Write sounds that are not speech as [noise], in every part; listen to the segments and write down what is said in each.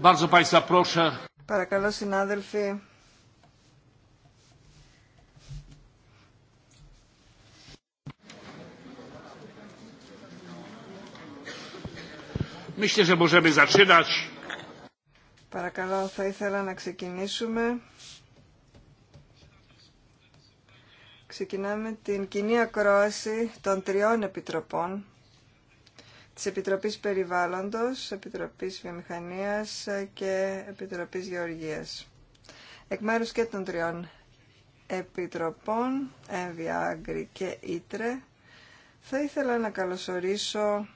Παρακαλώ συνάδελφοι. Παρακαλώ, θα ήθελα να ξεκινήσουμε. Ξεκινάμε την κοινή ακρόαση των τριών επιτροπών της Επιτροπής Περιβάλλοντος, Επιτροπής Βιομηχανίας και Επιτροπής Γεωργίας. Εκ μέρους και των τριών επιτροπών, Έμβια, Άγκρη και Ήτρε, θα ήθελα να καλωσορίσω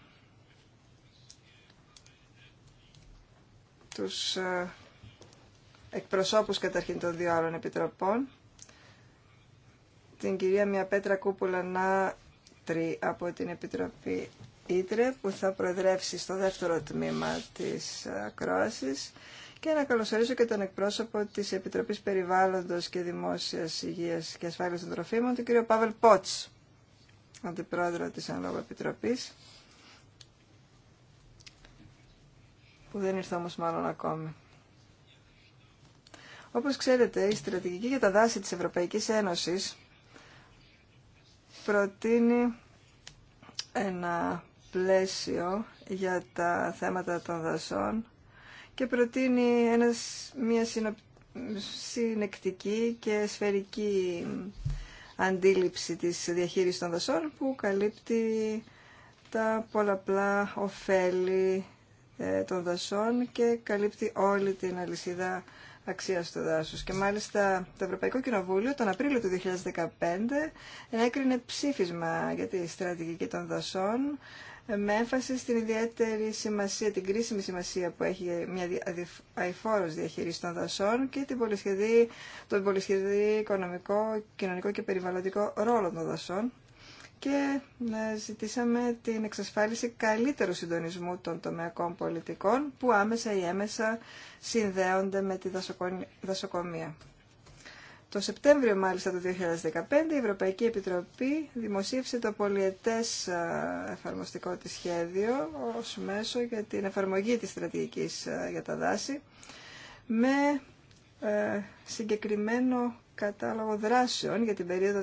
τους ε, εκπροσώπους καταρχήν των δύο άλλων επιτροπών, την κυρία Μια Πέτρα Κούπουλα Νάτρη από την Επιτροπή Ήτρε που θα προεδρεύσει στο δεύτερο τμήμα της ακρόασης και να καλωσορίσω και τον εκπρόσωπο της Επιτροπής Περιβάλλοντος και Δημόσιας Υγείας και Ασφάλειας των Τροφίμων, τον κύριο Πάβελ Πότς, αντιπρόεδρο της Ανλόγου Επιτροπής, που δεν ήρθε όμως μάλλον ακόμη. Όπως ξέρετε, η στρατηγική για τα δάση της Ευρωπαϊκής Ένωσης προτείνει ένα πλαίσιο για τα θέματα των δασών και προτείνει ένας, μια συνεκτική και σφαιρική αντίληψη της διαχείρισης των δασών που καλύπτει τα πολλαπλά ωφέλη ε, των δασών και καλύπτει όλη την αλυσίδα αξία του δάσους. Και μάλιστα το Ευρωπαϊκό Κοινοβούλιο τον Απρίλιο του 2015 έκρινε ψήφισμα για τη στρατηγική των δασών με έμφαση στην ιδιαίτερη σημασία, την κρίσιμη σημασία που έχει μια αηφόρος διαχείριση των δασών και την τον πολυσχεδί οικονομικό, κοινωνικό και περιβαλλοντικό ρόλο των δασών και ε, ζητήσαμε την εξασφάλιση καλύτερου συντονισμού των τομεακών πολιτικών που άμεσα ή έμεσα συνδέονται με τη δασοκομεία. Το Σεπτέμβριο μάλιστα το 2015 η Ευρωπαϊκή Επιτροπή δημοσίευσε το πολιετές εφαρμοστικό της σχέδιο ως μέσο για την εφαρμογή της στρατηγικής για τα δάση με ε, συγκεκριμένο κατάλογο δράσεων για την περίοδο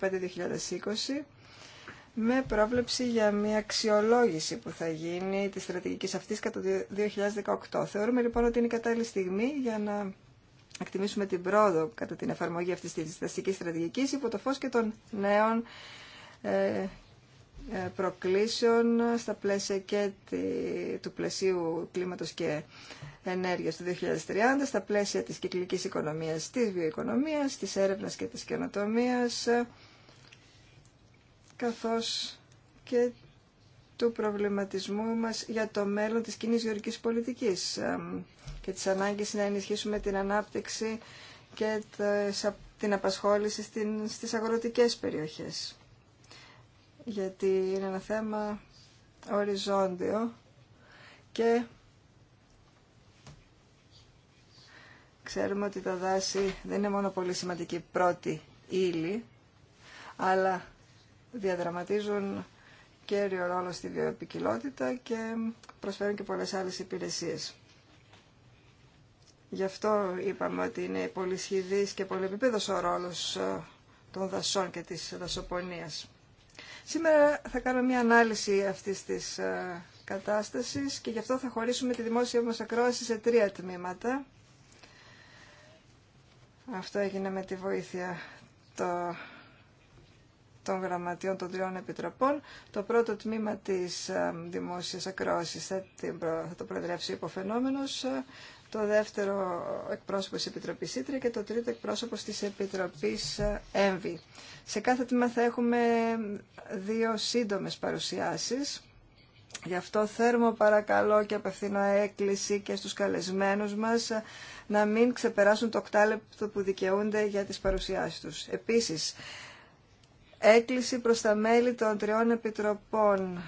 2015-2020 με πρόβλεψη για μια αξιολόγηση που θα γίνει της στρατηγικής αυτής κατά το 2018. Θεωρούμε λοιπόν ότι είναι η κατάλληλη στιγμή για να να εκτιμήσουμε την πρόοδο κατά την εφαρμογή αυτής της δασικής στρατηγική, υπό το φω και των νέων ε, ε, προκλήσεων στα πλαίσια και του πλαισίου κλίματος και ενέργειας του 2030, στα πλαίσια της κυκλικής οικονομίας, της βιοοικονομίας, της έρευνας και της καινοτομίας, καθώς και του προβληματισμού μας για το μέλλον της κοινή γεωρικής πολιτικής και τις ανάγκες να ενισχύσουμε την ανάπτυξη και την απασχόληση στις αγροτικές περιοχές. Γιατί είναι ένα θέμα οριζόντιο και ξέρουμε ότι τα δάση δεν είναι μόνο πολύ σημαντική πρώτη ύλη, αλλά διαδραματίζουν κέριο ρόλο στη βιοπικιλότητα και προσφέρουν και πολλές άλλες υπηρεσίες. Γι' αυτό είπαμε ότι είναι πολυσχηδής και πολυεπίπεδος ο ρόλος ε, των δασών και της δασοπονίας. Σήμερα θα κάνω μια ανάλυση αυτής της ε, κατάστασης και γι' αυτό θα χωρίσουμε τη δημόσια μας ακρόαση σε τρία τμήματα. Αυτό έγινε με τη βοήθεια το, των γραμματιών των τριών επιτροπών. Το πρώτο τμήμα της ε, δημόσιας ακρόασης θα, το προεδρεύσει υποφαινόμενος, το δεύτερο εκπρόσωπο της Επιτροπής Ήτρια και το τρίτο εκπρόσωπο της Επιτροπής ΕΜΒΗ. Σε κάθε τμήμα θα έχουμε δύο σύντομες παρουσιάσεις. Γι' αυτό θέρμο παρακαλώ και απευθύνω έκκληση και στους καλεσμένους μας ε, να μην ξεπεράσουν το οκτάλεπτο που δικαιούνται για τις παρουσιάσεις τους. Επίσης, έκκληση προς τα μέλη των τριών επιτροπών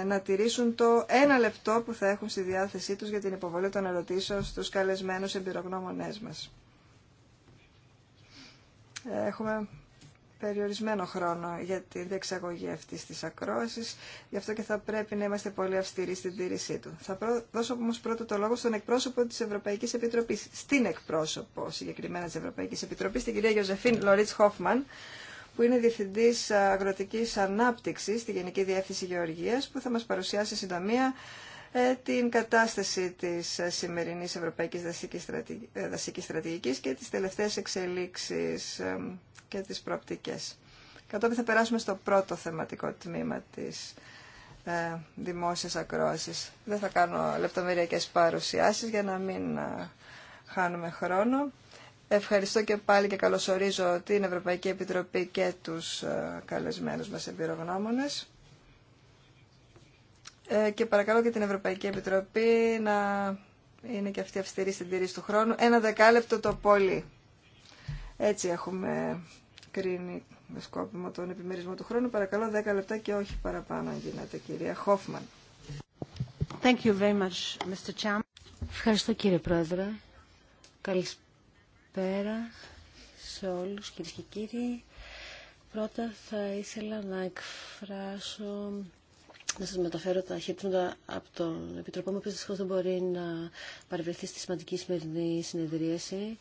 ε, να τηρήσουν το ένα λεπτό που θα έχουν στη διάθεσή τους για την υποβολή των ερωτήσεων στους καλεσμένους εμπειρογνώμονές μας. Έχουμε περιορισμένο χρόνο για τη διεξαγωγή αυτή τη ακρόαση, γι' αυτό και θα πρέπει να είμαστε πολύ αυστηροί στην τήρησή του. Θα δώσω όμω πρώτο το λόγο στον εκπρόσωπο τη Ευρωπαϊκή Επιτροπή, στην εκπρόσωπο συγκεκριμένα τη Ευρωπαϊκή Επιτροπή, την κυρία Γιωζεφίν Λορίτ Χόφμαν, που είναι διευθυντή Αγροτικής Ανάπτυξης στη Γενική Διεύθυνση Γεωργίας, που θα μας παρουσιάσει συντομία ε, την κατάσταση της σημερινής Ευρωπαϊκής Δασικής ε, Στρατηγικής και τις τελευταίες εξελίξεις ε, και τις προοπτικές. Κατόπιν θα περάσουμε στο πρώτο θεματικό τμήμα της ε, δημόσιας ακρόασης. Δεν θα κάνω λεπτομεριακέ παρουσιάσει για να μην χάνουμε χρόνο. Ευχαριστώ και πάλι και καλωσορίζω την Ευρωπαϊκή Επιτροπή και τους ε, καλεσμένους μας εμπειρογνώμονες. Ε, και παρακαλώ και την Ευρωπαϊκή Επιτροπή να είναι και αυτή αυστηρή στην τήρηση του χρόνου. Ένα δεκάλεπτο το πολύ. Έτσι έχουμε κρίνει με σκόπιμο τον επιμερισμό του χρόνου. Παρακαλώ δέκα λεπτά και όχι παραπάνω, αν γίνεται, κυρία Χόφμαν. Ευχαριστώ, κύριε Πρόεδρε. Καλησπέρα Καλησπέρα σε όλους κυρίες και κύριοι. Πρώτα θα ήθελα να εκφράσω, να σας μεταφέρω τα χαιρετήματα από τον Επιτροπό μου, ο δυστυχώς δεν μπορεί να παρευρεθεί στη σημαντική σημερινή συνεδρίαση.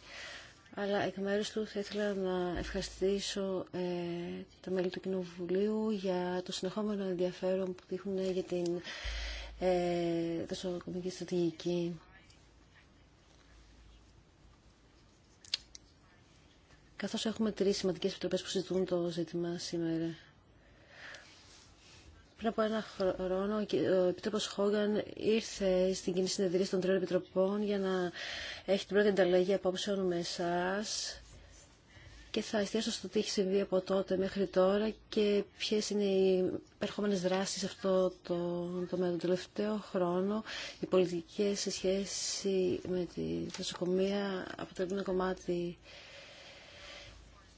Αλλά εκ μέρους του θα ήθελα να ευχαριστήσω ε, τα μέλη του Κοινοβουλίου για το συνεχόμενο ενδιαφέρον που δείχνουν για την ε, στρατηγική. καθώς έχουμε τρεις σημαντικές επιτροπές που συζητούν το ζήτημα σήμερα. Πριν από ένα χρόνο, ο Επίτροπος Χόγκαν ήρθε στην κοινή συνεδρία των τριών επιτροπών για να έχει την πρώτη ανταλλαγή απόψεων με εσά και θα εστιάσω στο τι έχει συμβεί από τότε μέχρι τώρα και ποιε είναι οι ερχόμενες δράσει σε αυτό το τομέα. Τον τελευταίο χρόνο οι πολιτικέ σε σχέση με τη νοσοκομεία αποτελούν ένα κομμάτι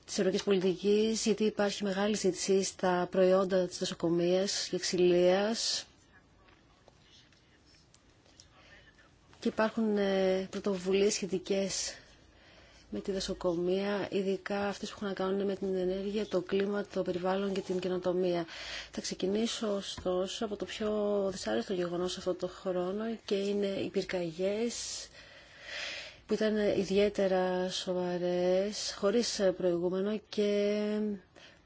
Τη ευρωπαϊκή πολιτική γιατί υπάρχει μεγάλη ζήτηση στα προϊόντα ε, τη νοσοκομεία και ξυλία. Και υπάρχουν πρωτοβουλίε σχετικέ με τη δασοκομεία, ειδικά αυτέ που έχουν να κάνουν με την ενέργεια, το κλίμα, το περιβάλλον και την καινοτομία. Θα ξεκινήσω ωστόσο από το πιο δυσάρεστο γεγονό αυτό το χρόνο και είναι οι πυρκαγιέ που ήταν ιδιαίτερα σοβαρές, χωρίς προηγούμενο και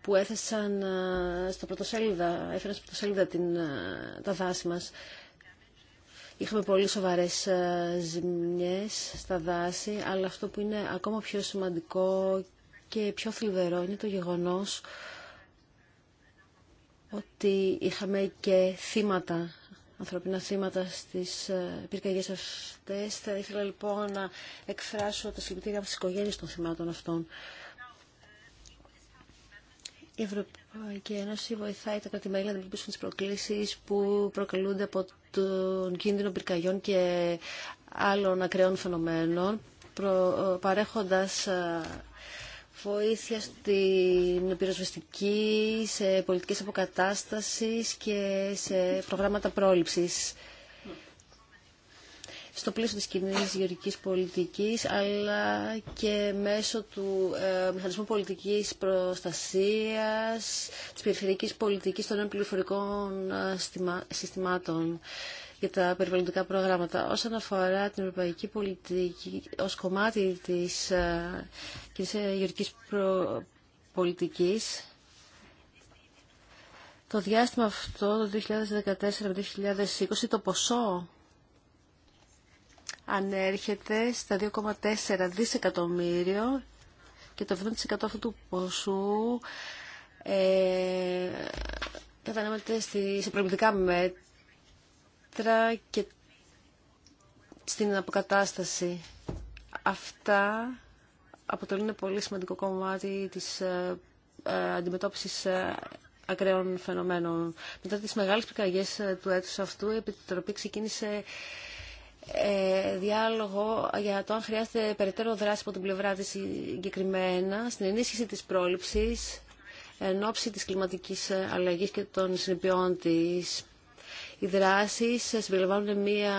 που έθεσαν στο πρωτοσέλιδα, έφεραν στο πρωτοσέλιδα την, τα δάση μας. Είχαμε πολύ σοβαρές ζημιές στα δάση, αλλά αυτό που είναι ακόμα πιο σημαντικό και πιο θλιβερό είναι το γεγονός ότι είχαμε και θύματα ανθρωπινά θύματα στις ε, πυρκαγιές αυτές. Θα ήθελα λοιπόν να εκφράσω τα συλληπιτήρια από τις οικογένειες των θυμάτων αυτών. Η Ευρωπαϊκή Ένωση βοηθάει τα κρατη να αντιμετωπίσουν τις προκλήσεις που προκαλούνται από τον κίνδυνο πυρκαγιών και άλλων ακραίων φαινομένων, παρέχοντας ε, βοήθεια στην πυροσβεστική, σε πολιτικές αποκατάστασης και σε προγράμματα πρόληψης στο πλαίσιο της κοινή γεωργικής πολιτικής, αλλά και μέσω του ε, Μηχανισμού Πολιτικής Προστασίας, της Περιφερειακής Πολιτικής των Πληροφορικών ε, Συστημάτων για τα περιβαλλοντικά προγράμματα. Όσον αφορά την ευρωπαϊκή πολιτική ως κομμάτι της ε, ε, γεωργικής προ... πολιτικής, το διάστημα αυτό το 2014 2020 το ποσό ανέρχεται στα 2,4 δισεκατομμύριο και το 70% αυτού του ποσού ε, κατανέμεται σε προμηθευτικά μέτρα μέτρα και στην αποκατάσταση. Αυτά αποτελούν πολύ σημαντικό κομμάτι της ε, ε, αντιμετώπισης ε, ακραίων φαινομένων. Μετά τις μεγάλες πυρκαγιές του έτους αυτού, η Επιτροπή ξεκίνησε διάλογο για το αν χρειάζεται περαιτέρω δράση από την πλευρά της συγκεκριμένα στην ενίσχυση της πρόληψης εν ώψη της κλιματικής αλλαγής και των συνεπειών της οι δράσεις συμπεριλαμβάνουν μία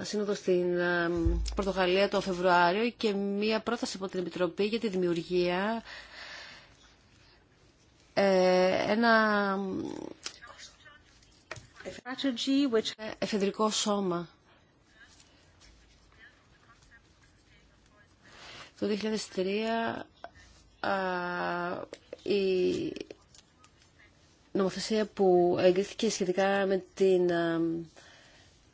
ε, σύνοδο στην ε, Πορτογαλία το Φεβρουάριο και μία πρόταση από την Επιτροπή για τη δημιουργία ε, ένα εφεδρικό σώμα. Το 2003 η νομοθεσία που εγκρίθηκε σχετικά με την ε,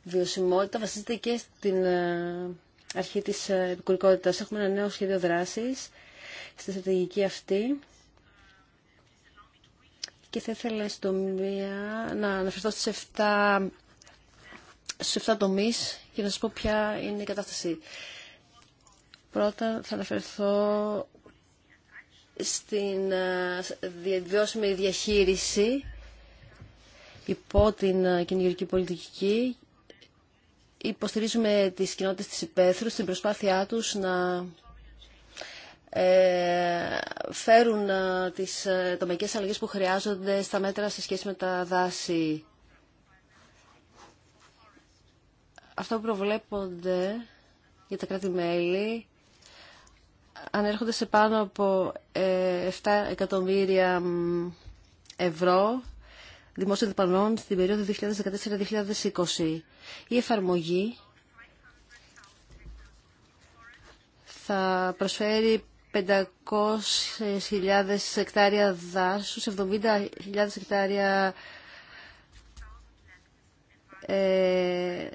βιωσιμότητα βασίζεται και στην ε, αρχή της ε, επικουρικότητας. Έχουμε ένα νέο σχέδιο δράσης στη στρατηγική αυτή και θα ήθελα στο μία να αναφερθώ στις 7, στους 7 τομείς να σας πω ποια είναι η κατάσταση. Πρώτα θα αναφερθώ στην ε, βιώσιμη διαχείριση υπό την ε, κοινωνική πολιτική. Υποστηρίζουμε τις κοινότητες της υπαίθρου στην προσπάθειά τους να ε, φέρουν τις τομικές αλλαγές που χρειάζονται στα μέτρα σε σχέση με τα δάση. Αυτό που προβλέπονται για τα κράτη-μέλη ανέρχονται σε πάνω από 7 ε, εκατομμύρια ευρώ δημόσιων δεπανών στην περίοδο 2014-2020. Η εφαρμογή θα προσφέρει 500.000 εκτάρια δάσους, 70.000 εκτάρια ε,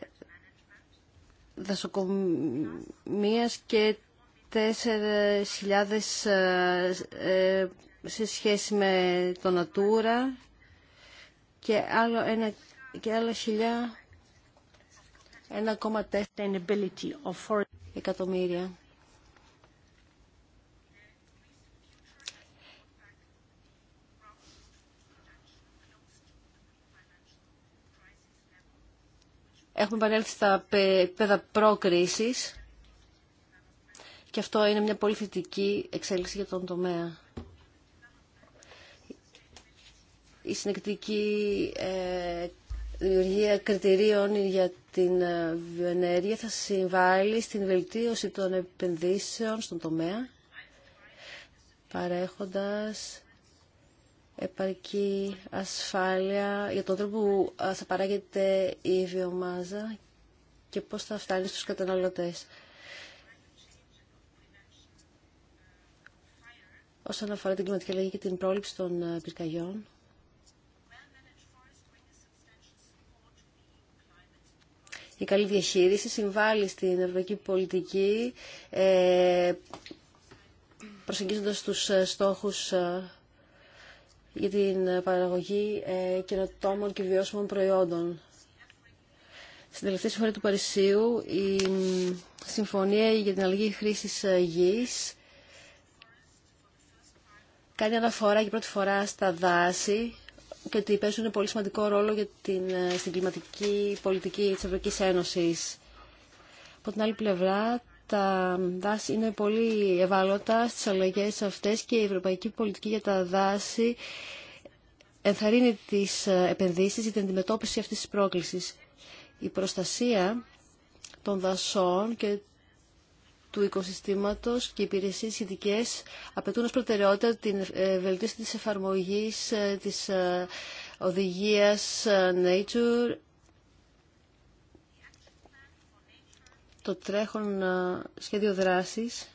δασοκομείας και 4.000 ε, σε σχέση με το Natura και άλλο ένα και άλλα χιλιά 1,4 εκατομμύρια. Έχουμε επανέλθει στα επίπεδα προκρίσης και αυτό είναι μια πολύ θετική εξέλιξη για τον τομέα. Η συνεκτική ε, δημιουργία κριτηρίων για την ε, βιοενέργεια θα συμβάλλει στην βελτίωση των επενδύσεων στον τομέα, παρέχοντας επαρκή ασφάλεια για τον τρόπο που ε, θα παράγεται η βιομάζα και πώς θα φτάνει στους καταναλωτές. όσον αφορά την κλιματική αλλαγή και την πρόληψη των ε, πυρκαγιών. Η καλή διαχείριση συμβάλλει στην ευρωπαϊκή πολιτική ε, προσεγγίζοντας τους ε, στόχους για την παραγωγή καινοτόμων και βιώσιμων προϊόντων. Στην τελευταία συμφωνία του Παρισίου η Συμφωνία για την Αλλαγή Χρήσης Γης κάνει αναφορά για πρώτη φορά στα δάση και ότι παίζουν πολύ σημαντικό ρόλο για την, ε, στην κλιματική πολιτική της Ευρωπαϊκής Ένωσης. Από την άλλη πλευρά, τα δάση είναι πολύ ευάλωτα στις αλλαγές αυτές και η ευρωπαϊκή πολιτική για τα δάση ενθαρρύνει τις ε, επενδύσεις για την αντιμετώπιση αυτής της πρόκλησης. Η προστασία των δασών και του οικοσυστήματος και οι υπηρεσίες ειδικέ απαιτούν ως προτεραιότητα την ε, βελτίωση της εφαρμογής ε, της ε, οδηγίας Nature το τρέχον σχέδιο δράσης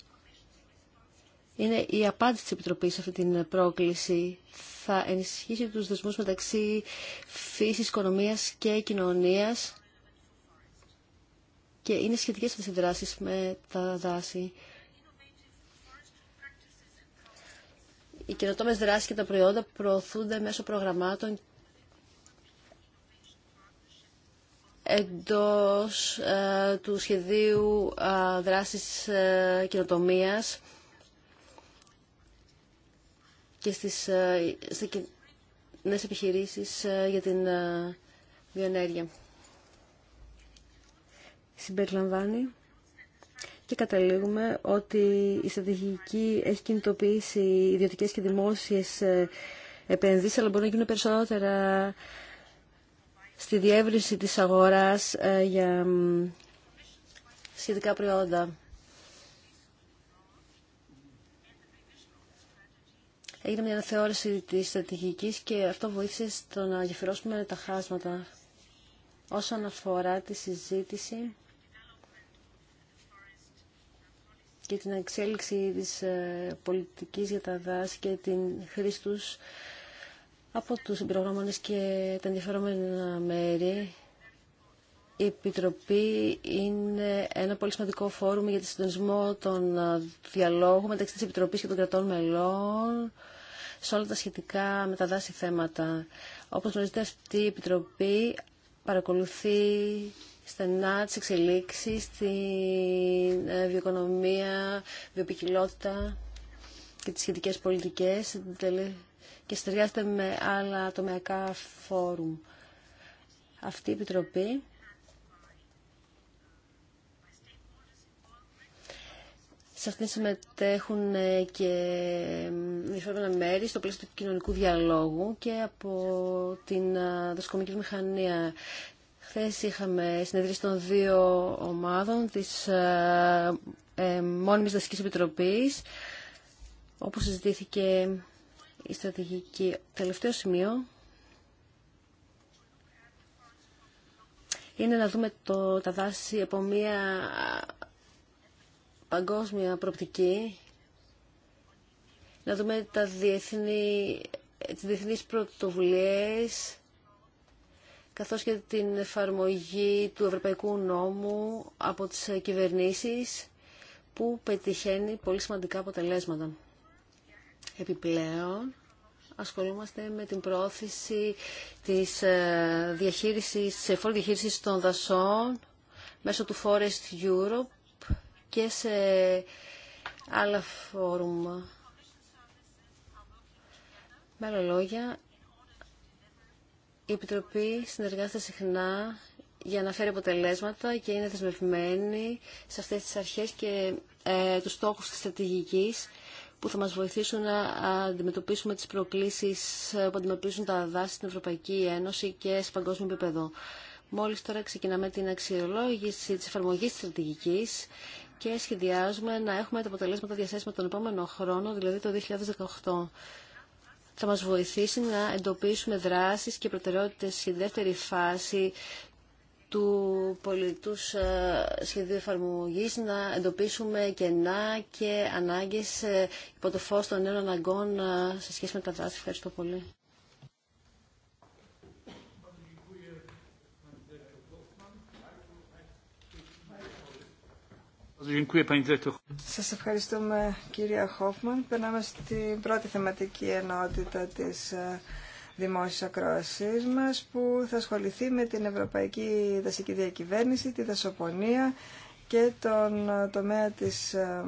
είναι η απάντηση της Επιτροπής σε αυτή την πρόκληση. Θα ενισχύσει τους δεσμούς μεταξύ φύσης, οικονομίας και κοινωνίας και είναι σχετικές με οι δράσεις με τα δάση. Οι καινοτόμε δράσεις και τα προϊόντα προωθούνται μέσω προγραμμάτων εντός ε, του σχεδίου ε, δράσης ε, καινοτομίας και στις ε, νέες επιχειρήσεις ε, για την βιοενέργεια συμπεριλαμβάνει και καταλήγουμε ότι η στρατηγική έχει κινητοποιήσει ιδιωτικές και δημόσιες ε, επενδύσεις, αλλά μπορεί να γίνουν περισσότερα στη διεύρυνση της αγοράς ε, για σχετικά προϊόντα. Έγινε μια αναθεώρηση της στρατηγικής και αυτό βοήθησε στο να γεφυρώσουμε τα χάσματα όσον αφορά τη συζήτηση και την εξέλιξη της ε, πολιτικής για τα δάση και την χρήση τους από τους εμπειρογνώμονες και τα ενδιαφερόμενα μέρη. Η Επιτροπή είναι ένα πολύ σημαντικό φόρουμ για τη συντονισμό των ε, διαλόγων μεταξύ της Επιτροπής και των κρατών μελών σε όλα τα σχετικά με τα δάση θέματα. Όπως γνωρίζετε, αυτή η Επιτροπή παρακολουθεί στενά τι εξελίξεις στην ε, βιοοικονομία, βιοποικιλότητα και τις σχετικέ πολιτικές και συνεργάζεται με άλλα τομεακά φόρουμ. Αυτή η Επιτροπή Σε αυτήν συμμετέχουν ε, και ενδιαφέροντα μέρη στο πλαίσιο του κοινωνικού διαλόγου και από την ε, δοσκομική μηχανία. Χθε είχαμε συνεδρίσει των δύο ομάδων της ε, ε, Μόνιμης Δασικής Επιτροπής, όπου συζητήθηκε η στρατηγική. Τελευταίο σημείο είναι να δούμε το, τα δάση από μια παγκόσμια προπτική, να δούμε τα διεθνή, τις πρωτοβουλίες, καθώς και την εφαρμογή του Ευρωπαϊκού Νόμου από τις κυβερνήσεις που πετυχαίνει πολύ σημαντικά αποτελέσματα. Επιπλέον, ασχολούμαστε με την πρόθεση της ε, διαχείρισης, εφόρου διαχείρισης των δασών μέσω του Forest Europe και σε άλλα φόρουμ. Με άλλα λόγια, η Επιτροπή συνεργάζεται συχνά για να φέρει αποτελέσματα και είναι δεσμευμένη σε αυτές τις αρχές και ε, τους στόχους της στρατηγικής που θα μας βοηθήσουν να αντιμετωπίσουμε τις προκλήσεις που αντιμετωπίζουν τα δάση στην Ευρωπαϊκή Ένωση και σε παγκόσμιο επίπεδο. Μόλις τώρα ξεκινάμε την αξιολόγηση της εφαρμογής της στρατηγικής και σχεδιάζουμε να έχουμε τα αποτελέσματα διαθέσιμα τον επόμενο χρόνο, δηλαδή το 2018 θα μας βοηθήσει να εντοπίσουμε δράσεις και προτεραιότητες στη δεύτερη φάση του πολιτού ε, σχεδίου εφαρμογή να εντοπίσουμε κενά και ανάγκες ε, υπό το φως των νέων αναγκών ε, σε σχέση με τα δράση. Ευχαριστώ πολύ. Σας ευχαριστούμε κυρία Χόφμαν. Περνάμε στην πρώτη θεματική ενότητα της ε, δημόσιας ακρόασής μας που θα ασχοληθεί με την Ευρωπαϊκή Δασική Διακυβέρνηση, τη δασοπονία και τον ε, τομέα της ε,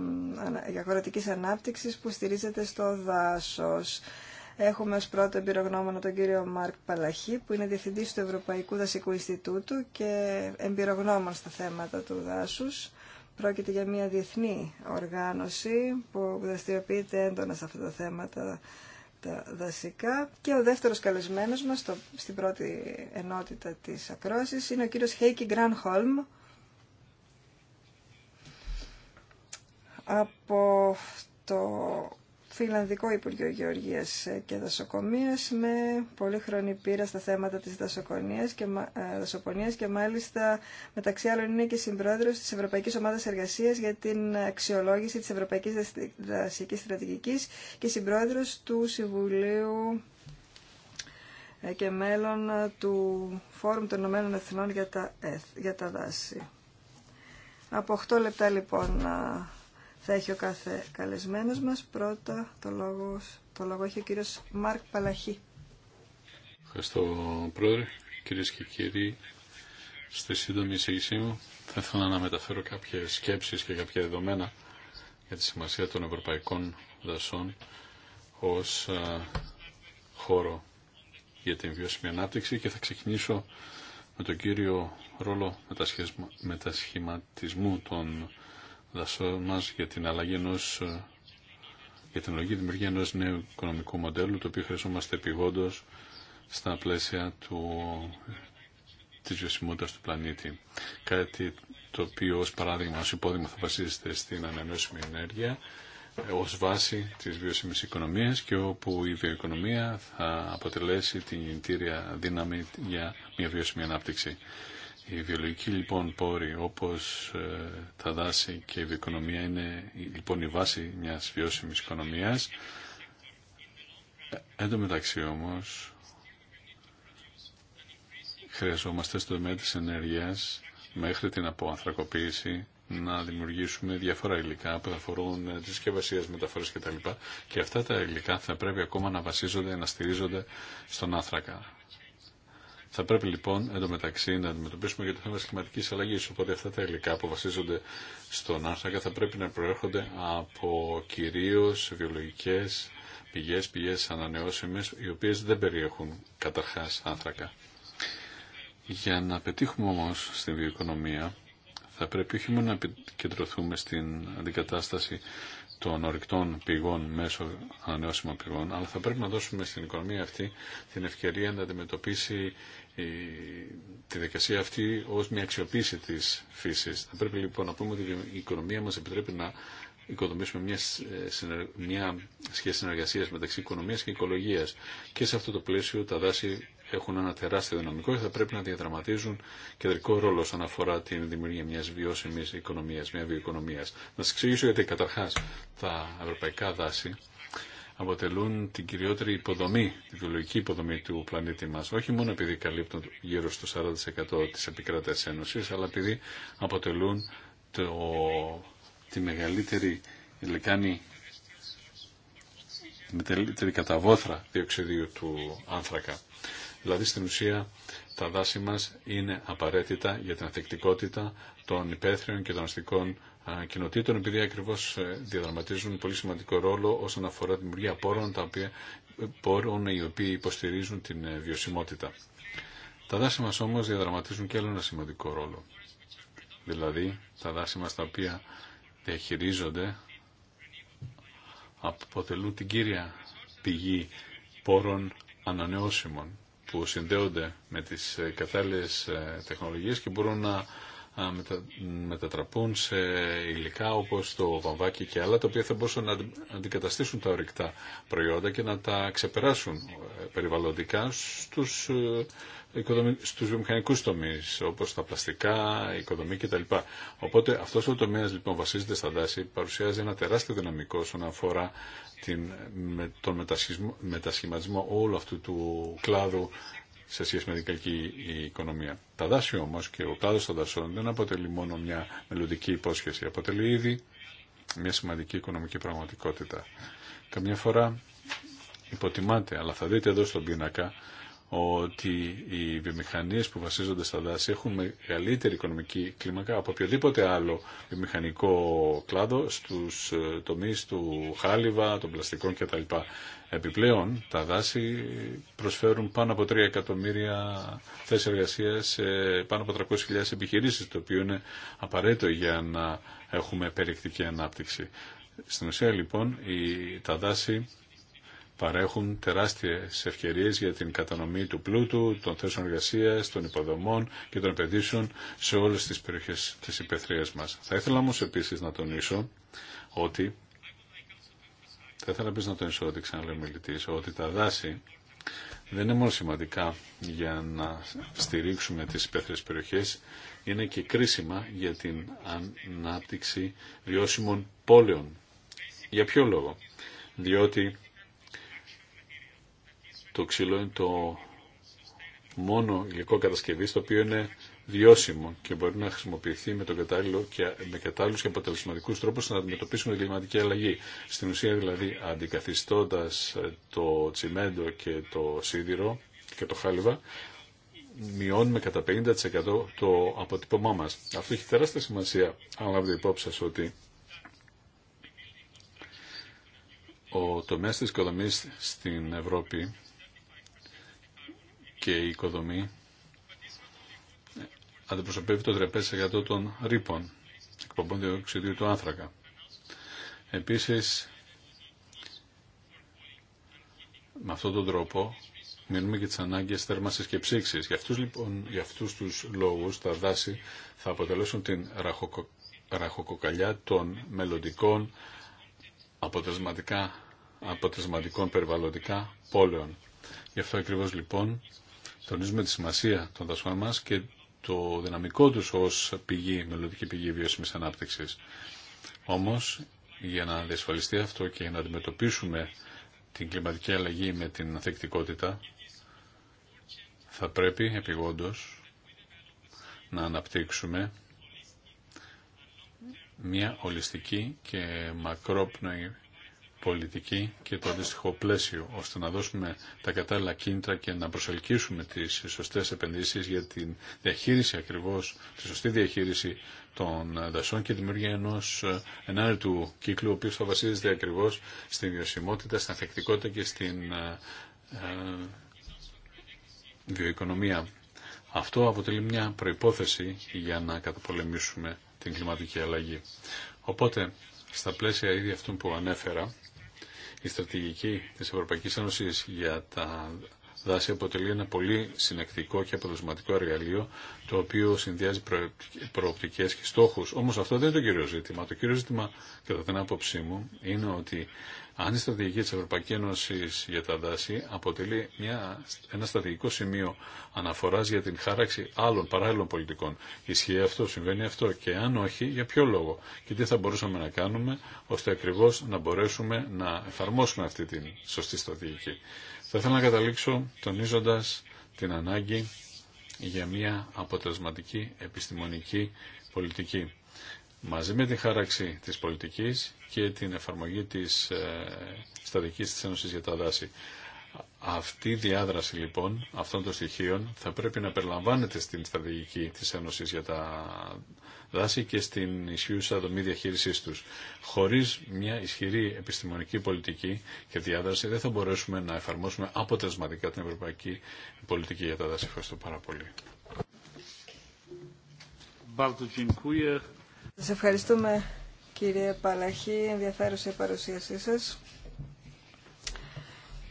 αγροτικής ανάπτυξης που στηρίζεται στο δάσος. Έχουμε ως πρώτο εμπειρογνώμονα τον κύριο Μάρκ Παλαχή, που είναι διευθυντής του Ευρωπαϊκού Δασικού Ινστιτούτου και εμπειρογνώμων στα θέματα του δάσους. Πρόκειται για μια διεθνή οργάνωση που δραστηριοποιείται έντονα σε αυτά τα θέματα τα δασικά και ο δεύτερος καλεσμένος μας στο, στην πρώτη ενότητα της ακρόασης είναι ο κύριος Χέικι Γκρανχόλμ από το Φιλανδικό Υπουργείο Γεωργίας και Δασοκομεία με πολύχρονη πείρα στα θέματα της δασοκονίας και, ε, και μάλιστα μεταξύ άλλων είναι και συμπρόεδρος τη Ευρωπαϊκής Ομάδας Εργασία για την αξιολόγηση της Ευρωπαϊκής Δασική Στρατηγική και συμπρόεδρος του Συμβουλίου ε, και Μέλλον ε, του Φόρουμ των Ηνωμένων Εθνών για τα, για τα δάση. Από 8 λεπτά λοιπόν θα έχει ο κάθε καλεσμένος μας. Πρώτα το λόγο, το λόγο έχει ο κύριος Μάρκ Παλαχή. Ευχαριστώ πρόεδρε, κυρίες και κύριοι. Στη σύντομη εισήγησή μου θα ήθελα να μεταφέρω κάποιες σκέψεις και κάποια δεδομένα για τη σημασία των ευρωπαϊκών δασών ως χώρο για την βιώσιμη ανάπτυξη και θα ξεκινήσω με τον κύριο ρόλο μετασχηματισμού των δασό μα για την αλλαγή ενό ε, για την λογική δημιουργία ενό νέου οικονομικού μοντέλου το οποίο χρειαζόμαστε επιγόντω στα πλαίσια του, της βιωσιμότητας του πλανήτη. Κάτι το οποίο ως παράδειγμα, ως υπόδειγμα θα βασίζεται στην ανανεώσιμη ενέργεια ε, ως βάση της βιώσιμης οικονομίας και όπου η βιοοικονομία θα αποτελέσει την γεννητήρια δύναμη για μια βιώσιμη ανάπτυξη. Οι βιολογικοί λοιπόν πόροι όπως ε, τα δάση και η βιοοικονομία είναι λοιπόν η βάση μιας βιώσιμης οικονομίας. Ε, εν τω μεταξύ όμως χρειαζόμαστε στο τομέα της ενέργειας μέχρι την αποανθρακοποίηση να δημιουργήσουμε διάφορα υλικά που θα αφορούν τι ε, συσκευασίε, μεταφορέ κτλ. Και αυτά τα υλικά θα πρέπει ακόμα να βασίζονται, να στηρίζονται στον άνθρακα. Θα πρέπει λοιπόν εντωμεταξύ να αντιμετωπίσουμε για το θέμα τη κλιματική αλλαγή. Οπότε αυτά τα υλικά που βασίζονται στον άνθρακα θα πρέπει να προέρχονται από κυρίω βιολογικέ πηγέ, πηγέ ανανεώσιμε, οι οποίε δεν περιέχουν καταρχά άνθρακα. Για να πετύχουμε όμω στην βιοοικονομία, θα πρέπει όχι μόνο να επικεντρωθούμε στην αντικατάσταση των ορυκτών πηγών μέσω ανανεώσιμων πηγών, αλλά θα πρέπει να δώσουμε στην οικονομία αυτή την ευκαιρία να αντιμετωπίσει τη δικασία αυτή ως μια αξιοποίηση της φύσης. Θα πρέπει λοιπόν να πούμε ότι η οικονομία μας επιτρέπει να οικοδομήσουμε μια, ε, μια σχέση συνεργασίας μεταξύ οικονομίας και οικολογίας. Και σε αυτό το πλαίσιο τα δάση έχουν ένα τεράστιο δυναμικό και θα πρέπει να διαδραματίζουν κεντρικό ρόλο όσον αφορά την δημιουργία μια βιώσιμη οικονομία, μια βιοοικονομία. Να σα εξηγήσω γιατί καταρχά τα ευρωπαϊκά δάση αποτελούν την κυριότερη υποδομή, τη βιολογική υποδομή του πλανήτη μα. Όχι μόνο επειδή καλύπτουν γύρω στο 40% τη επικράτεια Ένωση, αλλά επειδή αποτελούν το, τη μεγαλύτερη λεκάνη καταβόθρα διοξιδίου του άνθρακα. Δηλαδή στην ουσία τα δάση μας είναι απαραίτητα για την ανθεκτικότητα των υπαίθριων και των αστικών κοινοτήτων, επειδή ακριβώς ε, διαδραματίζουν πολύ σημαντικό ρόλο όσον αφορά τη δημιουργία πόρων, τα οποία, ε, πόρων οι οποίοι υποστηρίζουν την ε, βιωσιμότητα. Τα δάση μας όμως διαδραματίζουν και άλλο ένα σημαντικό ρόλο. Δηλαδή τα δάση μας τα οποία διαχειρίζονται αποτελούν την κύρια πηγή πόρων ανανεώσιμων που συνδέονται με τις ε, κατάλληλες ε, τεχνολογίες και μπορούν να μετα, μετατραπούν σε υλικά όπως το βαμβάκι και άλλα, τα οποία θα μπορούσαν να αντικαταστήσουν τα ορυκτά προϊόντα και να τα ξεπεράσουν ε, περιβαλλοντικά στους, ε, στους βιομηχανικούς τομείς, όπως τα πλαστικά, η οικοδομή κτλ. Οπότε αυτός ο τομέας λοιπόν βασίζεται στα δάση, παρουσιάζει ένα τεράστιο δυναμικό όσον αφορά την, με, τον μετασχηματισμό όλου αυτού του κλάδου σε σχέση με την κακή οικονομία. Τα δάση όμω και ο κλάδο των δασών δεν αποτελεί μόνο μια μελλοντική υπόσχεση, αποτελεί ήδη μια σημαντική οικονομική πραγματικότητα. Καμιά φορά υποτιμάται, αλλά θα δείτε εδώ στον πίνακα ότι οι βιομηχανίες που βασίζονται στα δάση έχουν μεγαλύτερη οικονομική κλίμακα από οποιοδήποτε άλλο βιομηχανικό κλάδο στους ε, τομείς του χάλιβα, των πλαστικών κτλ. Επιπλέον, τα δάση προσφέρουν πάνω από 3 εκατομμύρια θέσεις εργασία σε πάνω από 300.000 επιχειρήσεις, το οποίο είναι απαραίτητο για να έχουμε περιεκτική ανάπτυξη. Στην ουσία, λοιπόν, η, τα δάση παρέχουν τεράστιες ευκαιρίες για την κατανομή του πλούτου, των θέσεων εργασία, των υποδομών και των επενδύσεων σε όλες τις περιοχές της υπεθρία μας. Θα ήθελα όμως επίσης να τονίσω ότι θα ήθελα επίσης να τονίσω ότι μιλητής, ότι τα δάση δεν είναι μόνο σημαντικά για να στηρίξουμε τις υπαίθριες περιοχές, είναι και κρίσιμα για την ανάπτυξη βιώσιμων πόλεων. Για ποιο λόγο. Διότι το ξύλο είναι το μόνο υλικό κατασκευή το οποίο είναι βιώσιμο και μπορεί να χρησιμοποιηθεί με, τον κατάλληλο και, με κατάλληλους και αποτελεσματικούς τρόπους να αντιμετωπίσουμε την κλιματική αλλαγή. Στην ουσία δηλαδή αντικαθιστώντας ε, το τσιμέντο και το σίδηρο και το χάλιβα μειώνουμε κατά 50% το αποτύπωμά μας. Αυτό έχει τεράστια σημασία αν λάβετε υπόψη σας ότι ο τομέας της οικοδομής στην Ευρώπη και η οικοδομή αντιπροσωπεύει το 35% των ρήπων εκπομπών διοξιδίου του άνθρακα. Επίσης, με αυτόν τον τρόπο μείνουμε και τις ανάγκες θέρμασης και ψήξης. Για αυτούς, λοιπόν, για αυτούς τους λόγους τα δάση θα αποτελέσουν την ραχοκο... ραχοκοκαλιά των μελλοντικών αποτελεσματικών περιβαλλοντικά πόλεων. Γι' αυτό ακριβώς λοιπόν τονίζουμε τη σημασία των δασών μας και το δυναμικό τους ω πηγή, μελλοντική πηγή βιώσιμη ανάπτυξη. Όμως, για να διασφαλιστεί αυτό και να αντιμετωπίσουμε την κλιματική αλλαγή με την ανθεκτικότητα, θα πρέπει επιγόντως να αναπτύξουμε μια ολιστική και μακρόπνοη πολιτική και το αντίστοιχο πλαίσιο, ώστε να δώσουμε τα κατάλληλα κίνητρα και να προσελκύσουμε τις σωστές επενδύσεις για την διαχείριση ακριβώς, τη σωστή διαχείριση των δασών και δημιουργία ενός ενάρετου κύκλου, ο οποίος θα βασίζεται ακριβώς στην βιωσιμότητα, στην ανθεκτικότητα και στην ε, ε, βιοοικονομία. Αυτό αποτελεί μια προϋπόθεση για να καταπολεμήσουμε την κλιματική αλλαγή. Οπότε, στα πλαίσια ήδη αυτού που ανέφερα, η στρατηγική της Ευρωπαϊκής Ένωσης για τα δάση αποτελεί ένα πολύ συνεκτικό και αποδοσματικό εργαλείο το οποίο συνδυάζει προοπτικές και στόχους. Όμως αυτό δεν είναι το κύριο ζήτημα. Το κύριο ζήτημα, κατά την άποψή μου, είναι ότι αν η στρατηγική της Ευρωπαϊκής Ένωση για τα δάση αποτελεί μια, ένα στρατηγικό σημείο αναφοράς για την χάραξη άλλων παράλληλων πολιτικών. Ισχύει αυτό, συμβαίνει αυτό και αν όχι, για ποιο λόγο και τι θα μπορούσαμε να κάνουμε ώστε ακριβώς να μπορέσουμε να εφαρμόσουμε αυτή την σωστή στρατηγική. Θα ήθελα να καταλήξω τονίζοντας την ανάγκη για μια αποτελεσματική επιστημονική πολιτική. Μαζί με τη χάραξη της πολιτικής και την εφαρμογή της ε, στατικής της Ένωσης για τα δάση. Αυτή η διάδραση λοιπόν αυτών των στοιχείων θα πρέπει να περιλαμβάνεται στην στρατηγική της Ένωσης για τα δάση και στην ισχύουσα δομή διαχείρισή του. Χωρί μια ισχυρή επιστημονική πολιτική και διάδραση δεν θα μπορέσουμε να εφαρμόσουμε αποτελεσματικά την ευρωπαϊκή πολιτική για τα δάση. Ευχαριστώ πάρα πολύ. Σας ευχαριστούμε κύριε Παλαχή, ενδιαφέρουσα η παρουσίασή σα,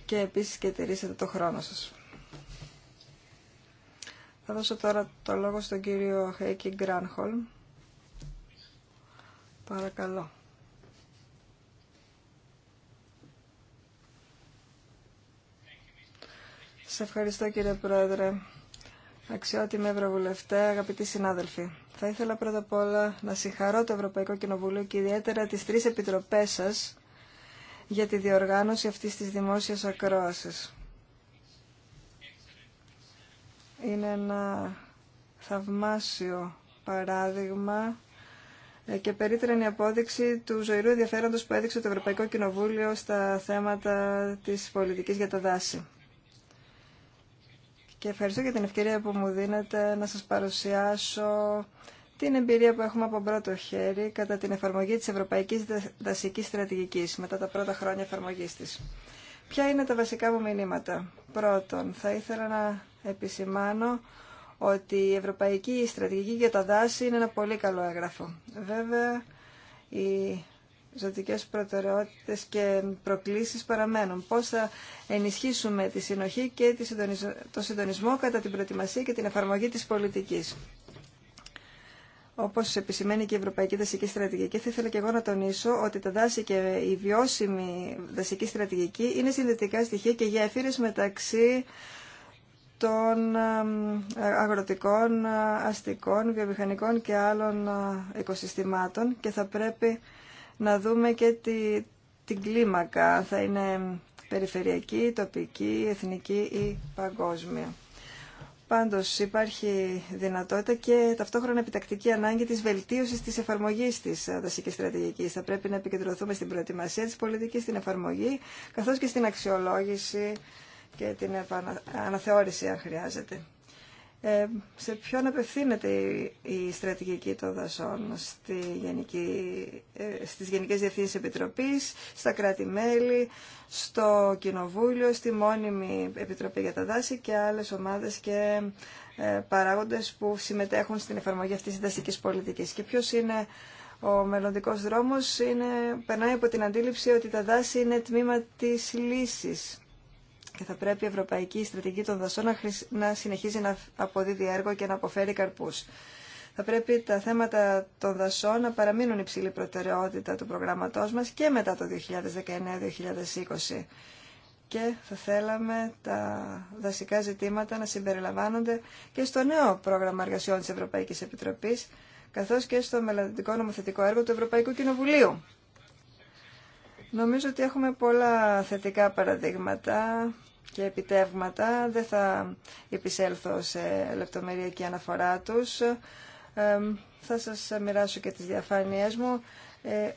και επίση και τηρήσατε το χρόνο σα. Θα δώσω τώρα το λόγο στον κύριο Χέικη Γκράνχολμ Παρακαλώ. Σε ευχαριστώ κύριε Πρόεδρε. Αξιότιμοι Ευρωβουλευτέ, αγαπητοί συνάδελφοι. Θα ήθελα πρώτα απ' όλα να συγχαρώ το Ευρωπαϊκό Κοινοβούλιο και ιδιαίτερα τις τρεις επιτροπές σας για τη διοργάνωση αυτής της δημόσιας ακρόασης. Είναι ένα θαυμάσιο παράδειγμα ε, και περίτρανη απόδειξη του ζωηρού ενδιαφέροντος που έδειξε το Ευρωπαϊκό Κοινοβούλιο στα θέματα της πολιτικής για τα δάση. Και ευχαριστώ για την ευκαιρία που μου δίνετε να σας παρουσιάσω την εμπειρία που έχουμε από πρώτο χέρι κατά την εφαρμογή της Ευρωπαϊκής Δασικής Στρατηγικής μετά τα πρώτα χρόνια εφαρμογής της. Ποια είναι τα βασικά μου μηνύματα. Πρώτον, θα ήθελα να επισημάνω ότι η Ευρωπαϊκή Στρατηγική για τα Δάση είναι ένα πολύ καλό έγγραφο. Βέβαια, οι ζωτικές προτεραιότητες και προκλήσεις παραμένουν. Πώς θα ενισχύσουμε τη συνοχή και το συντονισμό κατά την προετοιμασία και την εφαρμογή της πολιτικής. Όπω επισημαίνει και η Ευρωπαϊκή Δασική Στρατηγική, θα ήθελα και εγώ να τονίσω ότι τα δάση και η βιώσιμη δασική στρατηγική είναι συνδετικά στοιχεία και γέφυρε μεταξύ των αγροτικών, αστικών, βιομηχανικών και άλλων ε, οικοσυστημάτων και θα πρέπει να δούμε και τη, την κλίμακα, θα είναι περιφερειακή, τοπική, εθνική ή παγκόσμια. Πάντως υπάρχει δυνατότητα και ταυτόχρονα επιτακτική ανάγκη της βελτίωσης της εφαρμογής της ε, δασικής στρατηγικής. Θα πρέπει να επικεντρωθούμε στην προετοιμασία της πολιτικής, στην εφαρμογή, καθώς και στην αξιολόγηση και την αναθεώρηση αν χρειάζεται. Ε, σε ποιον απευθύνεται η, στρατηγική των δασών, στη γενική, ε, στις Γενικές Διευθύνσεις Επιτροπής, στα κράτη-μέλη, στο Κοινοβούλιο, στη μόνιμη Επιτροπή για τα Δάση και άλλες ομάδες και ε, παράγοντες που συμμετέχουν στην εφαρμογή αυτής της δασικής πολιτικής. Και ποιος είναι ο μελλοντικός δρόμος, είναι, περνάει από την αντίληψη ότι τα δάση είναι τμήμα της λύσης και θα πρέπει η Ευρωπαϊκή Στρατηγική των Δασών να συνεχίζει να αποδίδει έργο και να αποφέρει καρπούς. Θα πρέπει τα θέματα των δασών να παραμείνουν υψηλή προτεραιότητα του προγράμματός μας και μετά το 2019-2020 και θα θέλαμε τα δασικά ζητήματα να συμπεριλαμβάνονται και στο νέο πρόγραμμα εργασιών της Ευρωπαϊκής Επιτροπής καθώς και στο μελλοντικό νομοθετικό έργο του Ευρωπαϊκού Κοινοβουλίου. Νομίζω ότι έχουμε πολλά θετικά παραδείγματα και επιτεύγματα. Δεν θα επισέλθω σε λεπτομεριακή αναφορά τους. θα σας μοιράσω και τις διαφάνειές μου. Ε,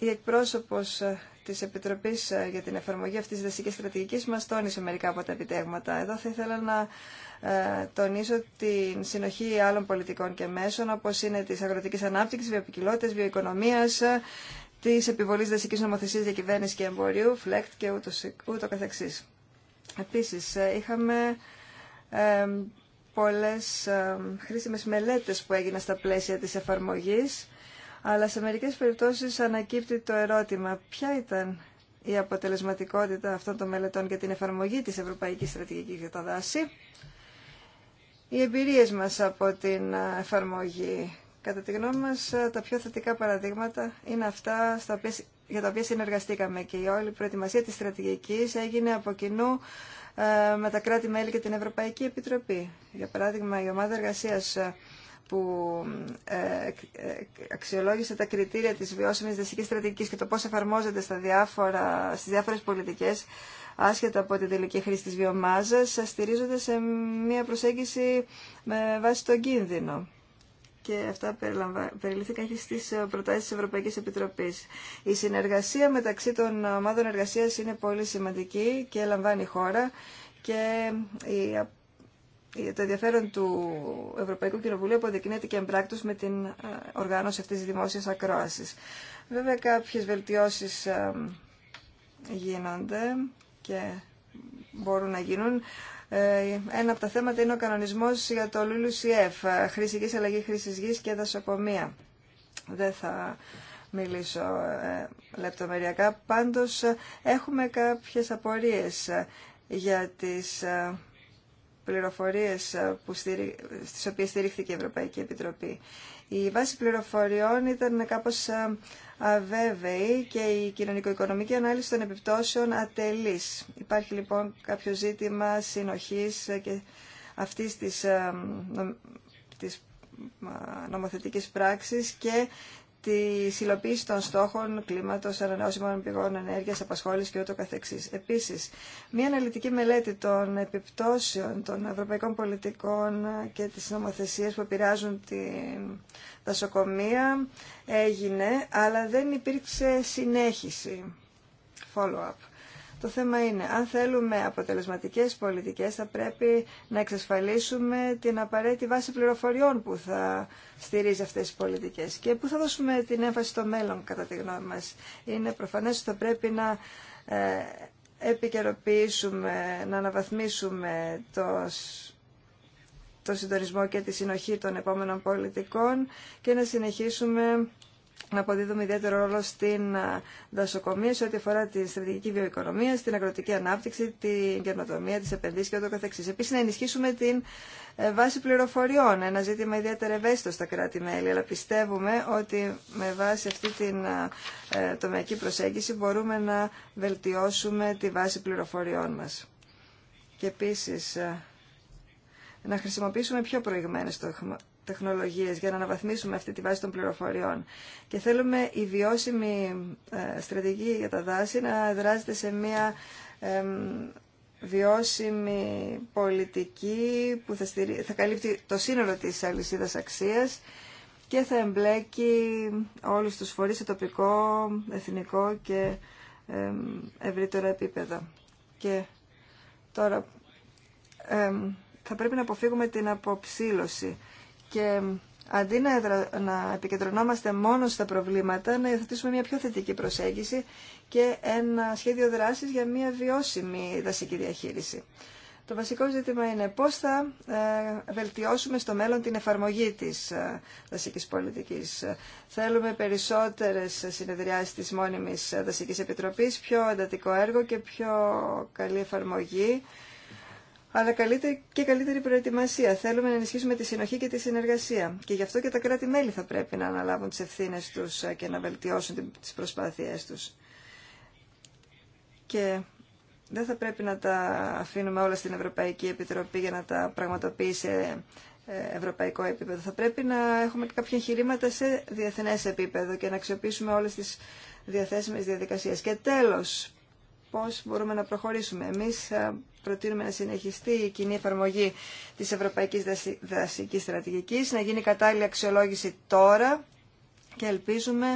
η εκπρόσωπος της Επιτροπής για την εφαρμογή αυτής της δεσικής στρατηγικής μας τόνισε μερικά από τα επιτεύγματα. Εδώ θα ήθελα να ε, τονίσω την συνοχή άλλων πολιτικών και μέσων, όπως είναι της αγροτικής ανάπτυξης, βιοποικιλότητας, βιοοικονομίας, τη επιβολή δασική νομοθεσία για κυβέρνηση και εμπορίου, φλεκτ και ούτω, ούτω καθεξής. Επίσης, ε, είχαμε ε, πολλές ε, χρήσιμες μελέτες που έγιναν στα πλαίσια της εφαρμογής, αλλά σε μερικέ περιπτώσεις ανακύπτει το ερώτημα ποια ήταν η αποτελεσματικότητα αυτών των μελετών για την εφαρμογή της Ευρωπαϊκής Στρατηγικής για τα Δάση. Οι εμπειρίες μας από την ε, εφαρμογή Κατά τη γνώμη μας, τα πιο θετικά παραδείγματα είναι αυτά στα οποία, για τα οποία συνεργαστήκαμε και η όλη προετοιμασία της στρατηγικής έγινε από κοινού ε, με τα κράτη-μέλη και την Ευρωπαϊκή Επιτροπή. Για παράδειγμα, η ομάδα εργασίας ε, που ε, αξιολόγησε τα κριτήρια της βιώσιμης δεσικής στρατηγικής και το πώς εφαρμόζεται στα διάφορα, στις διάφορες πολιτικές, άσχετα από την τελική χρήση της βιομάζας, στηρίζονται σε μια προσέγγιση με βάση τον κίνδυνο και αυτά περιληφθήκαν και στι ε, προτάσει τη Ευρωπαϊκή Επιτροπή. Η συνεργασία μεταξύ των ομάδων εργασία είναι πολύ σημαντική και λαμβάνει η χώρα και το ενδιαφέρον του Ευρωπαϊκού Κοινοβουλίου αποδεικνύεται και εμπράκτως με την ε, οργάνωση αυτή τη δημόσια ακρόαση. Βέβαια κάποιε βελτιώσει ε, γίνονται και μπορούν να γίνουν. Ε, ένα από τα θέματα είναι ο κανονισμός για το LULUCF, χρήση γης, αλλαγή χρήσης γης και δασοκομεία. Δεν θα μιλήσω ε, λεπτομεριακά, πάντως έχουμε κάποιες απορίες για τις ε, πληροφορίες που στις οποίες στηρίχθηκε η Ευρωπαϊκή Επιτροπή. Η βάση πληροφοριών ήταν κάπως ε, αβέβαιη και η κοινωνικο-οικονομική ανάλυση των επιπτώσεων ατελής. Υπάρχει λοιπόν κάποιο ζήτημα συνοχής ε, και αυτής της, ε, της νομοθετικής πράξης και τη υλοποίηση των στόχων κλίματος, ανανεώσιμων πηγών ενέργειας, απασχόλησης και ούτω καθεξής. Επίσης, μια αναλυτική μελέτη των επιπτώσεων των ευρωπαϊκών πολιτικών και της νομοθεσίας που επηρεάζουν τη δασοκομεία έγινε, αλλά δεν υπήρξε συνέχιση, follow-up. Το θέμα είναι, αν θέλουμε αποτελεσματικές πολιτικές, θα πρέπει να εξασφαλίσουμε την απαραίτητη βάση πληροφοριών που θα στηρίζει αυτές τις πολιτικές. Και πού θα δώσουμε την έμφαση στο μέλλον, κατά τη γνώμη μας. Είναι προφανές ότι θα πρέπει να ε, επικαιροποιήσουμε, να αναβαθμίσουμε το το συντονισμό και τη συνοχή των επόμενων πολιτικών και να συνεχίσουμε να αποδίδουμε ιδιαίτερο ρόλο στην ε, δασοκομεία σε ό,τι αφορά τη στρατηγική βιοοικονομία, στην αγροτική ανάπτυξη, την καινοτομία, τι επενδύσει κ.ο.κ. Επίση, να ενισχύσουμε την ε, βάση πληροφοριών, ένα ζήτημα ιδιαίτερα ευαίσθητο στα κράτη-μέλη. Αλλά πιστεύουμε ότι με βάση αυτή την ε, τομεακή προσέγγιση μπορούμε να βελτιώσουμε τη βάση πληροφοριών μα. Και επίση, να χρησιμοποιήσουμε πιο προηγμένες τεχνολογίες για να αναβαθμίσουμε αυτή τη βάση των πληροφοριών. Και θέλουμε η βιώσιμη ε, στρατηγική για τα δάση να δράζεται σε μια βιώσιμη πολιτική που θα, θα καλύπτει το σύνολο της αλυσίδας αξίας και θα εμπλέκει όλους τους φορείς σε τοπικό, εθνικό και ευρύτερο επίπεδο. Και τώρα θα πρέπει να αποφύγουμε την αποψήλωση και αντί να, να επικεντρωνόμαστε μόνο στα προβλήματα, να υιοθετήσουμε μια πιο θετική προσέγγιση και ένα σχέδιο δράσης για μια βιώσιμη δασική διαχείριση. Το βασικό ζήτημα είναι πώς θα ε, βελτιώσουμε στο μέλλον την εφαρμογή της ε, δασικής πολιτικής. Θέλουμε περισσότερες συνεδριάσεις της μόνιμης ε, δασικής επιτροπής, πιο εντατικό έργο και πιο καλή εφαρμογή αλλά καλύτερη και καλύτερη προετοιμασία. Θέλουμε να ενισχύσουμε τη συνοχή και τη συνεργασία. Και γι' αυτό και τα κράτη-μέλη θα πρέπει να αναλάβουν τις ευθύνες τους ε, και να βελτιώσουν τις προσπάθειές τους. Και δεν θα πρέπει να τα αφήνουμε όλα στην Ευρωπαϊκή Επιτροπή για να τα πραγματοποιεί σε ε, ευρωπαϊκό επίπεδο. Θα πρέπει να έχουμε και κάποια εγχειρήματα σε διεθνές επίπεδο και να αξιοποιήσουμε όλες τις διαθέσιμες διαδικασίες. Και τέλος, πώς μπορούμε να προχωρήσουμε. Εμείς ε, προτείνουμε να συνεχιστεί η κοινή εφαρμογή της Ευρωπαϊκής Δασικής Στρατηγικής, να γίνει κατάλληλη αξιολόγηση τώρα και ελπίζουμε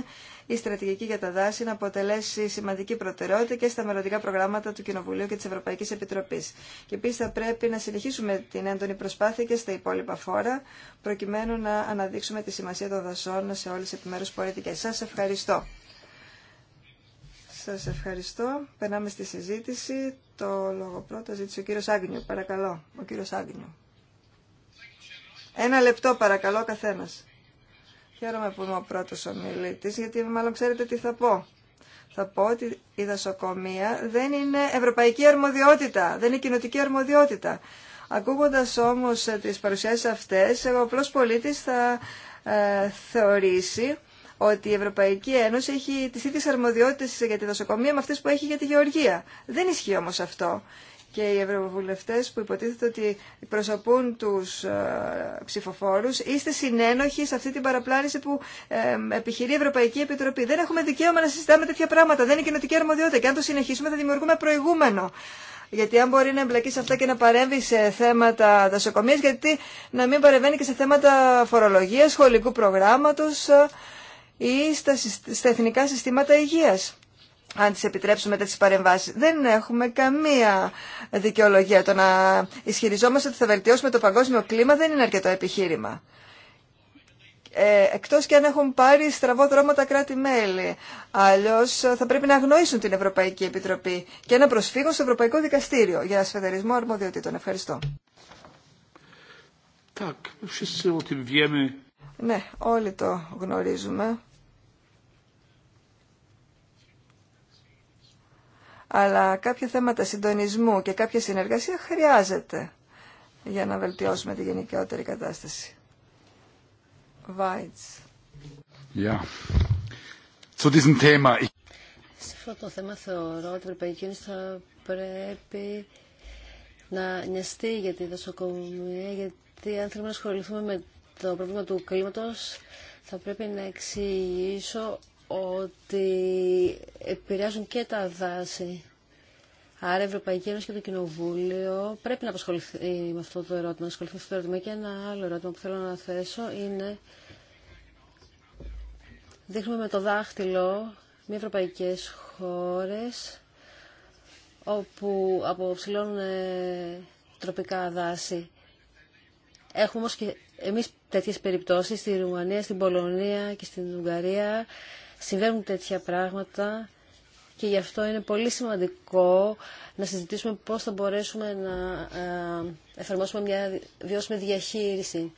η στρατηγική για τα δάση να αποτελέσει σημαντική προτεραιότητα και στα μελλοντικά προγράμματα του Κοινοβουλίου και τη Ευρωπαϊκή Επιτροπή. Και επίση θα πρέπει να συνεχίσουμε την έντονη προσπάθεια και στα υπόλοιπα φόρα, προκειμένου να αναδείξουμε τη σημασία των δασών σε όλε τι επιμέρου πολιτικέ. Σα ευχαριστώ. Σας ευχαριστώ. Περνάμε στη συζήτηση. Το λόγο πρώτα ζήτησε ο κύριος Άγνιου. Παρακαλώ, ο κύριος Άγνιου. Ένα λεπτό παρακαλώ καθένας. Χαίρομαι που είμαι ο πρώτος ομιλητής, γιατί μάλλον ξέρετε τι θα πω. Θα πω ότι η δασοκομεία δεν είναι ευρωπαϊκή αρμοδιότητα, δεν είναι κοινοτική αρμοδιότητα. Ακούγοντας όμως τις παρουσιάσεις αυτές, ο απλός πολίτης θα ε, θεωρήσει ότι η Ευρωπαϊκή Ένωση έχει τι ίδιες αρμοδιότητε για τη δοσοκομεία με αυτέ που έχει για τη γεωργία. Δεν ισχύει όμω αυτό. Και οι ευρωβουλευτέ που υποτίθεται ότι προσωπούν τους ε, ψηφοφόρου είστε συνένοχοι σε αυτή την παραπλάνηση που ε, επιχειρεί η Ευρωπαϊκή Επιτροπή. Δεν έχουμε δικαίωμα να συζητάμε τέτοια πράγματα. Δεν είναι κοινοτική αρμοδιότητα. Και αν το συνεχίσουμε θα δημιουργούμε προηγούμενο. Γιατί αν μπορεί να εμπλακεί σε αυτά και να παρέμβει σε θέματα δασοκομείας, γιατί να μην παρεμβαίνει και σε θέματα φορολογία, σχολικού προγράμματος, ε, ή στα, εθνικά συστήματα υγείας αν τις επιτρέψουμε τέτοιες παρεμβάσεις. Δεν έχουμε καμία δικαιολογία. Το να ισχυριζόμαστε ότι θα βελτιώσουμε το παγκόσμιο κλίμα δεν είναι αρκετό επιχείρημα. Ε, εκτός και αν έχουν πάρει στραβό δρόμο τα κράτη-μέλη. Αλλιώς ε, θα πρέπει να αγνοήσουν την Ευρωπαϊκή Επιτροπή και να προσφύγουν στο Ευρωπαϊκό Δικαστήριο για ασφαιδερισμό αρμοδιοτήτων. Ευχαριστώ. Ναι, όλοι το γνωρίζουμε. Αλλά κάποια θέματα συντονισμού και κάποια συνεργασία χρειάζεται για να βελτιώσουμε τη γενικότερη κατάσταση. Βάιτς. Σε αυτό το θέμα θεωρώ ότι η Ευρωπαϊκή Ένωση θα πρέπει να νοιαστεί για τη δοσοκομεία, γιατί αν θέλουμε να ασχοληθούμε με το πρόβλημα του κλίματος θα πρέπει να εξηγήσω ότι επηρεάζουν και τα δάση. Άρα η Ευρωπαϊκή Ένωση και το Κοινοβούλιο πρέπει να απασχοληθεί με αυτό το ερώτημα, να ασχοληθεί το ερώτημα. Και ένα άλλο ερώτημα που θέλω να θέσω είναι δείχνουμε με το δάχτυλο μη ευρωπαϊκές χώρες όπου αποψηλώνουν ε, τροπικά δάση. Έχουμε όμως και εμείς τέτοιες περιπτώσεις στη Ρουμανία, στην Πολωνία και στην Ουγγαρία συμβαίνουν τέτοια πράγματα και γι' αυτό είναι πολύ σημαντικό να συζητήσουμε πώς θα μπορέσουμε να ε, εφαρμόσουμε μια βιώσιμη διαχείριση.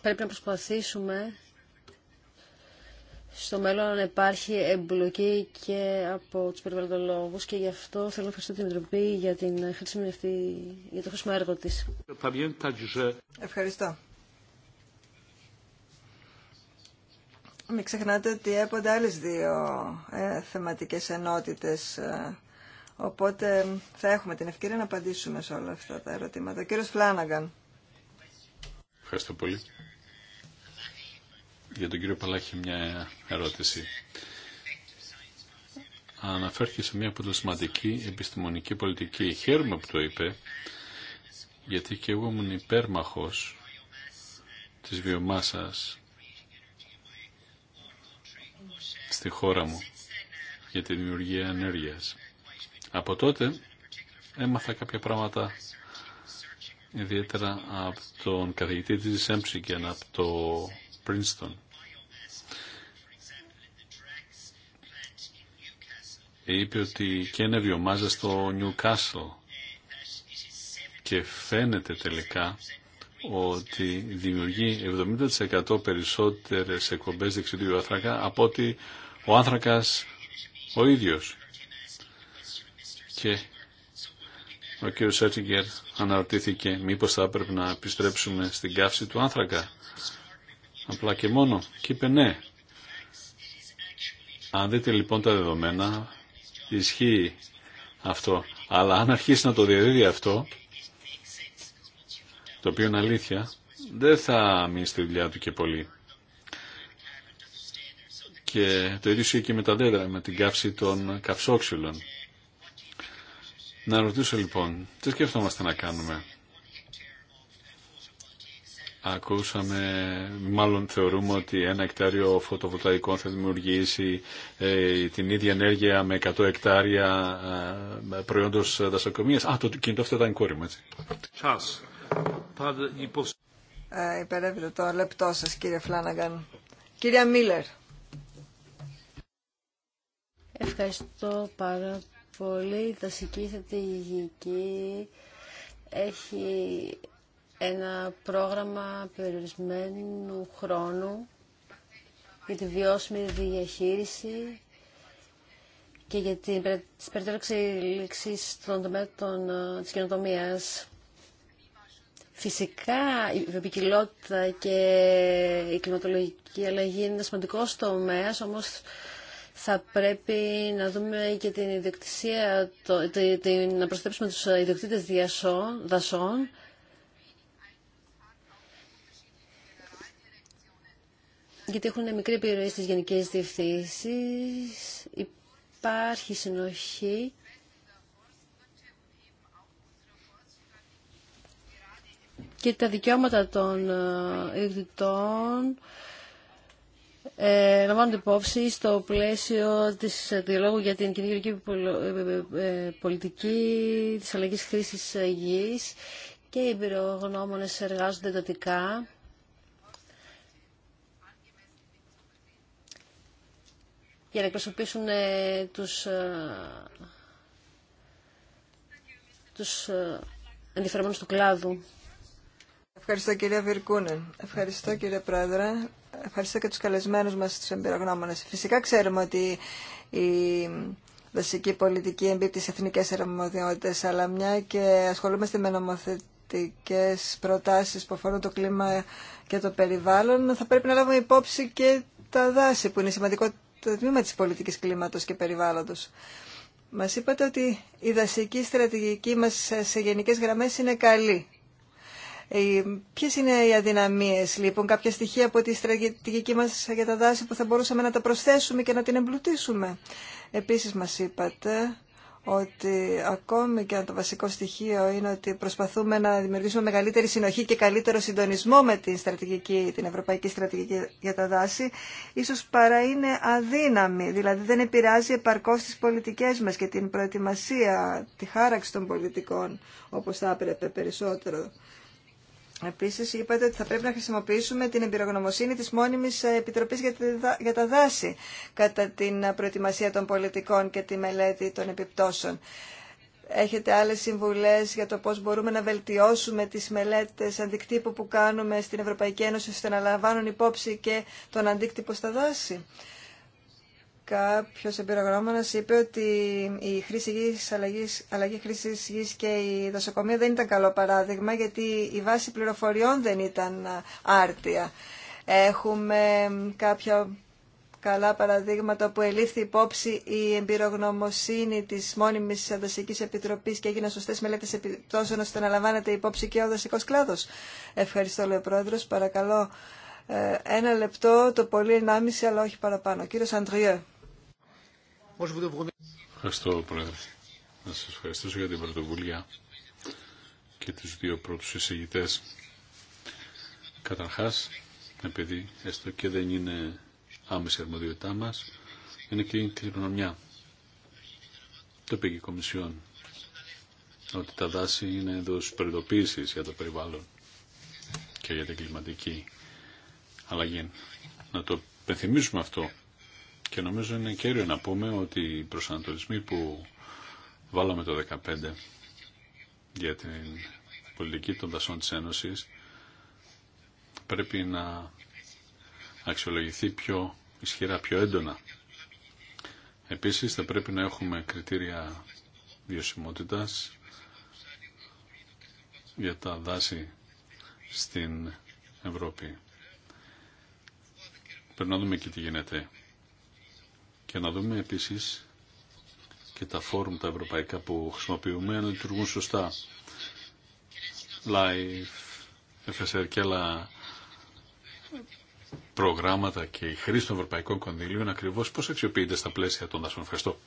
Πρέπει να προσπαθήσουμε στο μέλλον υπάρχει εμπλοκή και από τους περιβαλλοντολόγους και γι' αυτό θέλω να ευχαριστώ την Επιτροπή για, την χρήσιμη για το χρήσιμο έργο της. Ευχαριστώ. Μην ξεχνάτε ότι έπονται άλλε δύο ε, θεματικές ενότητες, ε, οπότε θα έχουμε την ευκαιρία να απαντήσουμε σε όλα αυτά τα ερωτήματα. Κύριο κύριος Φλάναγκαν. Ευχαριστώ πολύ για τον κύριο Παλάχη μια ερώτηση. Αναφέρθηκε σε μια αποτελεσματική επιστημονική πολιτική. Χαίρομαι που το είπε, γιατί και εγώ ήμουν υπέρμαχος της βιομάσας στη χώρα μου για τη δημιουργία ενέργειας. Από τότε έμαθα κάποια πράγματα ιδιαίτερα από τον καθηγητή της Έμψικεν από το Πρινστόν. είπε ότι και είναι βιομάζα στο Νιου και φαίνεται τελικά ότι δημιουργεί 70% περισσότερες εκπομπές του άνθρακα από ότι ο άνθρακας ο ίδιος. Και ο κ. Σέτσιγκερ αναρωτήθηκε μήπως θα έπρεπε να επιστρέψουμε στην καύση του άνθρακα. Απλά και μόνο. Και είπε ναι. Αν δείτε λοιπόν τα δεδομένα Ισχύει αυτό. Αλλά αν αρχίσει να το διαδίδει αυτό, το οποίο είναι αλήθεια, δεν θα μείνει στη δουλειά του και πολύ. Και το ίδιο ισχύει και με τα δέντρα, με την καύση των καυσόξυλων. Να ρωτήσω λοιπόν, τι σκεφτόμαστε να κάνουμε. Ακούσαμε, μάλλον θεωρούμε ότι ένα εκτάριο φωτοβολταϊκών θα δημιουργήσει ε, την ίδια ενέργεια με 100 εκτάρια ε, προϊόντος δασοκομείας. Α, το κινητό αυτό ήταν κόρη μου, έτσι. Ε, το λεπτό σας, κύριε Φλάναγκαν. Κυρία Μίλλερ. Ευχαριστώ πάρα πολύ. Τα δασική θετική έχει ένα πρόγραμμα περιορισμένου χρόνου για τη βιώσιμη διαχείριση και για την περαιτέρω εξελίξη στον τομέα των, της καινοτομίας. Φυσικά η βιοπικιλότητα και η κλιματολογική αλλαγή είναι ένα σημαντικό τομέα, όμως θα πρέπει να δούμε και την ιδιοκτησία, το, να προσθέσουμε τους ιδιοκτήτε διασών, δασών γιατί έχουν μικρή επιρροή στις γενικές διευθύνσεις. Υπάρχει συνοχή. Και τα δικαιώματα των ε, ιδιωτών ε, λαμβάνονται υπόψη στο πλαίσιο της ε, διαλόγου για την κοινωνική ε, πολιτική της αλλαγής χρήσης γης και οι εμπειρογνώμονες εργάζονται εντατικά για να εκπροσωπήσουν ε, τους, ε, τους ε, του κλάδου. Ευχαριστώ κυρία Βιρκούνεν. Ευχαριστώ κύριε Πρόεδρε. Ευχαριστώ και τους καλεσμένους μας, τους εμπειρογνώμονες. Φυσικά ξέρουμε ότι η δασική πολιτική εμπίπτει σε εθνικές αρμοδιότητες, αλλά μια και ασχολούμαστε με νομοθετικές προτάσεις που αφορούν το κλίμα και το περιβάλλον, θα πρέπει να λάβουμε υπόψη και τα δάση, που είναι σημαντικό το τμήμα της πολιτικής κλίματος και περιβάλλοντος. Μας είπατε ότι η δασική στρατηγική μας σε γενικές γραμμές είναι καλή. Ε, Ποιε είναι οι αδυναμίες, λοιπόν, κάποια στοιχεία από τη στρατηγική μας για τα δάση που θα μπορούσαμε να τα προσθέσουμε και να την εμπλουτίσουμε. Επίσης, μας είπατε ότι ακόμη και αν το βασικό στοιχείο είναι ότι προσπαθούμε να δημιουργήσουμε μεγαλύτερη συνοχή και καλύτερο συντονισμό με την, στρατηγική, την Ευρωπαϊκή Στρατηγική για τα Δάση, ίσως παρά είναι αδύναμη, δηλαδή δεν επηρεάζει επαρκώς τις πολιτικές μας και την προετοιμασία, τη χάραξη των πολιτικών, όπως θα έπρεπε περισσότερο. Επίσης είπατε ότι θα πρέπει να χρησιμοποιήσουμε την εμπειρογνωμοσύνη της μόνιμης ε, Επιτροπής για τα δάση κατά την ε, προετοιμασία των πολιτικών και τη μελέτη των επιπτώσεων. Έχετε άλλες συμβουλές για το πώς μπορούμε να βελτιώσουμε τις μελέτες αντικτύπου που κάνουμε στην Ευρωπαϊκή Ένωση ώστε να λαμβάνουν υπόψη και τον αντίκτυπο στα δάση. Κάποιο εμπειρογνωμονα είπε ότι η χρήση αλλαγή χρήση γη και η δοσοκομεία δεν ήταν καλό παράδειγμα γιατί η βάση πληροφοριών δεν ήταν άρτια. Έχουμε κάποια καλά παραδείγματα που ελήφθη υπόψη η εμπειρογνωμοσύνη τη μόνιμη δασική επιτροπή και έγιναν σωστέ μελέτε επιπτώσεων ώστε να λαμβάνεται υπόψη και ο δασικό κλάδο. Ευχαριστώ, λέει Πρόεδρος. Παρακαλώ ε, ένα λεπτό, το πολύ ενάμιση, αλλά όχι παραπάνω. Κύριος Αντριέ. Ευχαριστώ, Πρόεδρε. Να σα ευχαριστήσω για την πρωτοβουλία και τους δύο πρώτους εισηγητές. Καταρχάς, επειδή έστω και δεν είναι άμεση αρμοδιότητά μας, είναι και η κληρονομιά. Το πήγε η Κομισιόν ότι τα δάση είναι δόση για το περιβάλλον και για την κλιματική αλλαγή. Να το πενθυμίσουμε αυτό και νομίζω είναι κέριο να πούμε ότι οι προσανατολισμοί που βάλαμε το 2015 για την πολιτική των δασών της Ένωσης πρέπει να αξιολογηθεί πιο ισχυρά, πιο έντονα. Επίσης θα πρέπει να έχουμε κριτήρια βιωσιμότητας για τα δάση στην Ευρώπη. Πρέπει να δούμε και τι γίνεται και να δούμε επίσης και τα φόρουμ τα ευρωπαϊκά που χρησιμοποιούμε να λειτουργούν σωστά. Live, FSR και άλλα προγράμματα και η χρήση των ευρωπαϊκών κονδυλίων ακριβώς πώς αξιοποιείται στα πλαίσια των δασών. Ευχαριστώ.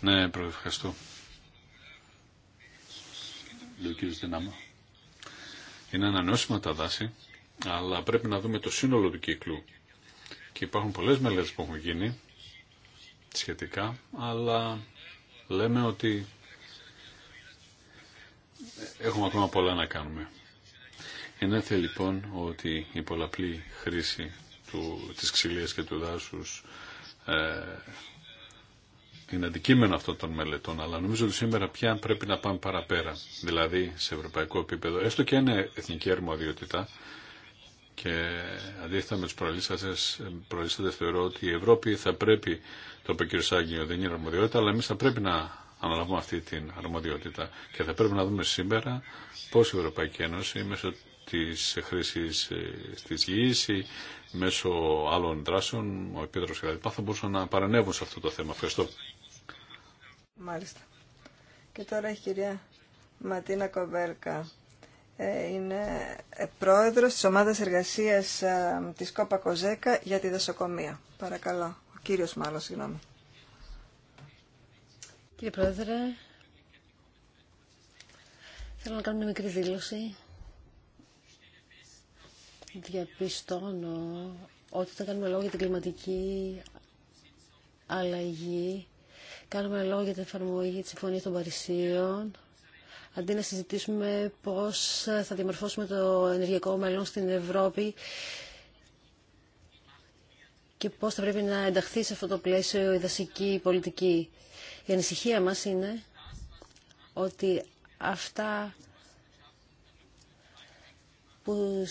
Ναι, πρόεδρε, ευχαριστώ. Είναι ανανεώσιμα τα δάση, αλλά πρέπει να δούμε το σύνολο του κύκλου και υπάρχουν πολλές μελέτες που έχουν γίνει σχετικά, αλλά λέμε ότι έχουμε ακόμα πολλά να κάνουμε. Ενέθε λοιπόν ότι η πολλαπλή χρήση του, της ξυλίας και του δάσους ε, είναι αντικείμενο αυτών των μελετών, αλλά νομίζω ότι σήμερα πια πρέπει να πάμε παραπέρα. Δηλαδή, σε ευρωπαϊκό επίπεδο, έστω και είναι εθνική αρμοδιότητα, και αντίθετα με τους προαλήσατες, θεωρώ ότι η Ευρώπη θα πρέπει, το είπε ο κ. δεν είναι αρμοδιότητα, αλλά εμείς θα πρέπει να αναλαμβάνουμε αυτή την αρμοδιότητα. Και θα πρέπει να δούμε σήμερα πώς η Ευρωπαϊκή Ένωση μέσω της χρήσης ε, της γης ή μέσω άλλων δράσεων, ο Επίτρος κλπ. θα μπορούσαν να παρανεύουν σε αυτό το θέμα. Ευχαριστώ. Μάλιστα. Και τώρα η κυρία Ματίνα Κοβέρκα ε, είναι πρόεδρος της ομάδας εργασίας ε, της ΚΟΠΑ ΚΟΖΕΚΑ για τη δασοκομεία. Παρακαλώ, ο κύριος μάλλον, συγγνώμη. Κύριε Πρόεδρε, θέλω να κάνω μια μικρή δήλωση. Διαπιστώνω ότι θα κάνουμε λόγο για την κλιματική αλλαγή, κάνουμε λόγο για την εφαρμογή της Συμφωνίας των Παρισίων, αντί να συζητήσουμε πώς θα διαμορφώσουμε το ενεργειακό μέλλον στην Ευρώπη και πώς θα πρέπει να ενταχθεί σε αυτό το πλαίσιο η δασική πολιτική. Η ανησυχία μας είναι ότι αυτά που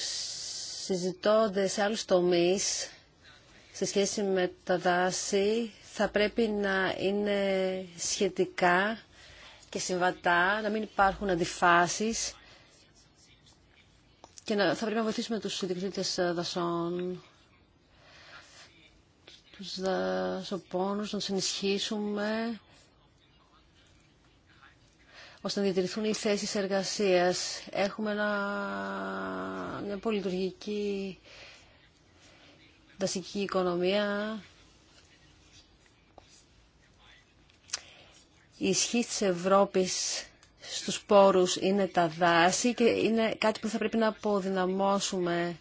συζητώνται σε άλλους τομείς σε σχέση με τα δάση θα πρέπει να είναι σχετικά και συμβατά, να μην υπάρχουν αντιφάσεις και να, θα πρέπει να βοηθήσουμε τους ιδιοκτήτες ε, δασών, τους δασοπόνους, να τους ενισχύσουμε ώστε να διατηρηθούν οι θέσεις εργασίας. Έχουμε ένα, μια πολυλειτουργική δασική οικονομία η ισχύ της Ευρώπης στους πόρους είναι τα δάση και είναι κάτι που θα πρέπει να αποδυναμώσουμε.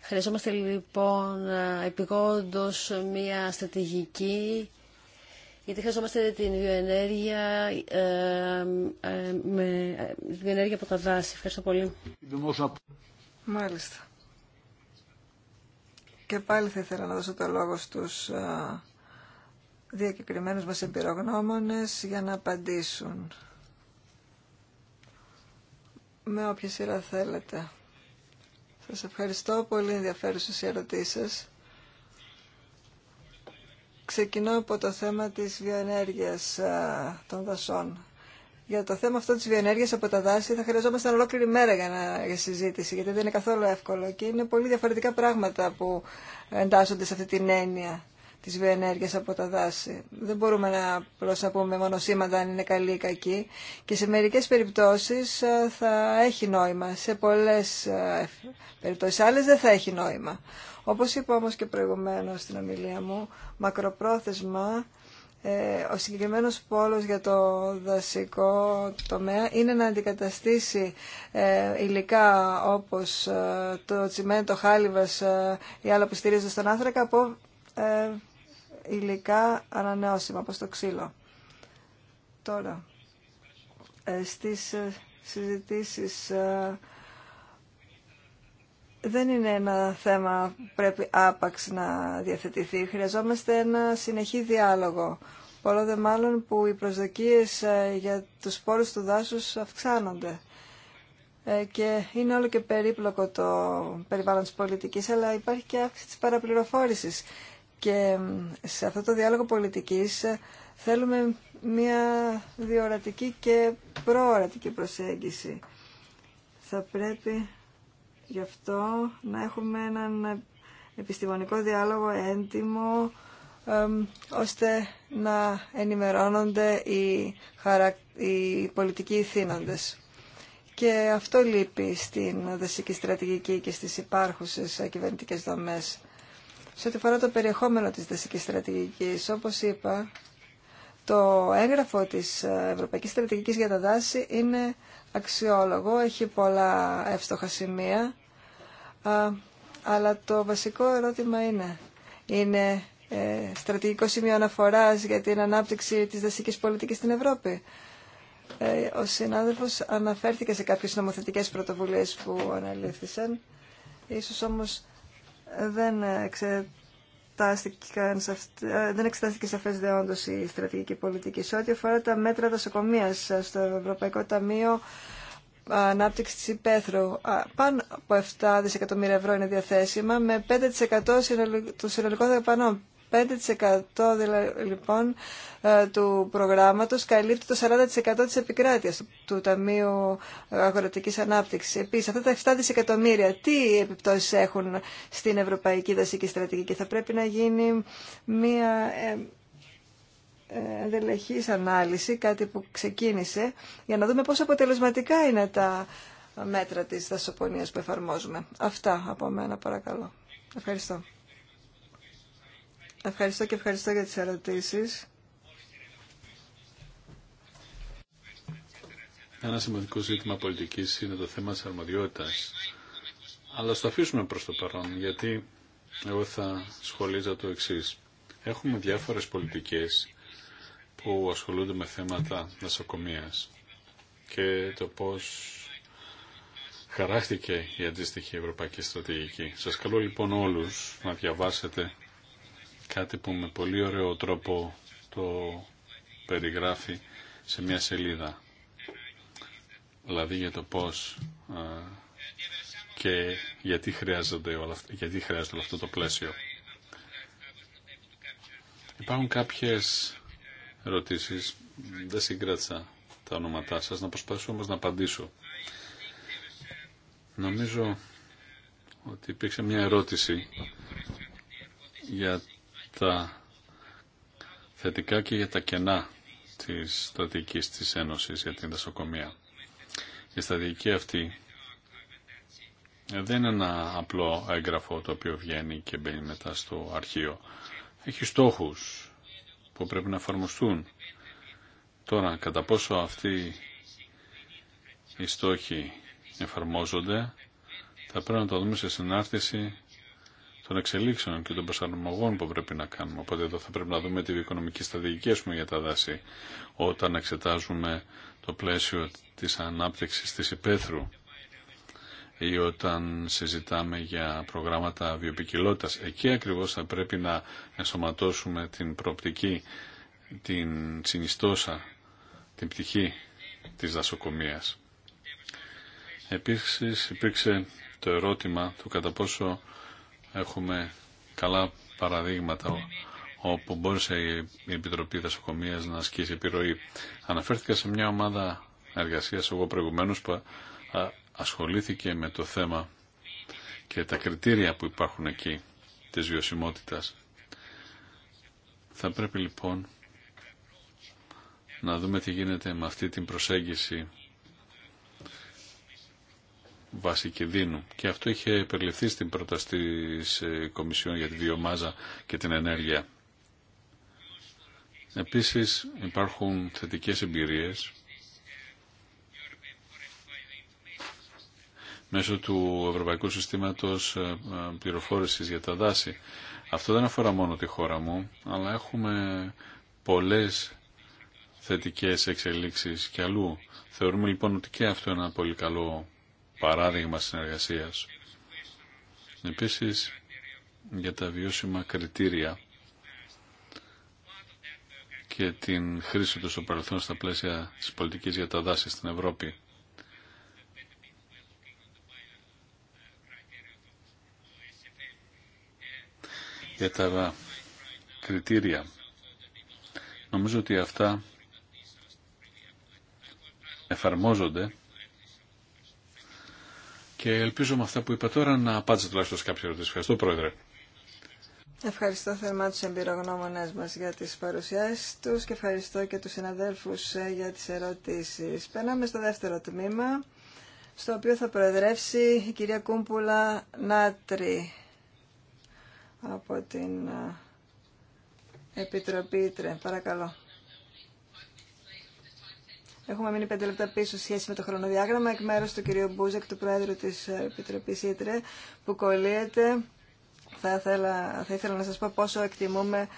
Χρειαζόμαστε λοιπόν επιγόντως μια στρατηγική γιατί χρειαζόμαστε την βιοενέργεια, ε, ε με, ε, από τα δάση. Ευχαριστώ πολύ. Μάλιστα. Και πάλι θα ήθελα να δώσω το λόγο στους ε, διακεκριμένους μας εμπειρογνώμονες για να απαντήσουν. Με όποια σειρά θέλετε. Σας ευχαριστώ πολύ ενδιαφέρουσες οι ερωτήσεις Ξεκινώ από το θέμα της βιοενέργειας των δασών. Για το θέμα αυτό της βιοενέργειας από τα δάση θα χρειαζόμαστε ολόκληρη μέρα για, να, για συζήτηση, γιατί δεν είναι καθόλου εύκολο και είναι πολύ διαφορετικά πράγματα που εντάσσονται σε αυτή την έννοια. Τη βιοενέργεια από τα δάση. Δεν μπορούμε να, να πούμε μονοσήματα αν είναι καλή ή κακή. Και σε μερικές περιπτώσει ε, θα έχει νόημα. Σε πολλές ε, περιπτώσεις άλλε δεν θα έχει νόημα. Όπως είπα όμω και προηγουμένω στην ομιλία μου, μακροπρόθεσμα ε, ο συγκεκριμένος πόλος για το δασικό τομέα είναι να αντικαταστήσει υλικά όπως το τσιμέντο, χάλιβας ή άλλα που στηρίζονται στον άνθρακα υλικά ανανεώσιμα, όπως το ξύλο. Τώρα, ε, στις ε, συζητήσεις ε, δεν είναι ένα θέμα που πρέπει άπαξ να διαθετηθεί. Χρειαζόμαστε ένα συνεχή διάλογο. Πολλό δε μάλλον που οι προσδοκίες για τους πόρους του δάσους αυξάνονται. Και είναι όλο και περίπλοκο το περιβάλλον της πολιτικής, αλλά υπάρχει και αύξηση της παραπληροφόρησης. Και σε αυτό το διάλογο πολιτικής ε, θέλουμε μια διορατική και προορατική προσέγγιση. Θα πρέπει γι' αυτό να έχουμε έναν επιστημονικό διάλογο έντιμο ώστε να ενημερώνονται οι, πολιτικοί θύναντες. Και αυτό λείπει στην δασική στρατηγική και στις υπάρχουσες ε, κυβερνητικές δομές. Σε ό,τι αφορά το περιεχόμενο της δασικής στρατηγικής, όπως είπα, το έγγραφο της Ευρωπαϊκής Στρατηγικής για τα Δάση είναι αξιόλογο, έχει πολλά εύστοχα σημεία, αλλά το βασικό ερώτημα είναι, είναι ε, στρατηγικό σημείο αναφοράς για την ανάπτυξη της δασικής πολιτικής στην Ευρώπη. Ε, ο συνάδελφος αναφέρθηκε σε κάποιες νομοθετικές πρωτοβουλίες που αναλήφθησαν. Ίσως όμως δεν εξετάστηκε, ε, δεν εξετάστηκε σαφές δεόντως η στρατηγική πολιτική. Σε ό,τι αφορά τα μέτρα δασοκομεία στο Ευρωπαϊκό Ταμείο Ανάπτυξη τη Υπέθρου, πάνω από 7 δισεκατομμύρια ευρώ είναι διαθέσιμα, με 5% των συνολικών δαπανών, 5% λοιπόν ε, του προγράμματος καλύπτει το 40% της επικράτειας του Ταμείου Αγροτικής Ανάπτυξης. Επίσης, αυτά τα 7 δισεκατομμύρια, τι επιπτώσεις έχουν στην Ευρωπαϊκή Δασική Στρατηγική. Θα πρέπει να γίνει μία ε, ε, δελεχής ανάλυση, κάτι που ξεκίνησε, για να δούμε πόσο αποτελεσματικά είναι τα μέτρα της δασοπονίας που εφαρμόζουμε. Αυτά από μένα, παρακαλώ. Ευχαριστώ. Ευχαριστώ και ευχαριστώ για τις ερωτήσεις. Ένα σημαντικό ζήτημα πολιτικής είναι το θέμα της αρμοδιότητας. Αλλά στο αφήσουμε προς το παρόν, γιατί εγώ θα σχολίζα το εξής. Έχουμε διάφορες πολιτικές που ασχολούνται με θέματα νοσοκομείας και το πώς χαράχτηκε η αντίστοιχη ευρωπαϊκή στρατηγική. Σας καλώ λοιπόν όλους να διαβάσετε Κάτι που με πολύ ωραίο τρόπο το περιγράφει σε μια σελίδα. Δηλαδή για το πώς και γιατί χρειάζεται, γιατί χρειάζεται όλο αυτό το πλαίσιο. Υπάρχουν κάποιες ερωτήσεις, δεν συγκράτησα τα ονόματά σας, να προσπαθήσω όμως να απαντήσω. Νομίζω ότι υπήρξε μια ερώτηση για τα θετικά και για τα κενά της στρατηγικής της Ένωσης για την δασοκομεία. Η στρατηγική αυτή δεν είναι ένα απλό έγγραφο το οποίο βγαίνει και μπαίνει μετά στο αρχείο. Έχει στόχους που πρέπει να εφαρμοστούν. Τώρα, κατά πόσο αυτοί οι στόχοι εφαρμόζονται, θα πρέπει να το δούμε σε συνάρτηση των εξελίξεων και των προσαρμογών που πρέπει να κάνουμε. Οπότε εδώ θα πρέπει να δούμε τη οικονομική στρατηγική πούμε, για τα δάση όταν εξετάζουμε το πλαίσιο της ανάπτυξης της υπαίθρου ή όταν συζητάμε για προγράμματα βιοπικιλότητας. Εκεί ακριβώς θα πρέπει να ενσωματώσουμε την προοπτική, την συνιστόσα, την πτυχή της δασοκομείας. Επίσης υπήρξε το ερώτημα του κατά πόσο Έχουμε καλά παραδείγματα όπου μπόρεσε η Επιτροπή Δασοκομείας να ασκήσει επιρροή. Αναφέρθηκα σε μια ομάδα εργασίας εγώ προηγουμένως που ασχολήθηκε με το θέμα και τα κριτήρια που υπάρχουν εκεί της βιωσιμότητας. Θα πρέπει λοιπόν να δούμε τι γίνεται με αυτή την προσέγγιση και αυτό είχε περιληφθεί στην πρόταση της ε, Κομισιόν για τη βιομάζα και την ενέργεια. Επίσης υπάρχουν θετικές εμπειρίες μέσω του Ευρωπαϊκού Συστήματος ε, ε, Πληροφόρησης για τα δάση. Αυτό δεν αφορά μόνο τη χώρα μου, αλλά έχουμε πολλές θετικές εξελίξεις και αλλού. Θεωρούμε λοιπόν ότι και αυτό είναι ένα πολύ καλό παράδειγμα συνεργασίας. Επίσης, για τα βιώσιμα κριτήρια και την χρήση του στο παρελθόν στα πλαίσια της πολιτικής για τα δάση στην Ευρώπη. Για τα κριτήρια. Νομίζω ότι αυτά εφαρμόζονται και ελπίζω με αυτά που είπα τώρα να απάντησα τουλάχιστον σε κάποιε ερωτήσει. Ευχαριστώ Πρόεδρε. Ευχαριστώ θερμά τους εμπειρογνώμονες μας για τις παρουσιάσεις τους και ευχαριστώ και τους συναδέλφους ε, για τις ερωτήσεις. Περνάμε στο δεύτερο τμήμα, στο οποίο θα προεδρεύσει η κυρία Κούμπουλα Νάτρη από την ε, Επιτροπή Ήτρε. Παρακαλώ. Έχουμε μείνει πέντε λεπτά πίσω σχέση με το χρονοδιάγραμμα εκ μέρους του κυρίου Μπούζεκ, του Πρόεδρου της Επιτροπή Ήτρε, που κολλείεται. Θα ήθελα, θα να σας πω πόσο εκτιμούμε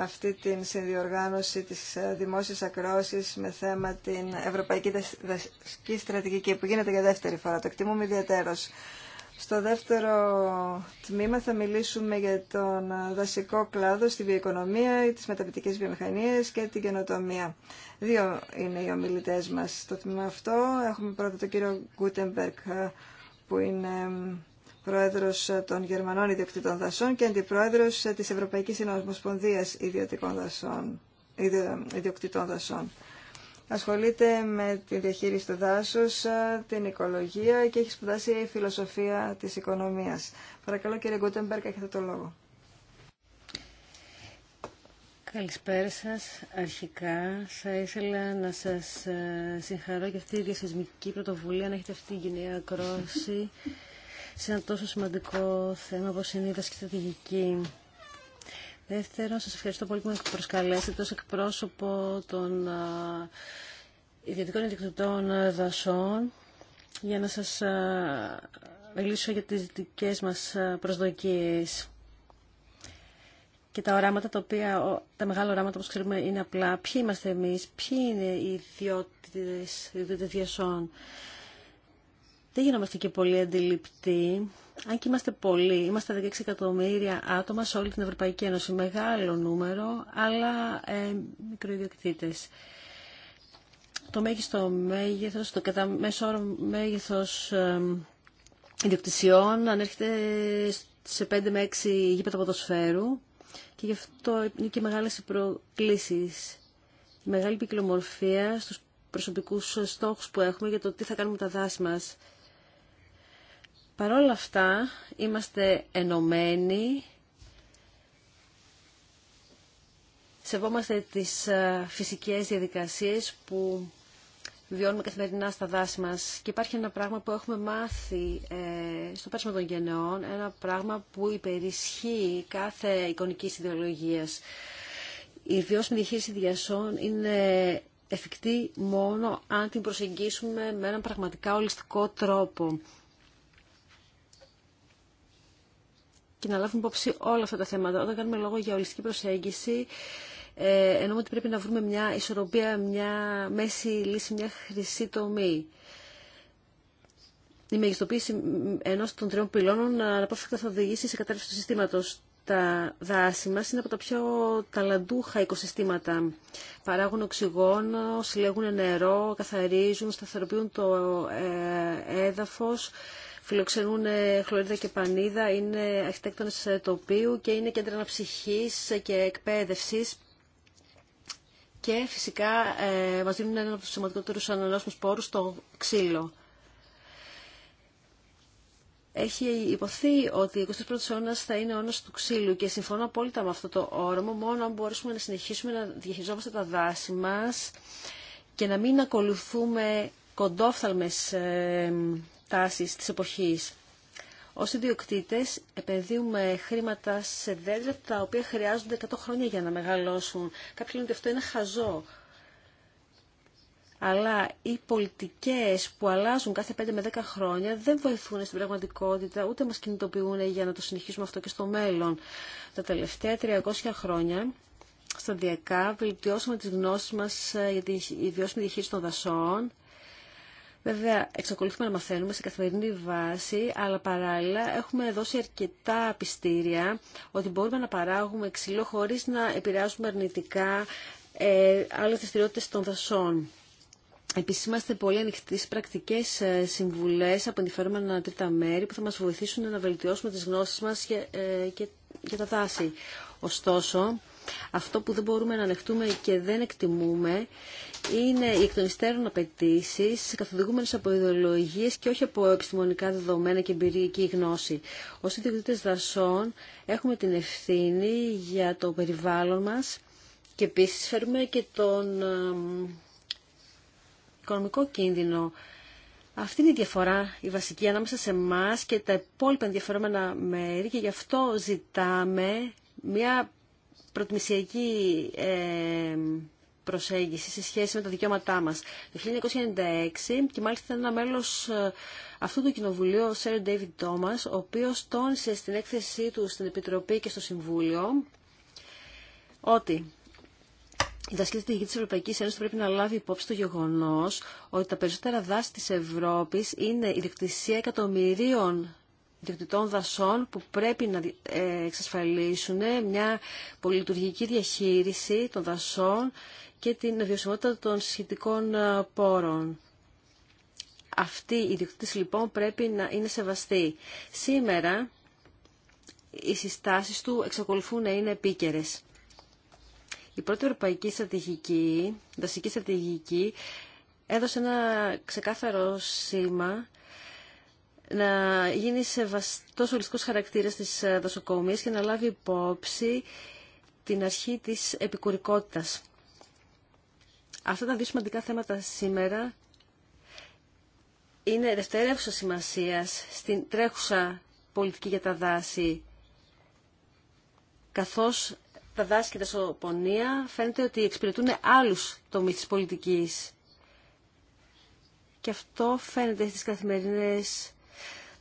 αυτή την συνδιοργάνωση της ε, δημόσιας ακρόασης με θέμα την Ευρωπαϊκή Δασική Στρατηγική που γίνεται για δεύτερη φορά. Το εκτιμούμε ιδιαίτερος. Στο δεύτερο τμήμα θα μιλήσουμε για τον δασικό κλάδο στη βιοοικονομία, τις μεταπητικές βιομηχανίες και την καινοτομία. Δύο είναι οι ομιλητές μας στο τμήμα αυτό. Έχουμε πρώτα τον κύριο Γκούτεμπερκ που είναι πρόεδρος των Γερμανών Ιδιοκτήτων Δασών και αντιπρόεδρος της Ευρωπαϊκής Συνομοσπονδίας Ιδιοκτήτων Δασών ασχολείται με τη διαχείριση του δάσου, ε, την οικολογία και έχει σπουδάσει η φιλοσοφία της οικονομίας. Παρακαλώ κύριε Γκούτεμπερκ, έχετε το λόγο. Καλησπέρα σας. Αρχικά θα ήθελα να σας ε, συγχαρώ για αυτή τη διασυσμική πρωτοβουλία να έχετε αυτή την κοινή ακρόση σε ένα τόσο σημαντικό θέμα όπως είναι η Δεύτερον, σας ευχαριστώ πολύ που με προσκαλέσετε ως εκπρόσωπο των ιδιωτικών ιδιωτικών δασών για να σας μιλήσω για τις δικές μας προσδοκίες και τα οράματα τα οποία, τα μεγάλα οράματα όπως ξέρουμε είναι απλά ποιοι είμαστε εμείς, ποιοι είναι οι ιδιότητες, ιδιότητες διασών. Δεν γινόμαστε και πολύ αντιληπτοί. Αν και είμαστε πολλοί, είμαστε 16 εκατομμύρια άτομα σε όλη την Ευρωπαϊκή Ένωση, μεγάλο νούμερο, αλλά ε, μικροϊδιοκτήτες. Το μέγιστο μέγεθος, το κατά μέσο όρο μέγεθος ε, ιδιοκτησιών ανέρχεται σε 5 με 6 γήπεδα ποδοσφαίρου και γι' αυτό είναι και μεγάλες οι προκλήσεις. Η μεγάλη πυκλομορφία στους προσωπικούς στόχους που έχουμε για το τι θα κάνουμε τα δάση μας. Παρ' αυτά είμαστε ενωμένοι, σεβόμαστε τις ε, φυσικές διαδικασίες που βιώνουμε καθημερινά στα δάση μας και υπάρχει ένα πράγμα που έχουμε μάθει ε, στο πέρασμα των γενεών, ένα πράγμα που υπερισχύει κάθε εικονική ιδεολογίας. Η βιώσιμη διαχείριση διασών είναι εφικτή μόνο αν την προσεγγίσουμε με έναν πραγματικά ολιστικό τρόπο. και να λάβουμε υπόψη όλα αυτά τα θέματα. Όταν κάνουμε λόγο για ολιστική προσέγγιση, ε, εννοούμε ότι πρέπει να βρούμε μια ισορροπία, μια μέση λύση, μια χρυσή τομή. Η μεγιστοποίηση ενό των τριών πυλώνων αναπόφευκτα θα οδηγήσει σε κατάρρευση του συστήματο. Τα δάση μα είναι από τα πιο ταλαντούχα οικοσυστήματα. Παράγουν οξυγόνο, συλλέγουν νερό, καθαρίζουν, σταθεροποιούν το ε, έδαφος, φιλοξενούν ε, χλωρίδα και πανίδα, είναι αρχιτέκτονες ε, τοπίου και είναι κέντρα αναψυχής και εκπαίδευσης και φυσικά ε, μας δίνουν ένα από του σημαντικότερους ανανεώσιμους πόρους, το ξύλο. Έχει υποθεί ότι ο 21 ο αιώνας θα είναι ο του ξύλου και συμφωνώ απόλυτα με αυτό το όρομο, μόνο αν μπορούμε να συνεχίσουμε να διαχειριζόμαστε τα δάση μας και να μην ακολουθούμε κοντόφθαλμες ε, τάσεις της εποχής. Ως ιδιοκτήτες επενδύουμε χρήματα σε δέντρα τα οποία χρειάζονται 100 χρόνια για να μεγαλώσουν. Κάποιοι λένε ότι αυτό είναι χαζό. Αλλά οι πολιτικές που αλλάζουν κάθε 5 με 10 χρόνια δεν βοηθούν στην πραγματικότητα, ούτε μας κινητοποιούν για να το συνεχίσουμε αυτό και στο μέλλον. Τα τελευταία 300 χρόνια σταδιακά βελτιώσαμε τις γνώσεις μας ε, για τη βιώσιμη διαχείριση των δασών, Βέβαια, εξακολουθούμε να μαθαίνουμε σε καθημερινή βάση, αλλά παράλληλα έχουμε δώσει αρκετά πιστήρια ότι μπορούμε να παράγουμε ξύλο χωρίς να επηρεάζουμε αρνητικά ε, άλλες δραστηριότητε των δασών. Επίσης είμαστε πολύ ανοιχτοί στις πρακτικές ε, συμβουλές από ενδιαφέρομενα τρίτα μέρη που θα μας βοηθήσουν να βελτιώσουμε τις γνώσεις μας και, ε, και, τα δάση. Ωστόσο, αυτό που δεν μπορούμε να ανεχτούμε και δεν εκτιμούμε είναι οι εκ των υστέρων απαιτήσει, καθοδηγούμενε από ιδεολογίε και όχι από επιστημονικά δεδομένα και εμπειρική γνώση. Ω ιδιοκτήτε δασών, έχουμε την ευθύνη για το περιβάλλον μα και επίση φέρουμε και τον οικονομικό κίνδυνο. Αυτή είναι η διαφορά, η βασική, ανάμεσα σε εμά και τα υπόλοιπα ενδιαφερόμενα μέρη και γι' αυτό ζητάμε μια προτιμησιακή ε, προσέγγιση σε σχέση με τα δικαιώματά μας. Το 1996 και μάλιστα ένα μέλος ε, αυτού του κοινοβουλίου, ο Σέρ Ντέιβιντ Τόμας, ο οποίος τόνισε στην έκθεσή του στην Επιτροπή και στο Συμβούλιο ότι η τη της τη Ευρωπαϊκή Ένωση πρέπει να λάβει υπόψη το γεγονό ότι τα περισσότερα δάση τη Ευρώπη είναι η διεκτησία εκατομμυρίων διοκτητών δασών που πρέπει να ε, εξασφαλίσουν μια πολυλειτουργική διαχείριση των δασών και την βιωσιμότητα των σχετικών ε, πόρων. Αυτή η διοκτήτης λοιπόν πρέπει να είναι σεβαστή. Σήμερα οι συστάσεις του εξακολουθούν να είναι επίκαιρες. Η πρώτη ευρωπαϊκή στρατηγική, δασική στρατηγική, έδωσε ένα ξεκάθαρο σήμα να γίνει σεβαστός ολιστικός χαρακτήρας της ε, δοσοκομείας και να λάβει υπόψη την αρχή της επικουρικότητας. Αυτά τα δύο σημαντικά θέματα σήμερα είναι δευτερεύουσα σημασίας στην τρέχουσα πολιτική για τα δάση, καθώς τα δάση και τα σοπονία φαίνεται ότι εξυπηρετούν άλλους τομείς της πολιτικής. Και αυτό φαίνεται στις καθημερινές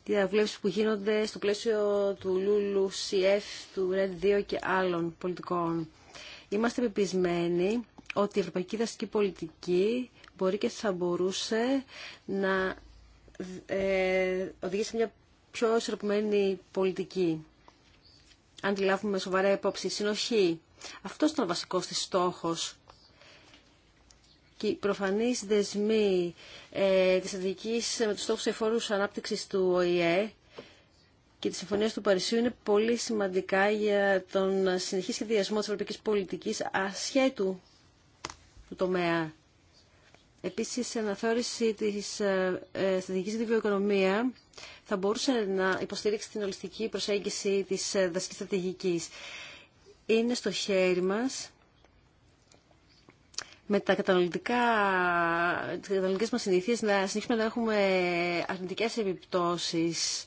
διαβουλεύσει που γίνονται στο πλαίσιο του Λούλου, ΣΥΕΦ, του ΡΕΔ 2 και άλλων πολιτικών. Είμαστε επιπισμένοι ότι η Ευρωπαϊκή Δασική Πολιτική μπορεί και θα μπορούσε να ε, οδηγήσει μια πιο ισορροπημένη πολιτική. Αν τη λάβουμε σοβαρά υπόψη, συνοχή. Αυτό ήταν ο βασικός τη στόχος και προφανείς δεσμοί ε, της Αντικής με τους στόχους εφόρους ανάπτυξης του ΟΗΕ και της Συμφωνίας του Παρισιού είναι πολύ σημαντικά για τον συνεχή σχεδιασμό της ευρωπαϊκής πολιτικής ασχέτου του τομέα. Επίσης, η αναθεώρηση της ε, ε στρατηγικής τη βιοοικονομία θα μπορούσε να υποστηρίξει την ολιστική προσέγγιση της ε, δασικής στρατηγικής. Είναι στο χέρι μας με τα καταναλωτικά, τις καταναλωτικές μας συνήθειες να συνεχίσουμε να έχουμε αρνητικές επιπτώσεις.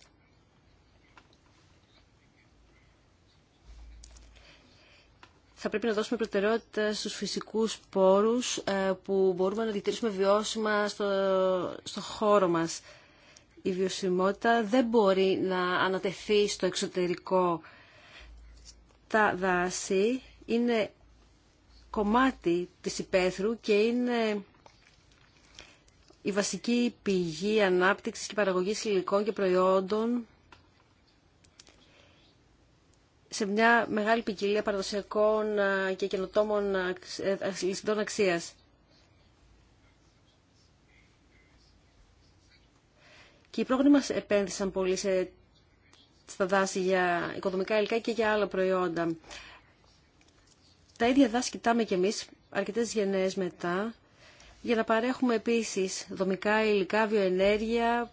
Θα πρέπει να δώσουμε προτεραιότητα στους φυσικούς πόρους ε, που μπορούμε να διατηρήσουμε βιώσιμα στο, στο χώρο μας. Η βιωσιμότητα δεν μπορεί να ανατεθεί στο εξωτερικό. Τα δάση είναι κομμάτι της υπαίθρου και είναι η βασική πηγή ανάπτυξης και παραγωγής υλικών και προϊόντων σε μια μεγάλη ποικιλία παραδοσιακών ε, και καινοτόμων ε, ε, ληστών αξίας. Και οι πρόγραμμα μας επένδυσαν πολύ σε, στα δάση για οικοδομικά υλικά και για άλλα προϊόντα τα ίδια δάση κοιτάμε κι εμείς αρκετές γενναίες μετά για να παρέχουμε επίσης δομικά υλικά, βιοενέργεια,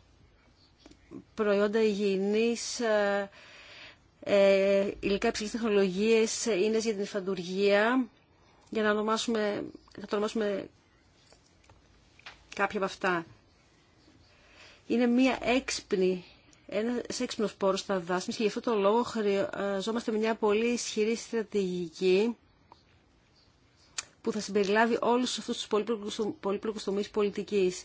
προϊόντα υγιεινής, ε, ε υλικά υψηλής τεχνολογίες, ίνες για την υφαντουργία, για να ονομάσουμε, το ονομάσουμε κάποια από αυτά. Είναι μία έξυπνη, ένα έξυπνος πόρος στα δάση και γι' αυτό το λόγο χρειαζόμαστε ε, μια πολύ ισχυρή στρατηγική που θα συμπεριλάβει όλου αυτού του πολύπλοκου τομεί πολιτική.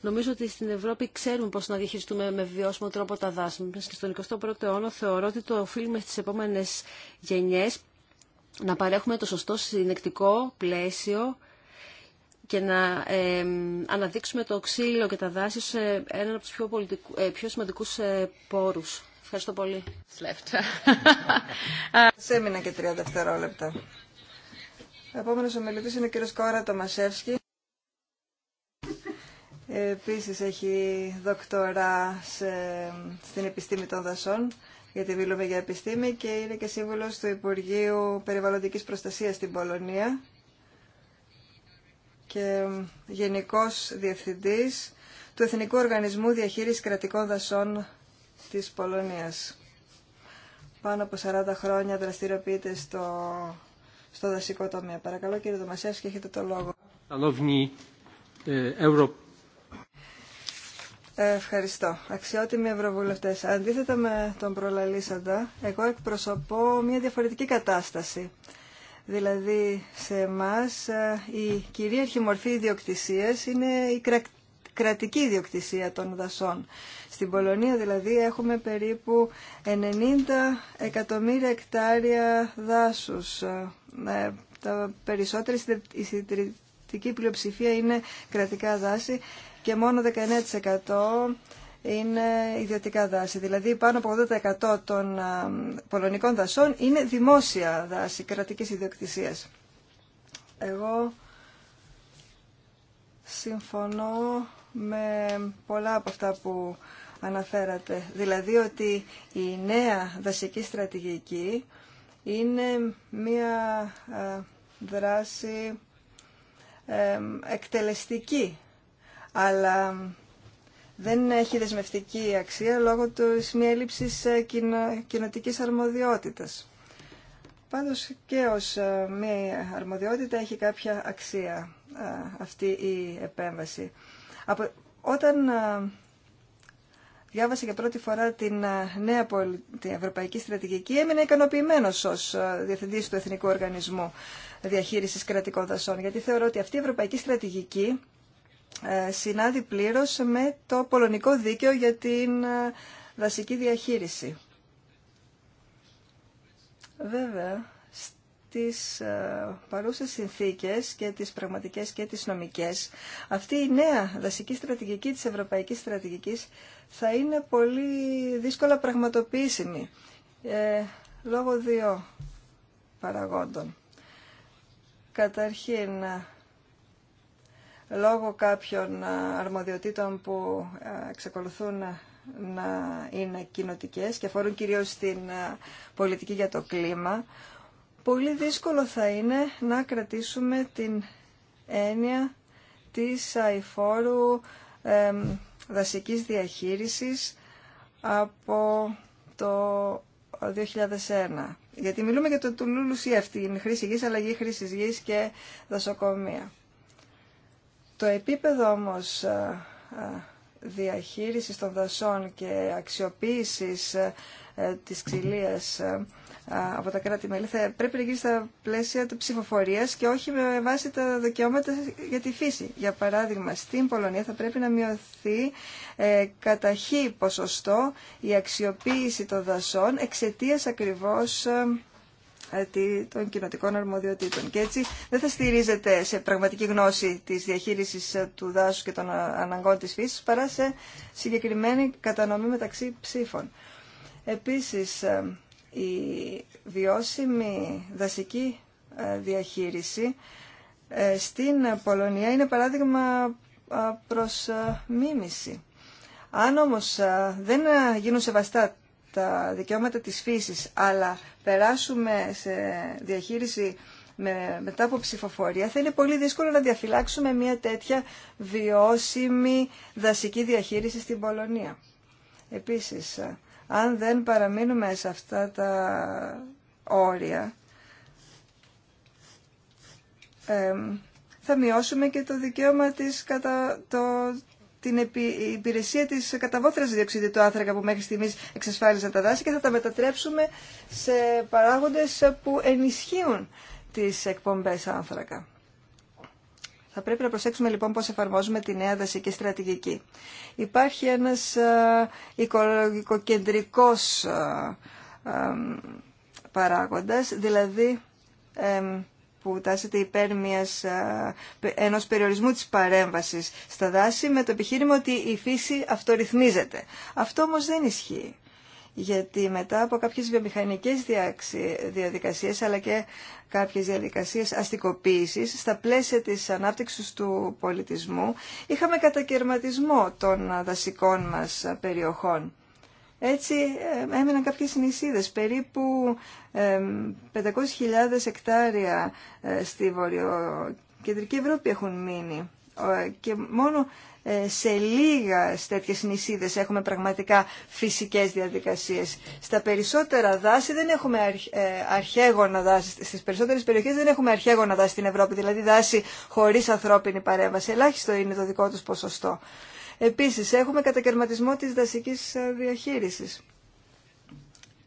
Νομίζω ότι στην Ευρώπη ξέρουμε πώ να διαχειριστούμε με βιώσιμο τρόπο τα δάση μα και στον 21ο αιώνα θεωρώ ότι το οφείλουμε στι επόμενε γενιέ να παρέχουμε το σωστό συνεκτικό πλαίσιο και να ε, αναδείξουμε το ξύλο και τα δάση σε έναν από του πιο, ε, πιο σημαντικούς ε, πόρους. Ευχαριστώ πολύ. [laughs] Σε έμεινα και 30 δευτερόλεπτα. Ο επόμενο είναι ο κύριος Κόρα Τομασεύσκη. Επίσης έχει δοκτορά σε, στην επιστήμη των δασών, γιατί μιλούμε για επιστήμη και είναι και σύμβουλος του Υπουργείου Περιβαλλοντικής Προστασίας στην Πολωνία και γενικό διευθυντής του Εθνικού Οργανισμού Διαχείρισης Κρατικών Δασών της Πολωνίας. Πάνω από 40 χρόνια δραστηριοποιείται στο στο δασικό τομέα. Παρακαλώ κύριε και έχετε το λόγο. Ε, ε, ευχαριστώ. Αξιότιμοι Ευρωβουλευτέ, αντίθετα με τον προλαλήσαντα, εγώ εκπροσωπώ μια διαφορετική κατάσταση. Δηλαδή, σε εμά ε, η κυρίαρχη μορφή ιδιοκτησία είναι η κρατική ιδιοκτησία των δασών. Στην Πολωνία δηλαδή έχουμε περίπου 90 εκατομμύρια εκτάρια δάσους. Ε, τα περισσότερα, η συντηρητική πλειοψηφία είναι κρατικά δάση και μόνο 19% είναι ιδιωτικά δάση. Δηλαδή πάνω από 80% των ε, πολωνικών δασών είναι δημόσια δάση κρατικής ιδιοκτησίας. Εγώ συμφωνώ με πολλά από αυτά που αναφέρατε. Δηλαδή ότι η νέα δασική στρατηγική είναι μία ε, δράση ε, εκτελεστική, αλλά δεν έχει δεσμευτική αξία λόγω της μία έλλειψης ε, κοινοτικής αρμοδιότητας. Πάντως και ως μία αρμοδιότητα έχει κάποια αξία αυτή η επέμβαση. Όταν ε, διάβασα για πρώτη φορά την ε, νέα την ευρωπαϊκή στρατηγική, έμεινα ικανοποιημένο ω ε, διευθυντή του Εθνικού Οργανισμού Διαχείριση Κρατικών Δασών, γιατί θεωρώ ότι αυτή η ευρωπαϊκή στρατηγική συνάδει πλήρω με το πολωνικό δίκαιο για την δασική διαχείριση. Βέβαια, τις ε, παρούσες συνθήκες και τις πραγματικές και τις νομικές, αυτή η νέα δασική στρατηγική της ευρωπαϊκής στρατηγικής θα είναι πολύ δύσκολα πραγματοποιήσιμη ε, λόγω δύο παραγόντων. Καταρχήν, ε, λόγω κάποιων ε, αρμοδιοτήτων που εξακολουθούν να είναι κοινοτικέ και αφορούν κυρίως την πολιτική για το κλίμα, πολύ δύσκολο θα είναι να κρατήσουμε την έννοια της αηφόρου ε, δασικής διαχείρισης από το 2001. Γιατί μιλούμε για το τουλούλου ή αυτή, την χρήση γης, αλλαγή χρήση γης και δασοκομεία. Το επίπεδο όμως ε, ε, διαχείρισης των δασών και αξιοποίησης ε, της ξυλίας από τα κράτη-μέλη θα πρέπει να γίνει στα πλαίσια τη ψηφοφορία και όχι με βάση τα δικαιώματα για τη φύση. Για παράδειγμα, στην Πολωνία θα πρέπει να μειωθεί ε, κατά ποσοστό η αξιοποίηση των δασών εξαιτία ακριβώ ε, ε, των κοινοτικών αρμοδιοτήτων. Και έτσι δεν θα στηρίζεται σε πραγματική γνώση τη διαχείριση ε, του δάσου και των αναγκών τη φύση, παρά σε συγκεκριμένη κατανομή μεταξύ ψήφων. Επίσης, η βιώσιμη δασική ε, διαχείριση ε, στην Πολωνία είναι παράδειγμα προς ε, μίμηση. Αν όμως δεν γίνουν σεβαστά τα δικαιώματα της φύσης, αλλά περάσουμε σε διαχείριση με, μετά από ψηφοφορία, θα είναι πολύ δύσκολο να διαφυλάξουμε μια τέτοια βιώσιμη δασική διαχείριση στην Πολωνία. Επίσης, αν δεν παραμείνουμε σε αυτά τα όρια, θα μειώσουμε και το δικαίωμα της κατά το, την υπηρεσία της καταβόθρας διοξιδίου του άνθρακα που μέχρι στιγμής εξασφάλιζαν τα δάση και θα τα μετατρέψουμε σε παράγοντες που ενισχύουν τις εκπομπές άνθρακα. Θα πρέπει να προσέξουμε λοιπόν πώς εφαρμόζουμε τη νέα δασική στρατηγική. Υπάρχει ένας ε, οικολογικοκεντρικός ε, ε, παράγοντας, δηλαδή που τάσεται υπέρ μιας, ενός περιορισμού της παρέμβασης στα δάση με το επιχείρημα ότι η φύση αυτορυθμίζεται. Αυτό όμως δεν ισχύει γιατί μετά από κάποιες βιομηχανικές διαδικασίες αλλά και κάποιες διαδικασίες αστικοποίησης στα πλαίσια της ανάπτυξης του πολιτισμού είχαμε κατακαιρματισμό των δασικών μας περιοχών. Έτσι ε, έμειναν κάποιες νησίδες, περίπου 500.000 εκτάρια ε, στη βορειοκεντρική Ευρώπη έχουν μείνει ε, και μόνο ε, σε λίγα τέτοιες νησίδες έχουμε πραγματικά φυσικές διαδικασίες. Στα περισσότερα δάση δεν έχουμε ε, αρχαίγωνα δάση, στις περισσότερες περιοχές δεν έχουμε αρχαίγωνα δάση στην Ευρώπη, δηλαδή δάση χωρίς ανθρώπινη παρέμβαση. Ελάχιστο είναι το δικό τους ποσοστό. Επίσης έχουμε κατακαιρματισμό της δασικής ε, διαχείρισης.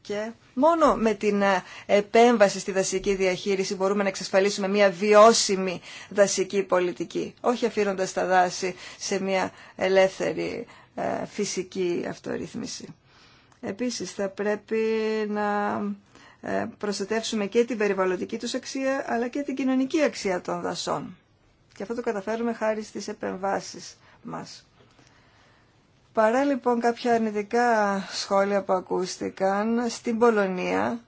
Και μόνο με την ε, επέμβαση στη δασική διαχείριση μπορούμε να εξασφαλίσουμε μια βιώσιμη δασική πολιτική, όχι αφήνοντας τα δάση σε μια ελεύθερη ε, φυσική αυτορύθμιση. Επίσης θα πρέπει να ε, προστατεύσουμε και την περιβαλλοντική τους αξία αλλά και την κοινωνική αξία των δασών. Και αυτό το καταφέρουμε χάρη στις επεμβάσεις μας. Παρά λοιπόν κάποια αρνητικά σχόλια που ακούστηκαν στην Πολωνία,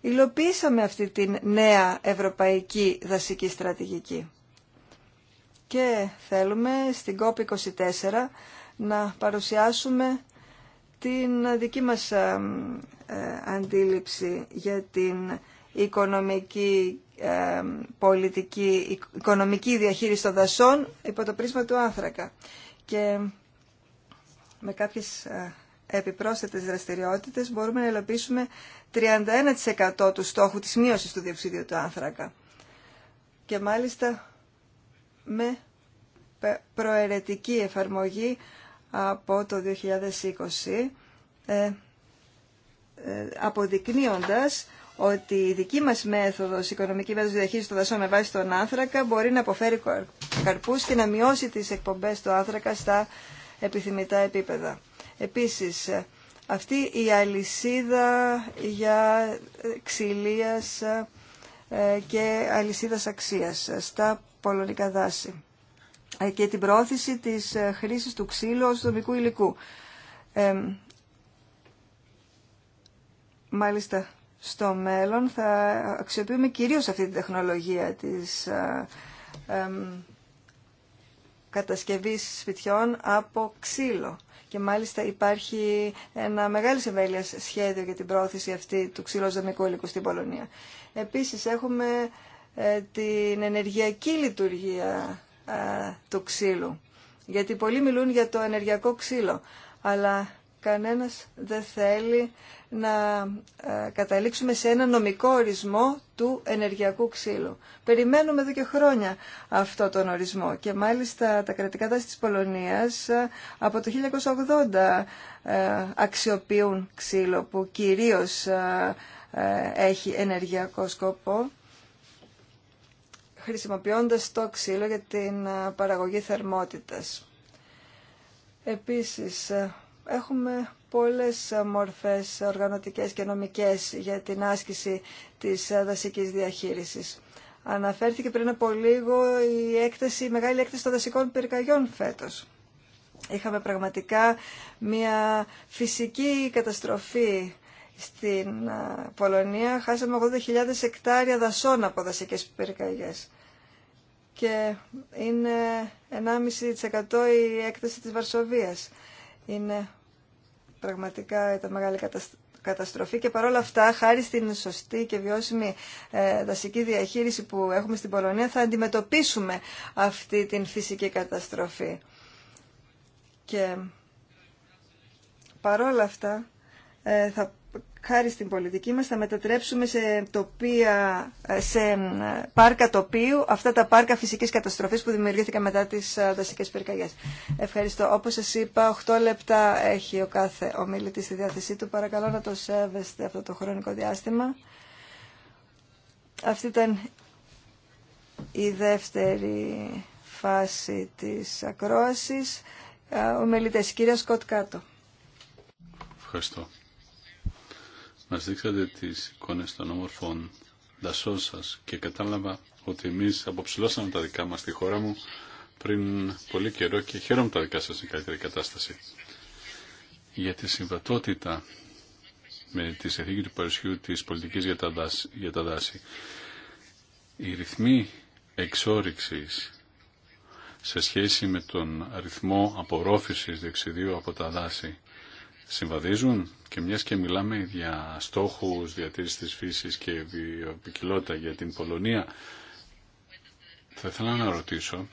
υλοποίησαμε αυτή την νέα ευρωπαϊκή δασική στρατηγική. Και θέλουμε στην COP24 να παρουσιάσουμε την δική μας ε, αντίληψη για την οικονομική πολιτική, οικονομική διαχείριση των δασών υπό το πρίσμα του άνθρακα. Και με κάποιες ε, επιπρόσθετες δραστηριότητες μπορούμε να ελοπίσουμε 31% του στόχου της μείωσης του διοξίδιου του άνθρακα. Και μάλιστα με προαιρετική εφαρμογή από το 2020, ε, ε, αποδεικνύοντας ότι η δική μας μέθοδος, η οικονομική μέθοδος διαχείρισης των δασών με βάση τον άνθρακα μπορεί να αποφέρει καρπούς και να μειώσει τις εκπομπές του άνθρακα στα επιθυμητά επίπεδα. Επίσης, ε, αυτή η αλυσίδα για ε, ξυλίας ε, και αλυσίδας αξίας στα πολωνικά δάση και την πρόθεση της χρήσης του ξύλου ως δομικού υλικού. μάλιστα, στο μέλλον θα αξιοποιούμε κυρίως αυτή την τεχνολογία της κατασκευής σπιτιών από ξύλο. Και μάλιστα υπάρχει ένα μεγάλη εμβέλεια σχέδιο για την πρόθεση αυτή του ξύλου υλικού στην Πολωνία. Επίσης έχουμε ε, την ενεργειακή λειτουργία ε, του ξύλου. Γιατί πολλοί μιλούν για το ενεργειακό ξύλο. Αλλά κανένας δεν θέλει να ε, καταλήξουμε σε ένα νομικό ορισμό του ενεργειακού ξύλου. Περιμένουμε εδώ και χρόνια αυτό τον ορισμό και μάλιστα τα κρατικά δάση της Πολωνίας ε, από το 1980 ε, αξιοποιούν ξύλο που κυρίως έχει ενεργειακό σκοπό χρησιμοποιώντας το ξύλο για την παραγωγή θερμότητας. Επίσης, έχουμε πολλές μορφές οργανωτικές και νομικές για την άσκηση της δασικής διαχείρισης. Αναφέρθηκε πριν από λίγο η, έκταση, μεγάλη έκταση των δασικών πυρκαγιών φέτος. Είχαμε πραγματικά μια φυσική καταστροφή στην Πολωνία. Χάσαμε 80.000 εκτάρια δασών από δασικές πυρκαγιές. Και είναι 1,5% η έκταση της Βαρσοβίας. Είναι πραγματικά ήταν μεγάλη καταστροφή και παρόλα αυτά, χάρη στην σωστή και βιώσιμη ε, δασική διαχείριση που έχουμε στην Πολωνία, θα αντιμετωπίσουμε αυτή την φυσική καταστροφή. Και παρόλα αυτά, ε, θα χάρη στην πολιτική μας θα μετατρέψουμε σε, τοπία, ε, σε πάρκα τοπίου αυτά τα πάρκα φυσικής καταστροφής που δημιουργήθηκαν μετά τις ε, δασικές πυρκαγιές. Ευχαριστώ. Όπως σας είπα, 8 λεπτά έχει ο κάθε ομιλητής στη διάθεσή του. Παρακαλώ να το σέβεστε αυτό το χρονικό διάστημα. Αυτή ήταν η δεύτερη φάση της ακρόασης. Ε, ο κύριε Σκοτ Κάτω. Ευχαριστώ. Μας δείξατε τις εικόνες των όμορφων δασών σας και κατάλαβα ότι εμείς αποψηλώσαμε τα δικά μας στη χώρα μου πριν πολύ καιρό και χαίρομαι τα δικά σας στην καλύτερη κατάσταση. Για τη συμβατότητα με τη συνθήκη του Παρισιού της πολιτικής για τα, δάση, για τα δάση. Οι ρυθμοί εξόριξης σε σχέση με τον αριθμό απορρόφησης δεξιδίου από τα δάση συμβαδίζουν και μιας και μιλάμε για στόχους διατήρησης της φύσης και βιοπικιλότητα για την Πολωνία. Θα ήθελα να ρωτήσω,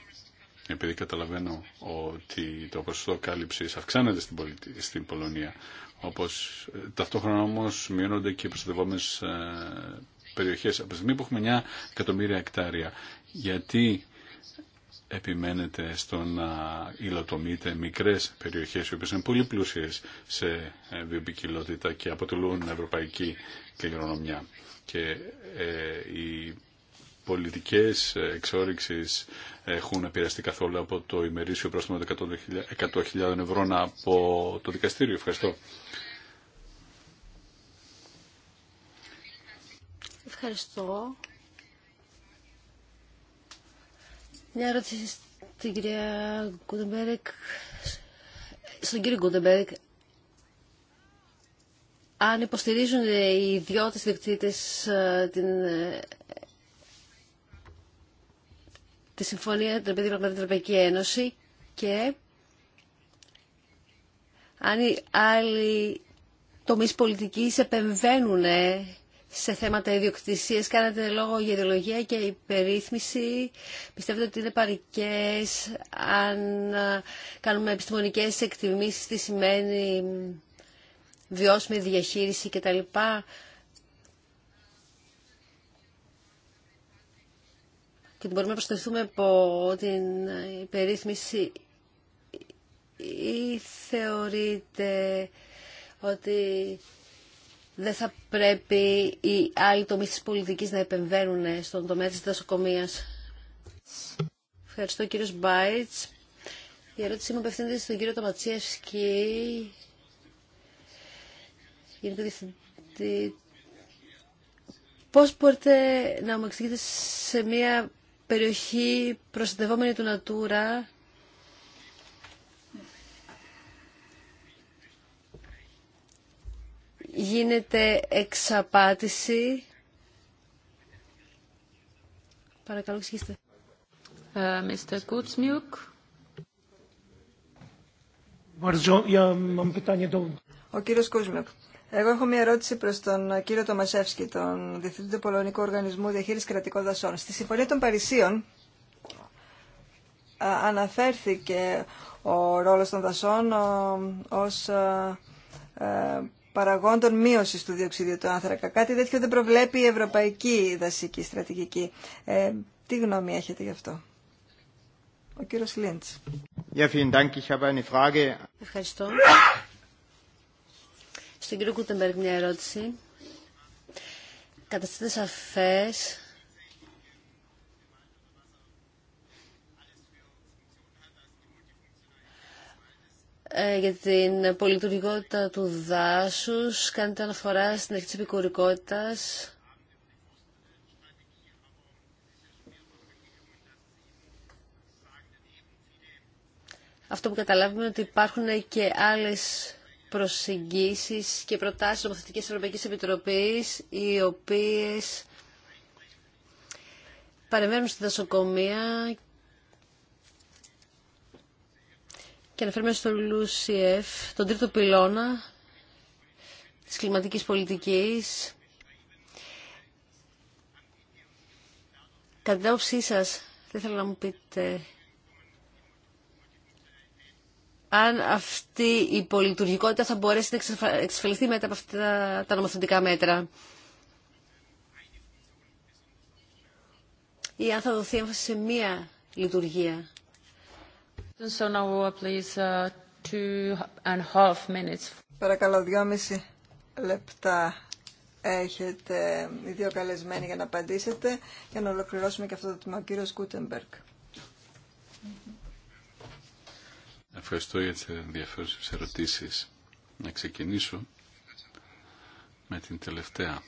επειδή καταλαβαίνω ότι το ποσοστό κάλυψης αυξάνεται στην, στην Πολωνία, όπως ε, ταυτόχρονα όμως μειώνονται και οι προστατευόμενες ε, περιοχές. Από τη στιγμή που έχουμε 9 εκατομμύρια εκτάρια, γιατί επιμένετε στο να υλοτομείτε μικρές περιοχές, οι οποίες είναι πολύ πλούσιες σε ε, βιοπικιλότητα και αποτελούν ευρωπαϊκή κληρονομιά. Και ε, οι πολιτικές εξόριξης έχουν επηρεαστεί καθόλου από το ημερήσιο πρόστιμο 100.000 ευρώ από το δικαστήριο. Ευχαριστώ. Ευχαριστώ. Μια ερώτηση στην κυρία Γκούντεμπερικ, στον κύριο Γκούντεμπερικ. Αν υποστηρίζουν οι ιδιώτες διοκτήτες ε, την ε, τη συμφωνία την οποία την Ευρωπαϊκή Ένωση και αν οι άλλοι τομείς πολιτικής επεμβαίνουν σε θέματα ιδιοκτησία. Κάνατε λόγο για ιδεολογία και υπερίθμιση Πιστεύετε ότι είναι παρικέ αν κάνουμε επιστημονικέ εκτιμήσει, τι σημαίνει βιώσιμη διαχείριση κτλ. Και μπορούμε να προσταθούμε από την υπερίθμιση ή θεωρείτε ότι δεν θα πρέπει οι άλλοι τομείς της πολιτικής να επεμβαίνουν στον τομέα της δασοκομείας. Ευχαριστώ κύριος Μπάιτς. Η ερώτησή μου απευθύνεται στον κύριο Ταματσίευσκη, Γενικό Πώς μπορείτε να μου εξηγείτε σε μια περιοχή προστατευόμενη του Νατούρα... γίνεται εξαπάτηση. Παρακαλώ, εξηγήστε. Ε, ο κύριο Κούσμιουκ. Εγώ έχω μια ερώτηση προ τον κύριο Τομασεύσκη, τον Διευθυντή του Πολωνικού Οργανισμού Διαχείριση Κρατικών Δασών. Στη Συμφωνία των Παρισίων αναφέρθηκε ο ρόλος των δασών ω παραγόντων μείωσης του διοξιδίου του άνθρακα. Κάτι τέτοιο δεν προβλέπει η ευρωπαϊκή δασική στρατηγική. Ε, τι γνώμη έχετε γι' αυτό. Ο κύριος Λίντς. Ευχαριστώ. Στον κύριο Κούτεμπεργκ μια ερώτηση. Καταστείτε σαφές Ε, για την πολυλειτουργικότητα του δάσους, κάνετε αναφορά στην αρχή της επικουρικότητας. Αυτό που καταλάβουμε είναι ότι υπάρχουν και άλλες προσεγγίσεις και προτάσεις νομοθετικής Ευρωπαϊκής Επιτροπής, οι οποίες παρεμβαίνουν στη δασοκομεία και αναφέρουμε στο ΛΟΥΣΙΕΦ τον τρίτο πυλώνα της κλιματικής πολιτικής. Κατά την άποψή σας, δεν να μου πείτε αν αυτή η πολυλειτουργικότητα θα μπορέσει να εξασφαλιστεί μετά από αυτά τα νομοθετικά μέτρα. Ή αν θα δοθεί έμφαση σε μία λειτουργία. Uh, Παρακαλώ, δυόμιση λεπτά έχετε οι δύο καλεσμένοι για να απαντήσετε για να ολοκληρώσουμε και αυτό το τμήμα. Ο κύριος Κούτεμπερκ. Ευχαριστώ για τις ενδιαφέρουσες ερωτήσεις. Να ξεκινήσω με την τελευταία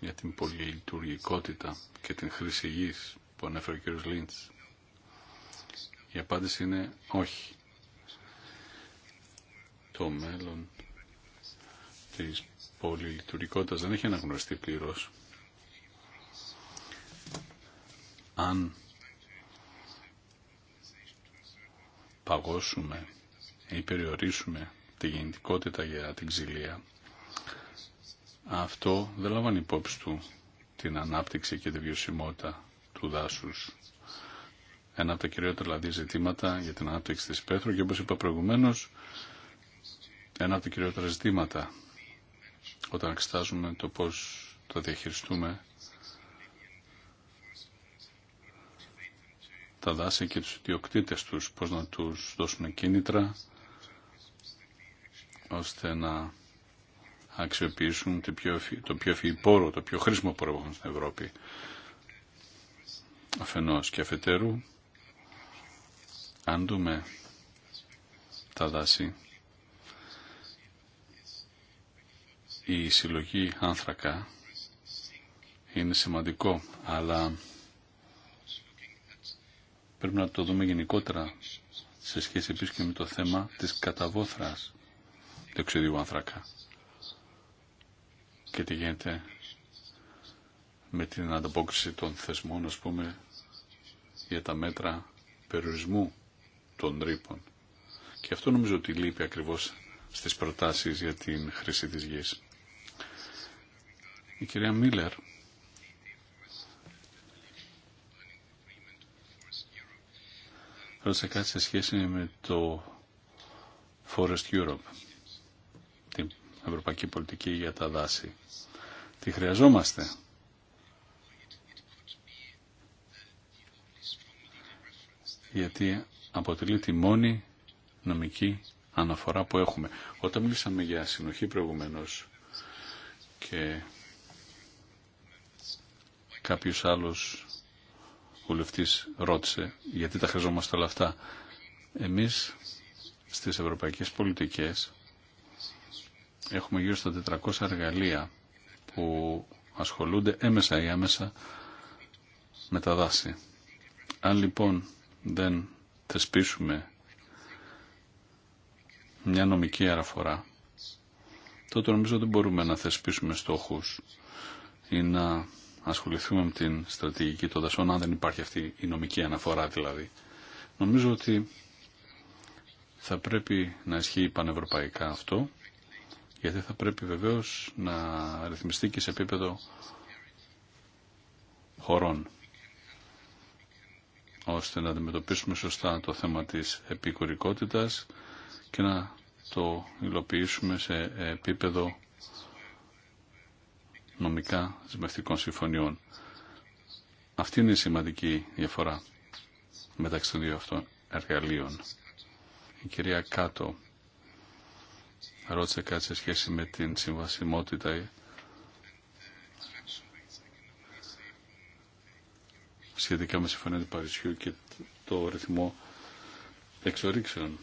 για την πολυλειτουργικότητα και την χρήση γης που ανέφερε ο κύριος Λίντς. Η απάντηση είναι όχι. Το μέλλον της πολυλειτουργικότητας δεν έχει αναγνωριστεί πλήρως. Αν παγώσουμε ή περιορίσουμε τη γεννητικότητα για την ξυλία, αυτό δεν λαμβάνει υπόψη του την ανάπτυξη και τη βιωσιμότητα του δάσους ένα από τα κυριότερα δηλαδή ζητήματα για την ανάπτυξη της Πέθρου και όπως είπα προηγουμένως ένα από τα κυριότερα ζητήματα όταν εξετάζουμε το πώς το διαχειριστούμε τα δάση και τους ιδιοκτήτες τους, πώς να τους δώσουμε κίνητρα ώστε να αξιοποιήσουν το πιο, το πόρο, το πιο χρήσιμο πόρο στην Ευρώπη. Αφενός και αφετέρου, αν δούμε τα δάση, η συλλογή άνθρακα είναι σημαντικό, αλλά πρέπει να το δούμε γενικότερα σε σχέση επίσης και με το θέμα της καταβόθρας εξωδίου άνθρακα και τι γίνεται με την ανταπόκριση των θεσμών, ας πούμε, για τα μέτρα περιορισμού των τρύπων. Και αυτό νομίζω ότι λείπει ακριβώς στις προτάσεις για την χρήση της γης. Η κυρία Μίλλερ ρώτησε κάτι σε σχέση με το Forest Europe, την ευρωπαϊκή πολιτική για τα δάση. Τη χρειαζόμαστε. Γιατί αποτελεί τη μόνη νομική αναφορά που έχουμε. Όταν μιλήσαμε για συνοχή προηγουμένως και κάποιος άλλος βουλευτής ρώτησε γιατί τα χρειαζόμαστε όλα αυτά. Εμείς στις ευρωπαϊκές πολιτικές έχουμε γύρω στα 400 εργαλεία που ασχολούνται έμεσα ή άμεσα με τα δάση. Αν λοιπόν δεν θεσπίσουμε μια νομική αραφορά, τότε νομίζω ότι μπορούμε να θεσπίσουμε στόχους ή να ασχοληθούμε με την στρατηγική των δασών, αν δεν υπάρχει αυτή η νομική αναφορά δηλαδή. Νομίζω ότι θα πρέπει να ισχύει πανευρωπαϊκά αυτό, γιατί θα πρέπει βεβαίως να ρυθμιστεί και σε επίπεδο χωρών ώστε να αντιμετωπίσουμε σωστά το θέμα της επικουρικότητας και να το υλοποιήσουμε σε επίπεδο νομικά ζημευτικών συμφωνιών. Αυτή είναι η σημαντική διαφορά μεταξύ των δύο αυτών εργαλείων. Η κυρία Κάτω ρώτησε κάτι σε σχέση με την συμβασιμότητα σχετικά με συμφωνία του Παρισιού και το ρυθμό εξορίξεων.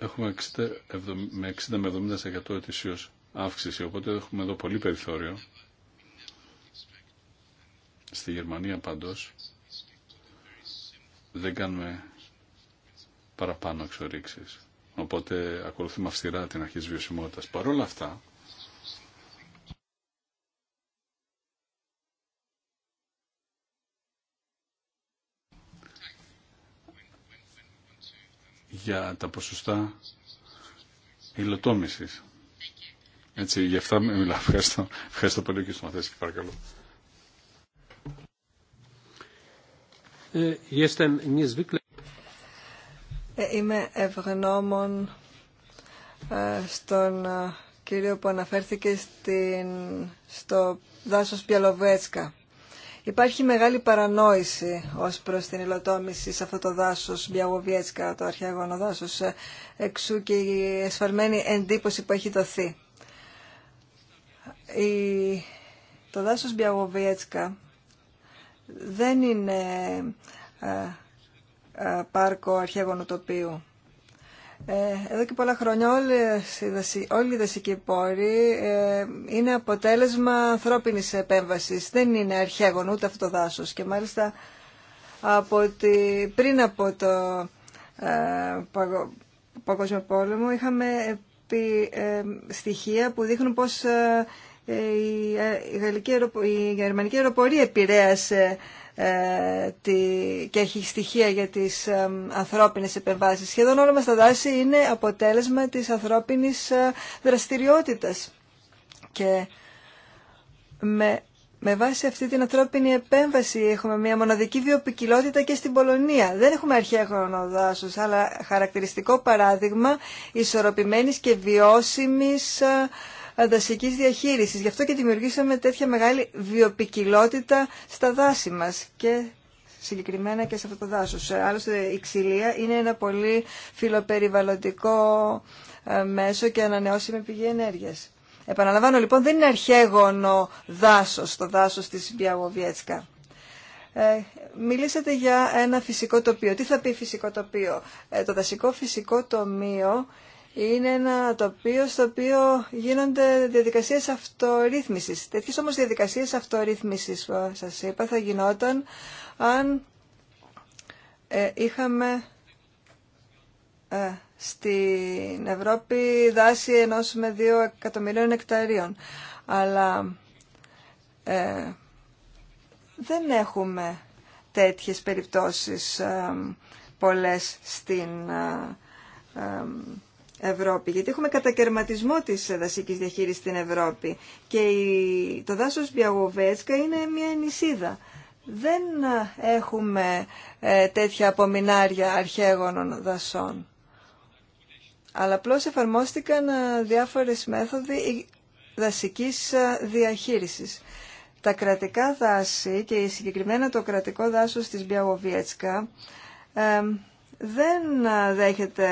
Έχουμε 60, με 60 70% αύξηση, οπότε έχουμε εδώ πολύ περιθώριο. Στη Γερμανία πάντως δεν κάνουμε παραπάνω εξορίξεις. Οπότε ακολουθούμε αυστηρά την αρχή της βιωσιμότητας. Παρ' όλα αυτά, για τα ποσοστά υλοτόμησης. Έτσι, γι' αυτά μιλάω. Ευχαριστώ, ευχαριστώ πολύ και στο και παρακαλώ. Ε, ε, είμαι ευγνώμων ε, στον ε, κύριο που αναφέρθηκε στην, στο δάσος Πιαλοβέτσκα. Υπάρχει μεγάλη παρανόηση ως προς την υλοτόμηση σε αυτό το δάσος Μπιαγοβιέτσκα, το αρχαίγωνο δάσος, εξού και η εσφαρμένη εντύπωση που έχει δοθεί. Η... Το δάσος Μπιαγοβιέτσκα δεν είναι ε, πάρκο αρχαίγωνου τοπίου. Ε, εδώ και πολλά χρόνια όλοι οι δασικοί πόροι ε, είναι αποτέλεσμα ανθρώπινης επέμβασης. Δεν είναι αρχαίγωνο ούτε αυτό το δάσος. Και μάλιστα από πριν από το Παγκόσμιο Πόλεμο είχαμε στοιχεία που δείχνουν πως η, γερμανική αεροπορία επηρέασε ε, και έχει στοιχεία για τις ε, ανθρώπινες επεμβάσεις. Σχεδόν όλα μας τα δάση είναι αποτέλεσμα της ανθρώπινης ε, δραστηριότητας. Και με, με βάση αυτή την ανθρώπινη επέμβαση έχουμε μια μοναδική βιοποικιλότητα και στην Πολωνία. Δεν έχουμε αρχαία χρονοδάσους, αλλά χαρακτηριστικό παράδειγμα ισορροπημένης και βιώσιμης δασικής διαχείρισης. Γι' αυτό και δημιουργήσαμε τέτοια μεγάλη βιοπικιλότητα στα δάση μας και συγκεκριμένα και σε αυτό το δάσος. Ε, άλλωστε η ξυλία είναι ένα πολύ φιλοπεριβαλλοντικό ε, μέσο και ανανεώσιμη πηγή ενέργειας. Επαναλαμβάνω λοιπόν δεν είναι αρχαίγωνο δάσος το δάσος της Μπιαγοβιέτσκα. Ε, μιλήσατε για ένα φυσικό τοπίο. Τι θα πει φυσικό τοπίο. το δασικό φυσικό τομείο είναι ένα τοπίο στο οποίο γίνονται διαδικασίες αυτορύθμισης. Τέτοιες όμως διαδικασίες αυτορύθμισης που σας είπα θα γινόταν αν ε, είχαμε ε, στην Ευρώπη δάση ενός με δύο εκατομμυρίων εκταρίων. Αλλά ε, δεν έχουμε τέτοιες περιπτώσεις πολλές στην Ευρώπη, γιατί έχουμε κατακαιρματισμό της δασικής διαχείρισης στην Ευρώπη και το δάσο Μπιαγοβέτσκα είναι μια νησίδα. Δεν έχουμε ε, τέτοια απομεινάρια αρχαίγωνων δασών. Αλλά απλώ εφαρμόστηκαν ε, διάφορες μέθοδοι δασικής ε, διαχείρισης. Τα κρατικά δάση και συγκεκριμένα το κρατικό δάσος της Μπιαγοβέτσκα δεν δέχεται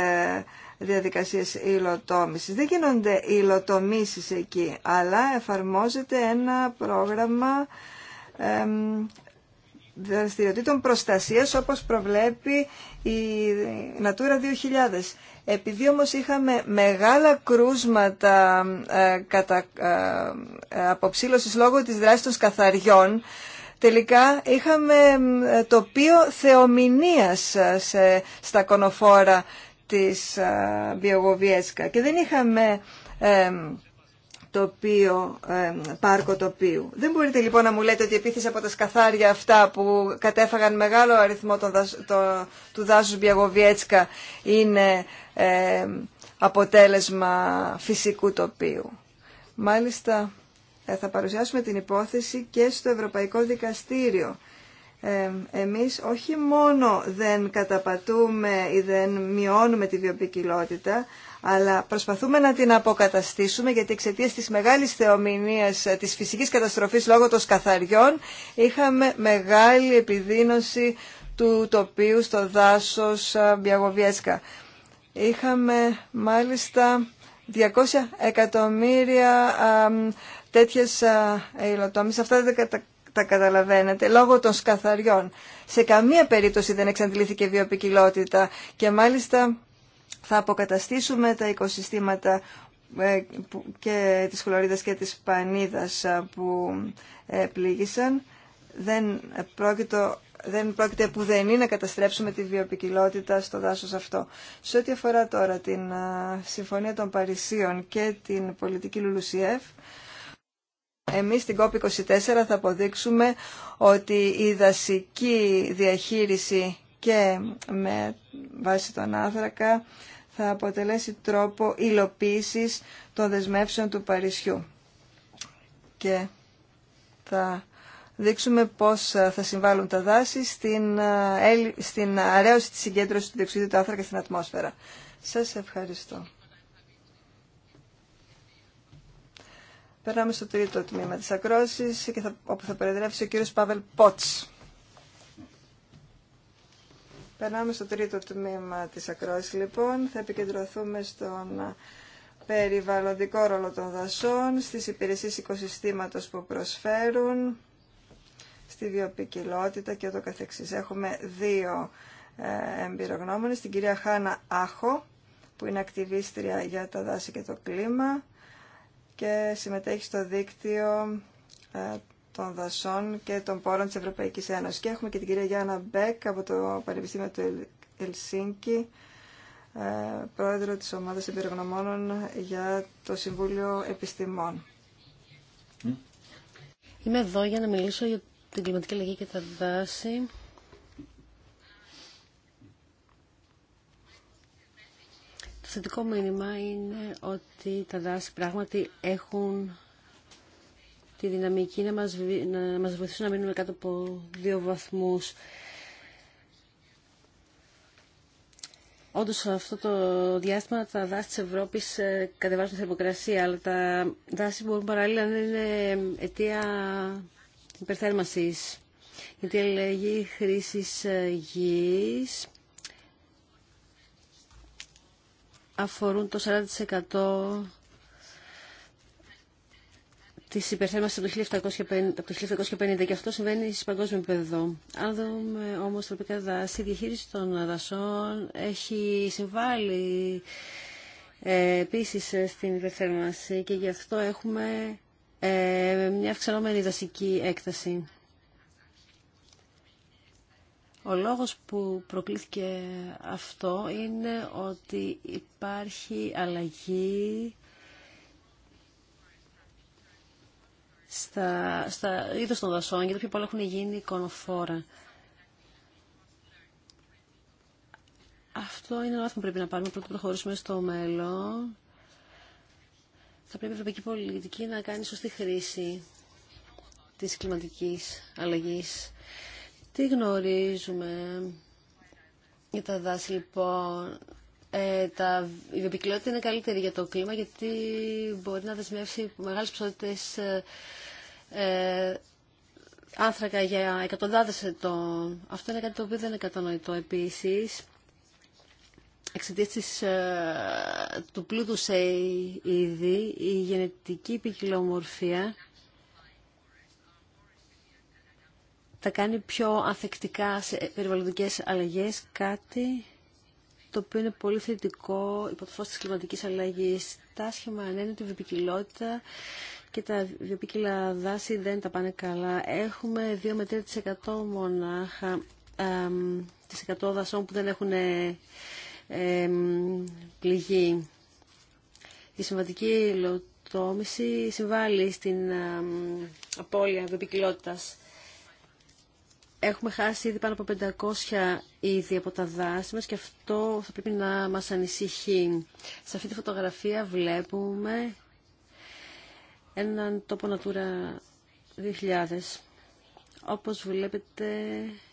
διαδικασίες υλοτόμησης. Δεν γίνονται υλοτομήσεις εκεί, αλλά εφαρμόζεται ένα πρόγραμμα εμ, δραστηριοτήτων προστασίας όπως προβλέπει η Natura 2000. Επειδή όμως είχαμε μεγάλα κρούσματα ε, κατά, ε, ε, αποψήλωσης λόγω της δράσης των σκαθαριών, τελικά είχαμε ε, τοπίο θεομηνίας στα κονοφόρα της Βιογοβιέσκα και δεν είχαμε τοπίο, πάρκο τοπίου. Δεν μπορείτε λοιπόν να μου λέτε ότι επίθεση από τα σκαθάρια αυτά που κατέφαγαν μεγάλο αριθμό του δάσους Μπιαγοβιέτσκα είναι αποτέλεσμα φυσικού τοπίου. Μάλιστα ε, θα παρουσιάσουμε την υπόθεση και στο Ευρωπαϊκό Δικαστήριο εμείς όχι μόνο δεν καταπατούμε ή δεν μειώνουμε τη βιοπικιλότητα, αλλά προσπαθούμε να την αποκαταστήσουμε γιατί εξαιτία της μεγάλης θεομηνίας ε, της φυσικής καταστροφής λόγω των σκαθαριών είχαμε μεγάλη επιδείνωση του τοπίου στο δάσος ε, Μπιαγοβιέσκα. Είχαμε μάλιστα 200 εκατομμύρια τέτοιες υλοτόμες. Ε, Αυτά δεν τα καταλαβαίνετε, λόγω των σκαθαριών. Σε καμία περίπτωση δεν εξαντλήθηκε βιοπικιλότητα και μάλιστα θα αποκαταστήσουμε τα οικοσυστήματα ε, και της χλωρίδας και της πανίδας ε, που ε, πλήγησαν. Δεν δεν πρόκειται που δεν είναι να καταστρέψουμε τη βιοπικιλότητα στο δάσος αυτό. Σε ό,τι αφορά τώρα την Συμφωνία των Παρισίων και την πολιτική Λουλουσιέφ, εμείς στην COP24 θα αποδείξουμε ότι η δασική διαχείριση και με βάση τον άνθρακα θα αποτελέσει τρόπο υλοποίησης των δεσμεύσεων του Παρισιού. Και θα δείξουμε πώς θα συμβάλλουν τα δάση στην, ε, στην αρέωση της συγκέντρωσης του διοξείδιου του άνθρακα στην ατμόσφαιρα. Σας ευχαριστώ. Περνάμε στο τρίτο τμήμα της ακρόσης, και θα, όπου θα περιδρεύσει ο κύριος Παύλ Πότς. Περνάμε στο τρίτο τμήμα της ακρόσης, λοιπόν. Θα επικεντρωθούμε στον περιβαλλοντικό ρόλο των δασών, στις υπηρεσίες οικοσυστήματος που προσφέρουν, στη βιοπικιλότητα και το καθεξής. Έχουμε δύο ε, εμπειρογνώμονες, την κυρία Χάνα Άχο, που είναι ακτιβίστρια για τα δάση και το κλίμα, και συμμετέχει στο δίκτυο ε, των δασών και των πόρων της Ευρωπαϊκής Ένωσης. Και έχουμε και την κυρία Γιάννα Μπέκ από το Πανεπιστήμιο του Ελσίνκη, ε, πρόεδρο της Ομάδας Εμπειρογνωμόνων για το Συμβούλιο Επιστημών. Είμαι εδώ για να μιλήσω για την κλιματική αλλαγή και τα δάση. θετικό μήνυμα είναι ότι τα δάση πράγματι έχουν τη δυναμική να μας, μας βοηθήσουν να μείνουμε κάτω από δύο βαθμούς. Όντω, αυτό το διάστημα τα δάση ε, τη Ευρώπη κατεβάζουν θερμοκρασία, αλλά τα δάση μπορούν παράλληλα να είναι αιτία υπερθέρμανση. Γιατί η αλλαγή χρήση ε, αφορούν το 40% της υπερθέρμανσης από το 1750 και αυτό συμβαίνει σε παγκόσμιο επίπεδο. Αν δούμε όμως τροπικά δάση, η διαχείριση των δασών έχει συμβάλει ε, επίσης ε, στην υπερθέρμανση και γι' αυτό έχουμε ε, μια αυξανόμενη δασική έκταση. Ο λόγος που προκλήθηκε αυτό είναι ότι υπάρχει αλλαγή στα, στα των δασών, γιατί πιο πολλά έχουν γίνει κονοφόρα. Αυτό είναι λάθος που πρέπει να πάρουμε πρώτα προχωρήσουμε στο μέλλον. Θα πρέπει η ευρωπαϊκή πολιτική να κάνει σωστή χρήση της κλιματικής αλλαγής. Τι γνωρίζουμε για τα δάση λοιπόν. Ε, τα, η βιοπικιλότητα είναι καλύτερη για το κλίμα γιατί μπορεί να δεσμεύσει μεγάλες ποσότητες ε, ε άνθρακα για εκατοντάδες ετών. Αυτό είναι κάτι το οποίο δεν είναι κατανοητό επίσης. Εξαιτίας της, ε, του πλούτου σε ήδη, η γενετική ποικιλομορφία Θα κάνει πιο ανθεκτικά σε περιβαλλοντικές αλλαγές, κάτι το οποίο είναι πολύ θετικό υπό το φως της κλιματικής αλλαγής. Τα άσχημα ναι, είναι τη βιοπικιλότητα και τα βιοπικιλά δάση δεν τα πάνε καλά. Έχουμε 2 με 3% μονάχα τις 100 δασών που δεν έχουν ε, ε, πληγή. Η συμβατική λοτόμηση συμβάλλει στην ε, απώλεια βιοπικιλότητας. Έχουμε χάσει ήδη πάνω από 500 ήδη από τα δάση μας και αυτό θα πρέπει να μας ανησυχεί. Σε αυτή τη φωτογραφία βλέπουμε έναν τόπο Natura 2000. Όπως βλέπετε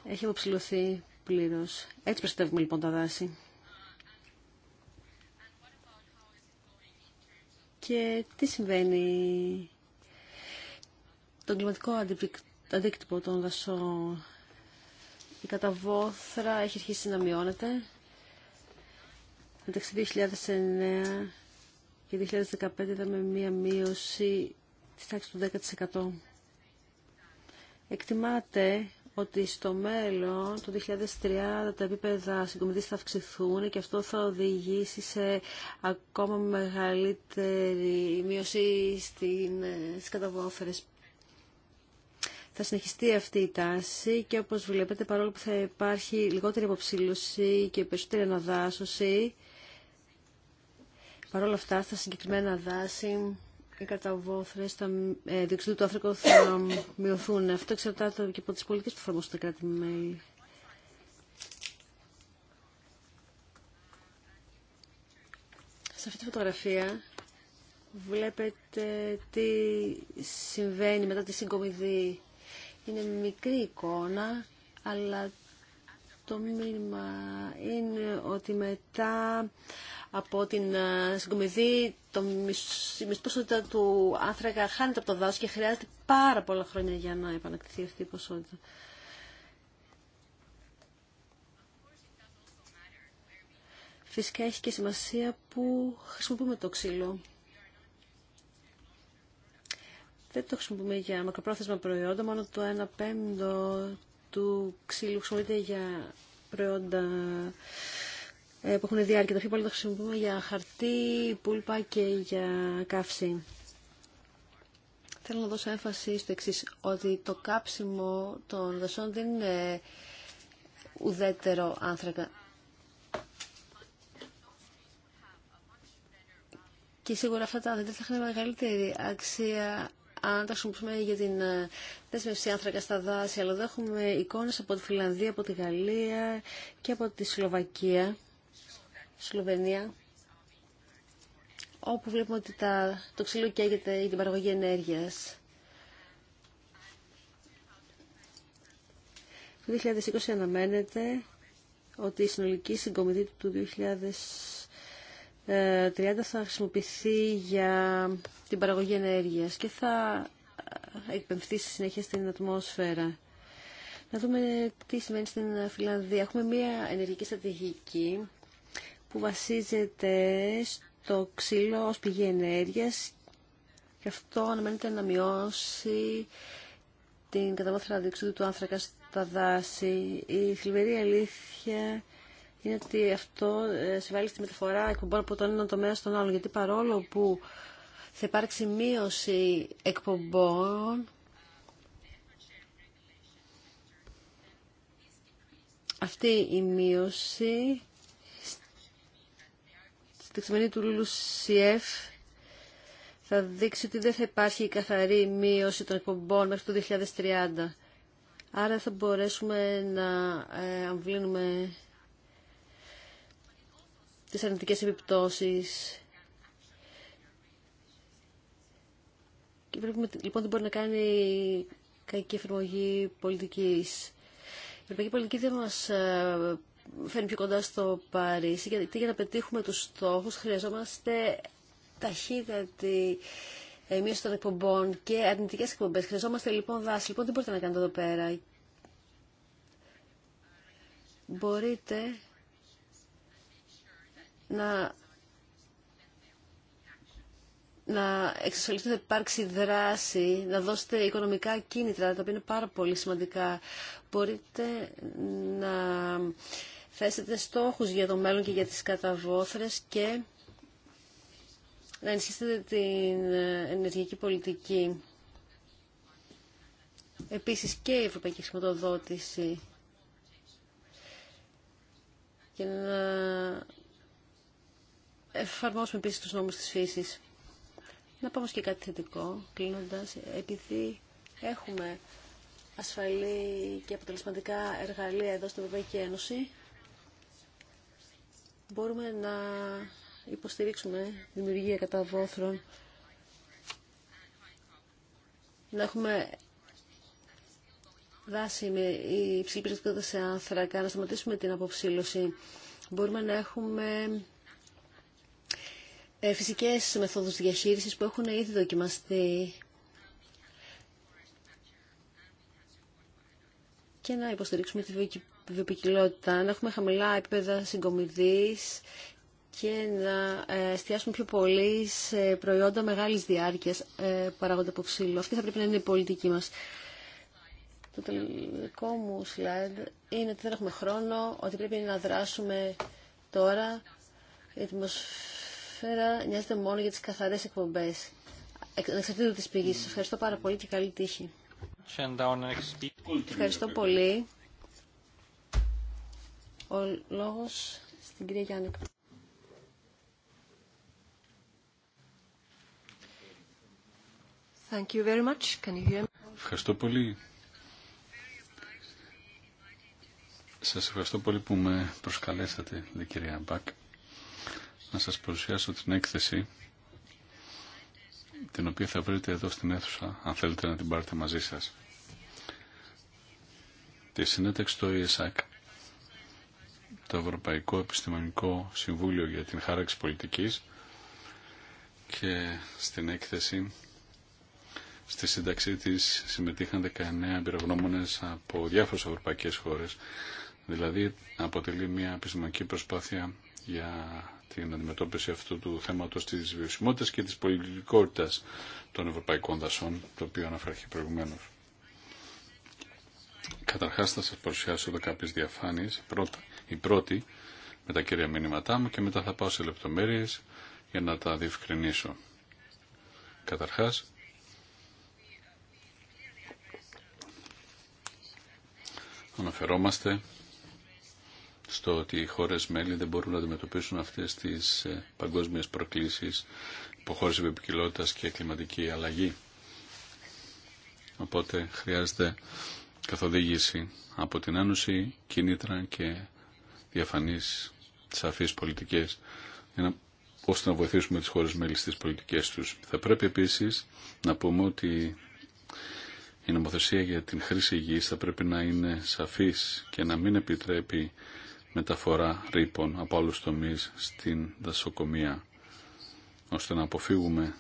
έχει αποψηλωθεί πλήρως. Έτσι προστατεύουμε λοιπόν τα δάση. Και τι συμβαίνει το κλιματικό αντίκτυπο των δασών η καταβόθρα έχει αρχίσει να μειώνεται. Μεταξύ 2009 και 2015 είδαμε μία μείωση της τάξης του 10%. Εκτιμάται ότι στο μέλλον, το 2030, τα επίπεδα συγκομιδής θα αυξηθούν και αυτό θα οδηγήσει σε ακόμα μεγαλύτερη μείωση ε, στις καταβόφερες θα συνεχιστεί αυτή η τάση και όπως βλέπετε παρόλο που θα υπάρχει λιγότερη αποψήλωση και περισσότερη αναδάσωση, παρόλα αυτά στα συγκεκριμένα δάση οι καταβόθρες τα ε, του Αφρικού θα μειωθούν. Αυτό εξαρτάται και από τις πολιτικές που εφαρμόσουν τα κράτη-μέλη. Σε αυτή τη φωτογραφία βλέπετε τι συμβαίνει μετά τη συγκομιδή. Είναι μικρή εικόνα, αλλά το μήνυμα είναι ότι μετά από την ε, συγκομιδή το μισό του άνθρακα χάνεται από το δάσος και χρειάζεται πάρα πολλά χρόνια για να επανακτηθεί αυτή η ποσότητα. Φυσικά έχει και σημασία που χρησιμοποιούμε το ξύλο. Δεν το χρησιμοποιούμε για μακροπρόθεσμα προϊόντα, μόνο το 1 πέμπτο του ξύλου χρησιμοποιείται για προϊόντα ε, που έχουν διάρκεια. Το πιο πολύ το χρησιμοποιούμε για χαρτί, πούλπα και για καύση. Θέλω να δώσω έμφαση στο εξή ότι το κάψιμο των δασών δεν είναι ουδέτερο άνθρακα. Και σίγουρα αυτά τα δέντρα θα είχαν μεγαλύτερη αξία αν τα χρησιμοποιούμε για την ε, δέσμευση άνθρακα στα δάση, αλλά εδώ έχουμε εικόνες από τη Φιλανδία, από τη Γαλλία και από τη Σλοβακία, Σλοβενία, όπου βλέπουμε ότι τα, το ξύλο καίγεται για την παραγωγή ενέργειας. Το 2020 αναμένεται ότι η συνολική συγκομιδή του 2000 30 ε, θα χρησιμοποιηθεί για την παραγωγή ενέργειας και θα ε, εκπαιμφθεί στη συνέχεια στην ατμόσφαιρα. Να δούμε τι σημαίνει στην Φιλανδία. Έχουμε μια ενεργική στρατηγική που βασίζεται στο ξύλο ως πηγή ενέργειας και αυτό αναμένεται να μειώσει την καταβόθρα του άνθρακα στα δάση. Η θλιβερή αλήθεια είναι ότι αυτό ε, συμβάλλει στη μεταφορά εκπομπών από τον ένα τομέα στον άλλο. Γιατί παρόλο που θα υπάρξει μείωση εκπομπών, αυτή η μείωση στη ξεμενή του Λουσιεφ θα δείξει ότι δεν θα υπάρχει καθαρή μείωση των εκπομπών μέχρι το 2030. Άρα θα μπορέσουμε να ε, αμβλύνουμε τις αρνητικές επιπτώσεις και βλέπουμε λοιπόν δεν μπορεί να κάνει κακή εφαρμογή πολιτικής. Η ευρωπαϊκή πολιτική δεν μας ε, φέρνει πιο κοντά στο Παρίσι γιατί για να πετύχουμε τους στόχους χρειαζόμαστε ταχύτατη ε, μείωση των εκπομπών και αρνητικές εκπομπές. Χρειαζόμαστε λοιπόν δάση. Λοιπόν, τι μπορείτε να κάνετε εδώ πέρα. Μπορείτε να να εξασφαλίσετε ότι υπάρξει δράση, να δώσετε οικονομικά κίνητρα, τα οποία είναι πάρα πολύ σημαντικά. Μπορείτε να θέσετε στόχους για το μέλλον και για τις καταβόθρες και να ενισχύσετε την ενεργειακή πολιτική. Επίσης και η ευρωπαϊκή χρηματοδότηση και να εφαρμόσουμε επίσης τους νόμους της φύσης. Να πάμε και κάτι θετικό, κλείνοντας, επειδή έχουμε ασφαλή και αποτελεσματικά εργαλεία εδώ στην Ευρωπαϊκή Ένωση, μπορούμε να υποστηρίξουμε δημιουργία κατά βόθρων, να έχουμε δάση με υψηλή σε άνθρακα, να σταματήσουμε την αποψήλωση. Μπορούμε να έχουμε ε, φυσικές μεθόδους διαχείρισης που έχουν ήδη δοκιμαστεί και να υποστηρίξουμε τη βιοποικιλότητα, να έχουμε χαμηλά επίπεδα συγκομιδής και να ε, εστιάσουμε πιο πολύ σε προϊόντα μεγάλης διάρκειας ε, παράγοντα από ξύλο. Αυτή θα πρέπει να είναι η πολιτική μας. Το τελικό μου slide είναι ότι δεν έχουμε χρόνο, ότι πρέπει να δράσουμε τώρα. Η ατμόσφαιρα νοιάζεται μόνο για τις καθαρές εκπομπές. Ανεξαρτήτου της πηγής. Σας ευχαριστώ πάρα πολύ και καλή τύχη. Ευχαριστώ πολύ. Ο λόγος στην κυρία Γιάννη. Thank you very much. Can you hear me? Ευχαριστώ πολύ. Σας ευχαριστώ πολύ που με προσκαλέσατε, λέει κυρία Μπακ να σας παρουσιάσω την έκθεση την οποία θα βρείτε εδώ στην αίθουσα αν θέλετε να την πάρετε μαζί σας. Τη συνέταξη του ΕΕΣΑΚ το Ευρωπαϊκό Επιστημονικό Συμβούλιο για την Χάραξη Πολιτικής και στην έκθεση στη σύνταξή της συμμετείχαν 19 εμπειρογνώμονες από διάφορες ευρωπαϊκές χώρες δηλαδή αποτελεί μια επιστημονική προσπάθεια για την αντιμετώπιση αυτού του θέματος της βιωσιμότητας και της πολιτικότητας των ευρωπαϊκών δασών, το οποίο αναφέρθηκε προηγουμένως. Καταρχάς θα σας παρουσιάσω εδώ κάποιες διαφάνειες. η πρώτη με τα κύρια μήνυματά μου και μετά θα πάω σε λεπτομέρειες για να τα διευκρινίσω. Καταρχάς, αναφερόμαστε στο ότι οι χώρες μέλη δεν μπορούν να αντιμετωπίσουν αυτές τις ε, παγκόσμιες προκλήσεις υποχώρηση βιοποικιλότητας και κλιματική αλλαγή. Οπότε χρειάζεται καθοδήγηση από την Ένωση, κινήτρα και διαφανείς σαφείς πολιτικές ώστε να βοηθήσουμε τις χώρες μέλη στις πολιτικές τους. Θα πρέπει επίσης να πούμε ότι η νομοθεσία για την χρήση υγιής θα πρέπει να είναι σαφής και να μην επιτρέπει μεταφορά ρήπων από άλλους τομείς στην δασοκομεία, ώστε να αποφύγουμε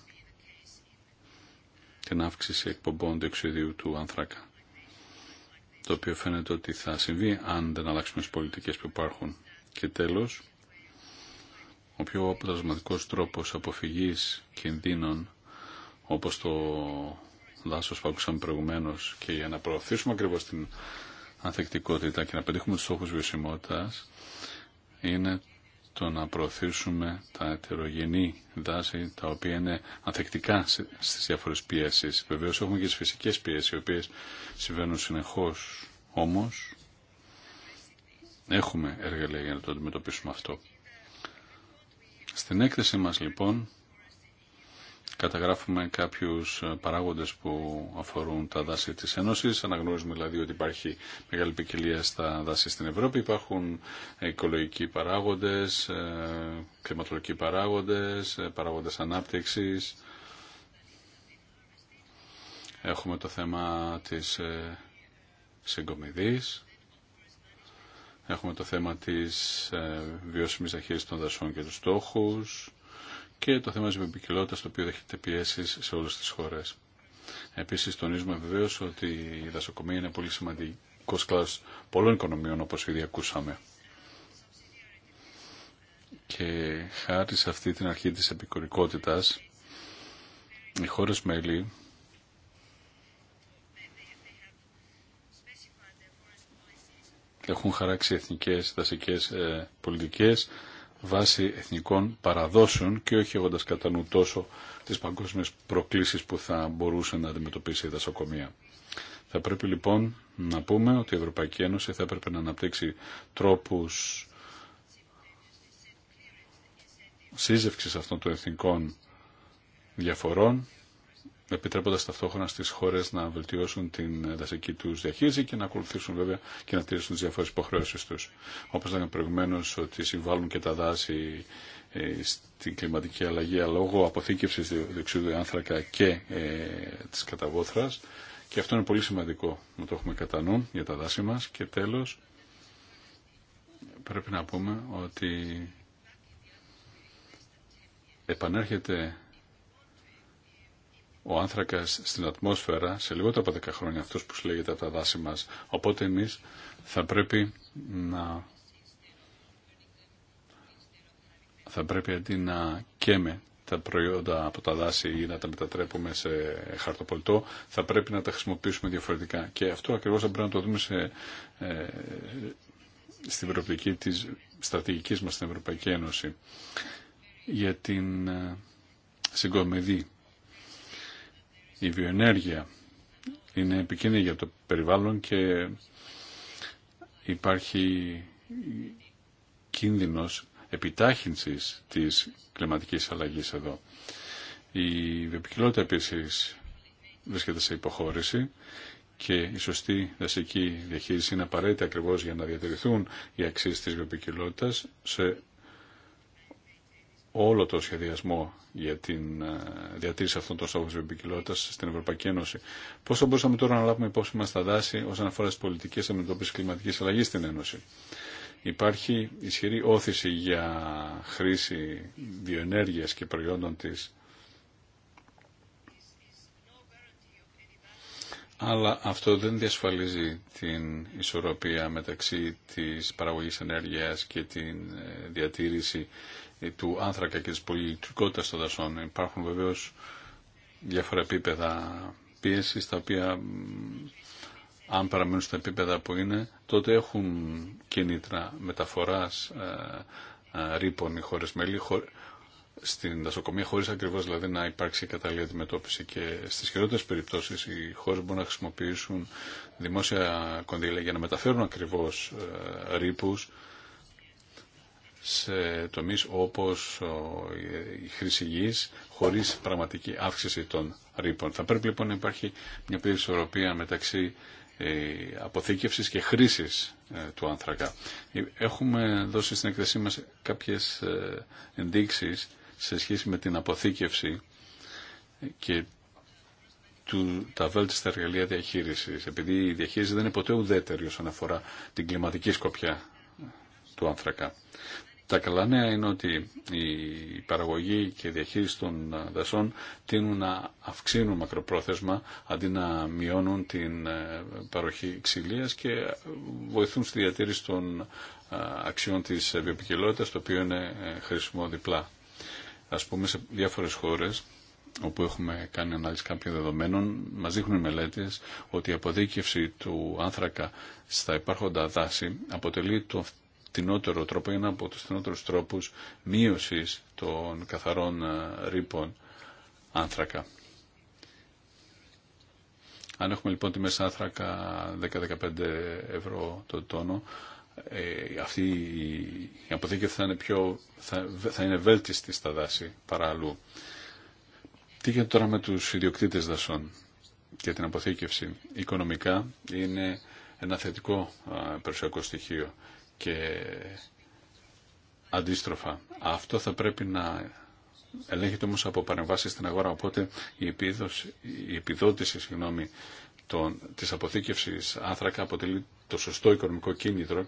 την αύξηση εκπομπών διοξιδίου του άνθρακα, το οποίο φαίνεται ότι θα συμβεί αν δεν αλλάξουμε τις πολιτικές που υπάρχουν. Και τέλος, ο πιο αποτελεσματικό τρόπος αποφυγής κινδύνων, όπως το δάσος που ακούσαμε προηγουμένως και για να προωθήσουμε ακριβώς την ανθεκτικότητα και να πετύχουμε τους στόχους βιωσιμότητας είναι το να προωθήσουμε τα ετερογενή δάση τα οποία είναι ανθεκτικά στις διάφορες πιέσεις. Βεβαίως έχουμε και τις φυσικές πιέσεις οι οποίες συμβαίνουν συνεχώς όμως έχουμε εργαλεία για να το αντιμετωπίσουμε αυτό. Στην έκθεση μας λοιπόν καταγράφουμε κάποιους ε, παράγοντες που αφορούν τα δάση της Ένωσης. Αναγνωρίζουμε δηλαδή ότι υπάρχει μεγάλη ποικιλία στα δάση στην Ευρώπη. Υπάρχουν οικολογικοί παράγοντες, ε, κλιματολογικοί παράγοντες, ε, παράγοντες ανάπτυξης. Έχουμε το θέμα της συγκομιδής. Έχουμε το θέμα της βιώσιμης διαχείρισης των δασών και τους στόχους και το θέμα της βιοποικιλότητας το οποίο δέχεται πιέσεις σε όλες τις χώρες. Επίσης τονίζουμε βεβαίως ότι η δασοκομεία είναι πολύ σημαντικό κλάδος πολλών οικονομιών όπως ήδη ακούσαμε. Και χάρη σε αυτή την αρχή της επικορικότητας οι χώρες μέλη έχουν χαράξει εθνικές δασικές ε, πολιτικές βάσει εθνικών παραδόσεων και όχι έχοντα κατά νου τόσο τι παγκόσμιες προκλήσεις που θα μπορούσε να αντιμετωπίσει η δασοκομεία. Θα πρέπει λοιπόν να πούμε ότι η Ευρωπαϊκή Ένωση θα έπρεπε να αναπτύξει τρόπους σύζευξη αυτών των εθνικών διαφορών επιτρέποντα ταυτόχρονα στι χώρε να βελτιώσουν την δασική του διαχείριση και να ακολουθήσουν βέβαια και να τηρήσουν τι διαφορετικέ υποχρεώσει του. Όπω λέγαμε προηγουμένω, ότι συμβάλλουν και τα δάση ε, στην κλιματική αλλαγή λόγω αποθήκευση διοξιδίου άνθρακα και ε, τη καταβόθρα. Και αυτό είναι πολύ σημαντικό να το έχουμε κατά νου για τα δάση μα. Και τέλο, πρέπει να πούμε ότι επανέρχεται ο άνθρακας στην ατμόσφαιρα σε λιγότερο από 10 χρόνια αυτό που συλλέγεται από τα δάση μα. Οπότε εμείς θα πρέπει να θα πρέπει αντί να καίμε τα προϊόντα από τα δάση ή να τα μετατρέπουμε σε χαρτοπολτό, θα πρέπει να τα χρησιμοποιήσουμε διαφορετικά. Και αυτό ακριβώς θα πρέπει να το δούμε σε, ε, στην προοπτική της στρατηγικής μας στην Ευρωπαϊκή Ένωση. Για την ε, συγκομιδή η βιοενέργεια είναι επικίνδυνη για το περιβάλλον και υπάρχει κίνδυνος επιτάχυνσης της κλιματικής αλλαγής εδώ. Η βιοπικιλότητα επίσης βρίσκεται σε υποχώρηση και η σωστή δασική διαχείριση είναι απαραίτητη ακριβώς για να διατηρηθούν οι αξίες της βιοπικιλότητας σε όλο το σχεδιασμό για την ε, διατήρηση αυτών των στόχων της βιοποικιλότητα στην Ευρωπαϊκή Ένωση. Πώς θα μπορούσαμε τώρα να λάβουμε υπόψη μας τα δάση όσον αφορά τις πολιτικές αντιμετώπισης κλιματικής αλλαγής στην Ένωση. Υπάρχει ισχυρή όθηση για χρήση βιοενέργειας και προϊόντων της. Αλλά αυτό δεν διασφαλίζει την ισορροπία μεταξύ της παραγωγής ενέργειας και την ε, διατήρηση του άνθρακα και της πολιτικότητας των δασών. Υπάρχουν βεβαίως διάφορα επίπεδα πίεσης, τα οποία αν παραμένουν στα επίπεδα που είναι, τότε έχουν κίνητρα μεταφοράς ε, ε, ρήπων οι χώρες μέλη, στην δασοκομεία χωρίς ακριβώς δηλαδή να υπάρξει κατάλληλη αντιμετώπιση και στις χειρότερες περιπτώσεις οι χώρες μπορούν να χρησιμοποιήσουν δημόσια κονδύλια για να μεταφέρουν ακριβώς ε, ρήπους σε τομείς όπως η χρήση γης, χωρίς πραγματική αύξηση των ρήπων. Θα πρέπει λοιπόν να υπάρχει μια πλήρη ισορροπία μεταξύ ε, αποθήκευσης και χρήσης ε, του άνθρακα. Ε, έχουμε δώσει στην εκθεσή μας κάποιες ενδείξεις σε σχέση με την αποθήκευση και του, τα βέλτιστα εργαλεία διαχείρισης, επειδή η διαχείριση δεν είναι ποτέ ουδέτερη όσον αφορά την κλιματική σκοπιά του άνθρακα. Τα καλά νέα είναι ότι η παραγωγή και η διαχείριση των δασών τείνουν να αυξήνουν μακροπρόθεσμα αντί να μειώνουν την ε, παροχή ξυλίας και βοηθούν στη διατήρηση των ε, αξιών της βιοποικιλότητας το οποίο είναι ε, χρήσιμο διπλά. Ας πούμε σε διάφορες χώρες όπου έχουμε κάνει ανάλυση κάποιων δεδομένων, μας δείχνουν οι μελέτες ότι η αποδίκευση του άνθρακα στα υπάρχοντα δάση αποτελεί το φτηνότερο τρόπο, ένα από τους φτηνότερους τρόπους μείωσης των καθαρών ε, ρήπων άνθρακα. Αν έχουμε λοιπόν τη μέσα άνθρακα 10-15 ευρώ το τόνο, ε, αυτή η αποθήκευση θα είναι, πιο, θα, θα είναι βέλτιστη στα δάση παρά αλλού. Τι γίνεται τώρα με τους ιδιοκτήτες δασών και την αποθήκευση. Οικονομικά είναι ένα θετικό στοιχείο και αντίστροφα. Αυτό θα πρέπει να ελέγχεται όμως από παρεμβάσεις στην αγορά, οπότε η, επίδοση, η επιδότηση συγγνώμη, των, της αποθήκευσης άνθρακα αποτελεί το σωστό οικονομικό κίνητρο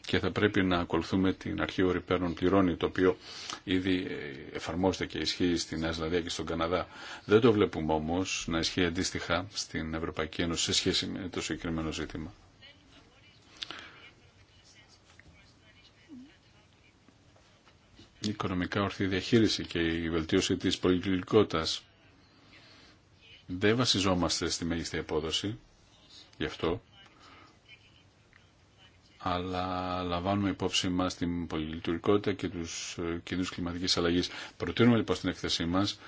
και θα πρέπει να ακολουθούμε την αρχή ο πληρώνει, το οποίο ήδη εφαρμόζεται και ισχύει στην Νέα και στον Καναδά. Δεν το βλέπουμε όμως να ισχύει αντίστοιχα στην Ευρωπαϊκή Ένωση σε σχέση με το συγκεκριμένο ζήτημα. η οικονομικά ορθή διαχείριση και η βελτίωση της πολυκληρικότητας. Δεν βασιζόμαστε στη μέγιστη απόδοση, γι' αυτό, αλλά λαμβάνουμε υπόψη μας την πολυλειτουργικότητα και τους ε, κινδύνους κλιματικής αλλαγής. Προτείνουμε λοιπόν στην έκθεσή μας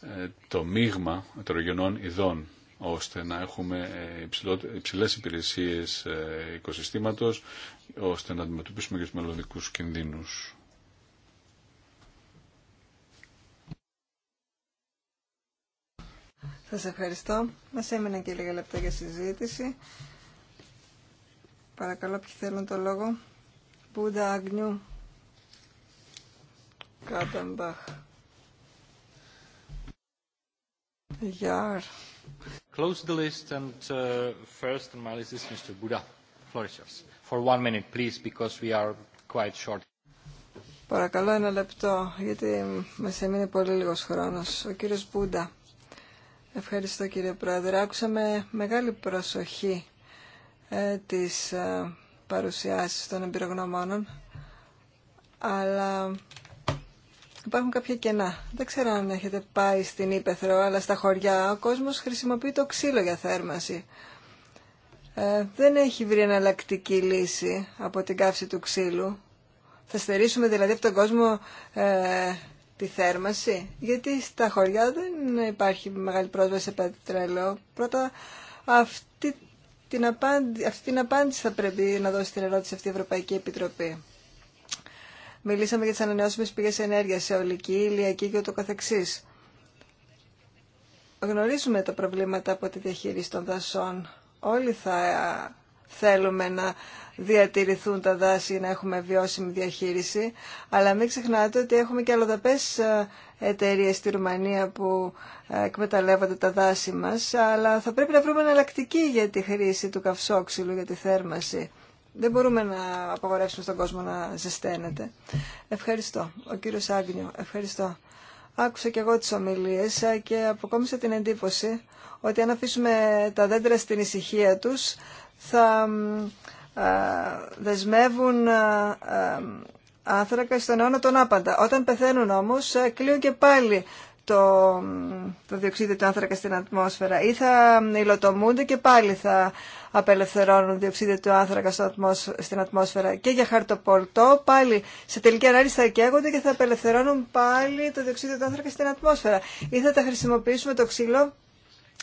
ε, το μείγμα ετερογενών ειδών, ώστε να έχουμε ε, υψηλές υπηρεσίες οικοσυστήματος, ώστε να αντιμετωπίσουμε και τους μελλοντικούς κινδύνους. Σα ευχαριστώ. Μας έμειναν και λίγα λεπτά για συζήτηση. Παρακαλώ ποιοι θέλουν το λόγο. Μπούντα Αγνιού. Κάτεμπαχ. Γιάρ. Close the list and uh, first on my list is Mr. Buddha Florishers. For one minute, please, because we are quite short. Παρακαλώ ένα λεπτό, γιατί μας έμεινε πολύ λίγος χρόνος. Ο κύριος Μπούντα. Ευχαριστώ κύριε Πρόεδρε. Άκουσα με μεγάλη προσοχή ε, τις ε, παρουσιάσεις των εμπειρογνωμόνων, αλλά υπάρχουν κάποια κενά. Δεν ξέρω αν έχετε πάει στην Ήπεθρο, αλλά στα χωριά ο κόσμος χρησιμοποιεί το ξύλο για θέρμανση. Ε, δεν έχει βρει εναλλακτική λύση από την καύση του ξύλου. Θα στερήσουμε δηλαδή από τον κόσμο ε, τη θέρμαση, γιατί στα χωριά δεν υπάρχει μεγάλη πρόσβαση σε πετρέλαιο. Πρώτα αυτή την, αυτή την απάντηση θα πρέπει να δώσει την ερώτηση αυτή η Ευρωπαϊκή Επιτροπή. Μιλήσαμε για τις ανανεώσιμες πηγές ενέργειας, σε ολική, ηλιακή και ούτω καθεξής. Γνωρίζουμε τα προβλήματα από τη διαχείριση των δασών. Όλοι θα θέλουμε να διατηρηθούν τα δάση να έχουμε βιώσιμη διαχείριση. Αλλά μην ξεχνάτε ότι έχουμε και αλλοδαπές ε, εταιρείε στη Ρουμανία που ε, εκμεταλλεύονται τα δάση μας. Αλλά θα πρέπει να βρούμε εναλλακτική για τη χρήση του καυσόξυλου, για τη θέρμαση. Δεν μπορούμε να απαγορεύσουμε στον κόσμο να ζεσταίνεται. Ευχαριστώ. Ο κύριος Άγνιο, ευχαριστώ. Άκουσα και εγώ τις ομιλίες ε, και αποκόμισα την εντύπωση ότι αν αφήσουμε τα δέντρα στην ησυχία τους θα δεσμεύουν άνθρακα στον αιώνα τον άπαντα. Όταν πεθαίνουν όμως κλείουν και πάλι το, το διοξείδιο του άνθρακα στην ατμόσφαιρα ή θα υλοτομούνται και πάλι θα απελευθερώνουν διοξείδιο του άνθρακα στην ατμόσφαιρα και για χαρτοπορτό πάλι σε τελική ανάλυση θα καίγονται και θα απελευθερώνουν πάλι το διοξίδιο του άνθρακα στην ατμόσφαιρα ή θα τα χρησιμοποιήσουμε το ξύλο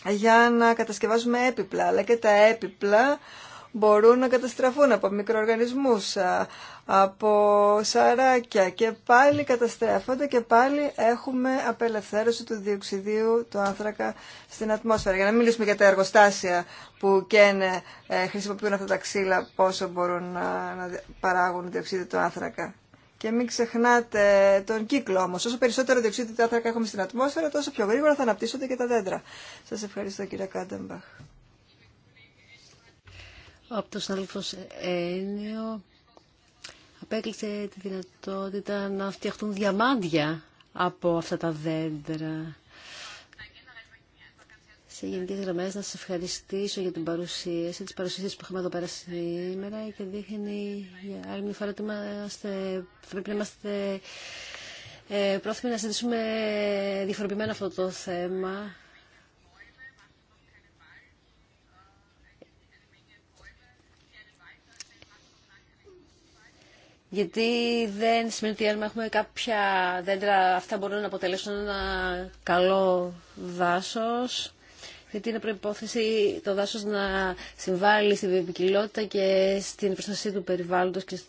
για να κατασκευάζουμε έπιπλα, αλλά και τα έπιπλα μπορούν να καταστραφούν από μικροοργανισμούς, από σαράκια και πάλι καταστρέφονται και πάλι έχουμε απελευθέρωση του διοξιδίου του άνθρακα στην ατμόσφαιρα. Για να μιλήσουμε για τα εργοστάσια που καίνε, ε, χρησιμοποιούν αυτά τα ξύλα πόσο μπορούν να, παράγουν διοξίδιο του άνθρακα. Και μην ξεχνάτε τον κύκλο όμω. Όσο περισσότερο διοξείδιο του άνθρακα έχουμε στην ατμόσφαιρα, τόσο πιο γρήγορα θα αναπτύσσονται και τα δέντρα. Σα ευχαριστώ κύριε Κάντεμπαχ. Από τον αδελφό Ένιο απέκλεισε τη δυνατότητα να φτιαχτούν διαμάντια από αυτά τα δέντρα σε γενικέ γραμμέ να σα ευχαριστήσω για την παρουσίαση, τι παρουσίασει που έχουμε εδώ πέρα σήμερα και δείχνει για άλλη μια φορά ότι θα πρέπει να είμαστε ε, πρόθυμοι να συζητήσουμε διαφορετικά αυτό το θέμα. Γιατί δεν σημαίνει ότι αν έχουμε κάποια δέντρα, αυτά μπορούν να αποτελέσουν ένα καλό δάσος γιατί είναι προπόθεση το δάσο να συμβάλλει στη βιοποικιλότητα και στην προστασία του περιβάλλοντο. και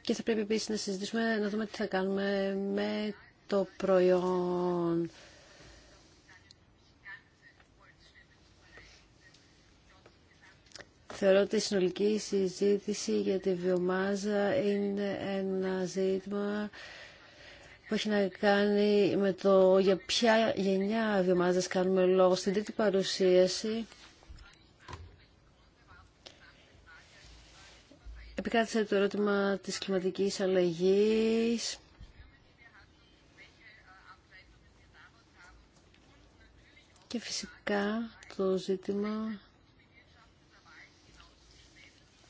και θα πρέπει επίση να συζητήσουμε, να δούμε τι θα κάνουμε με το προϊόν. Θεωρώ ότι η συνολική συζήτηση για τη βιομάζα είναι ένα ζήτημα που έχει να κάνει με το για ποια γενιά βιομάζας κάνουμε λόγο. Στην τρίτη παρουσίαση επικράτησε το ερώτημα της κλιματικής αλλαγής. Και φυσικά το ζήτημα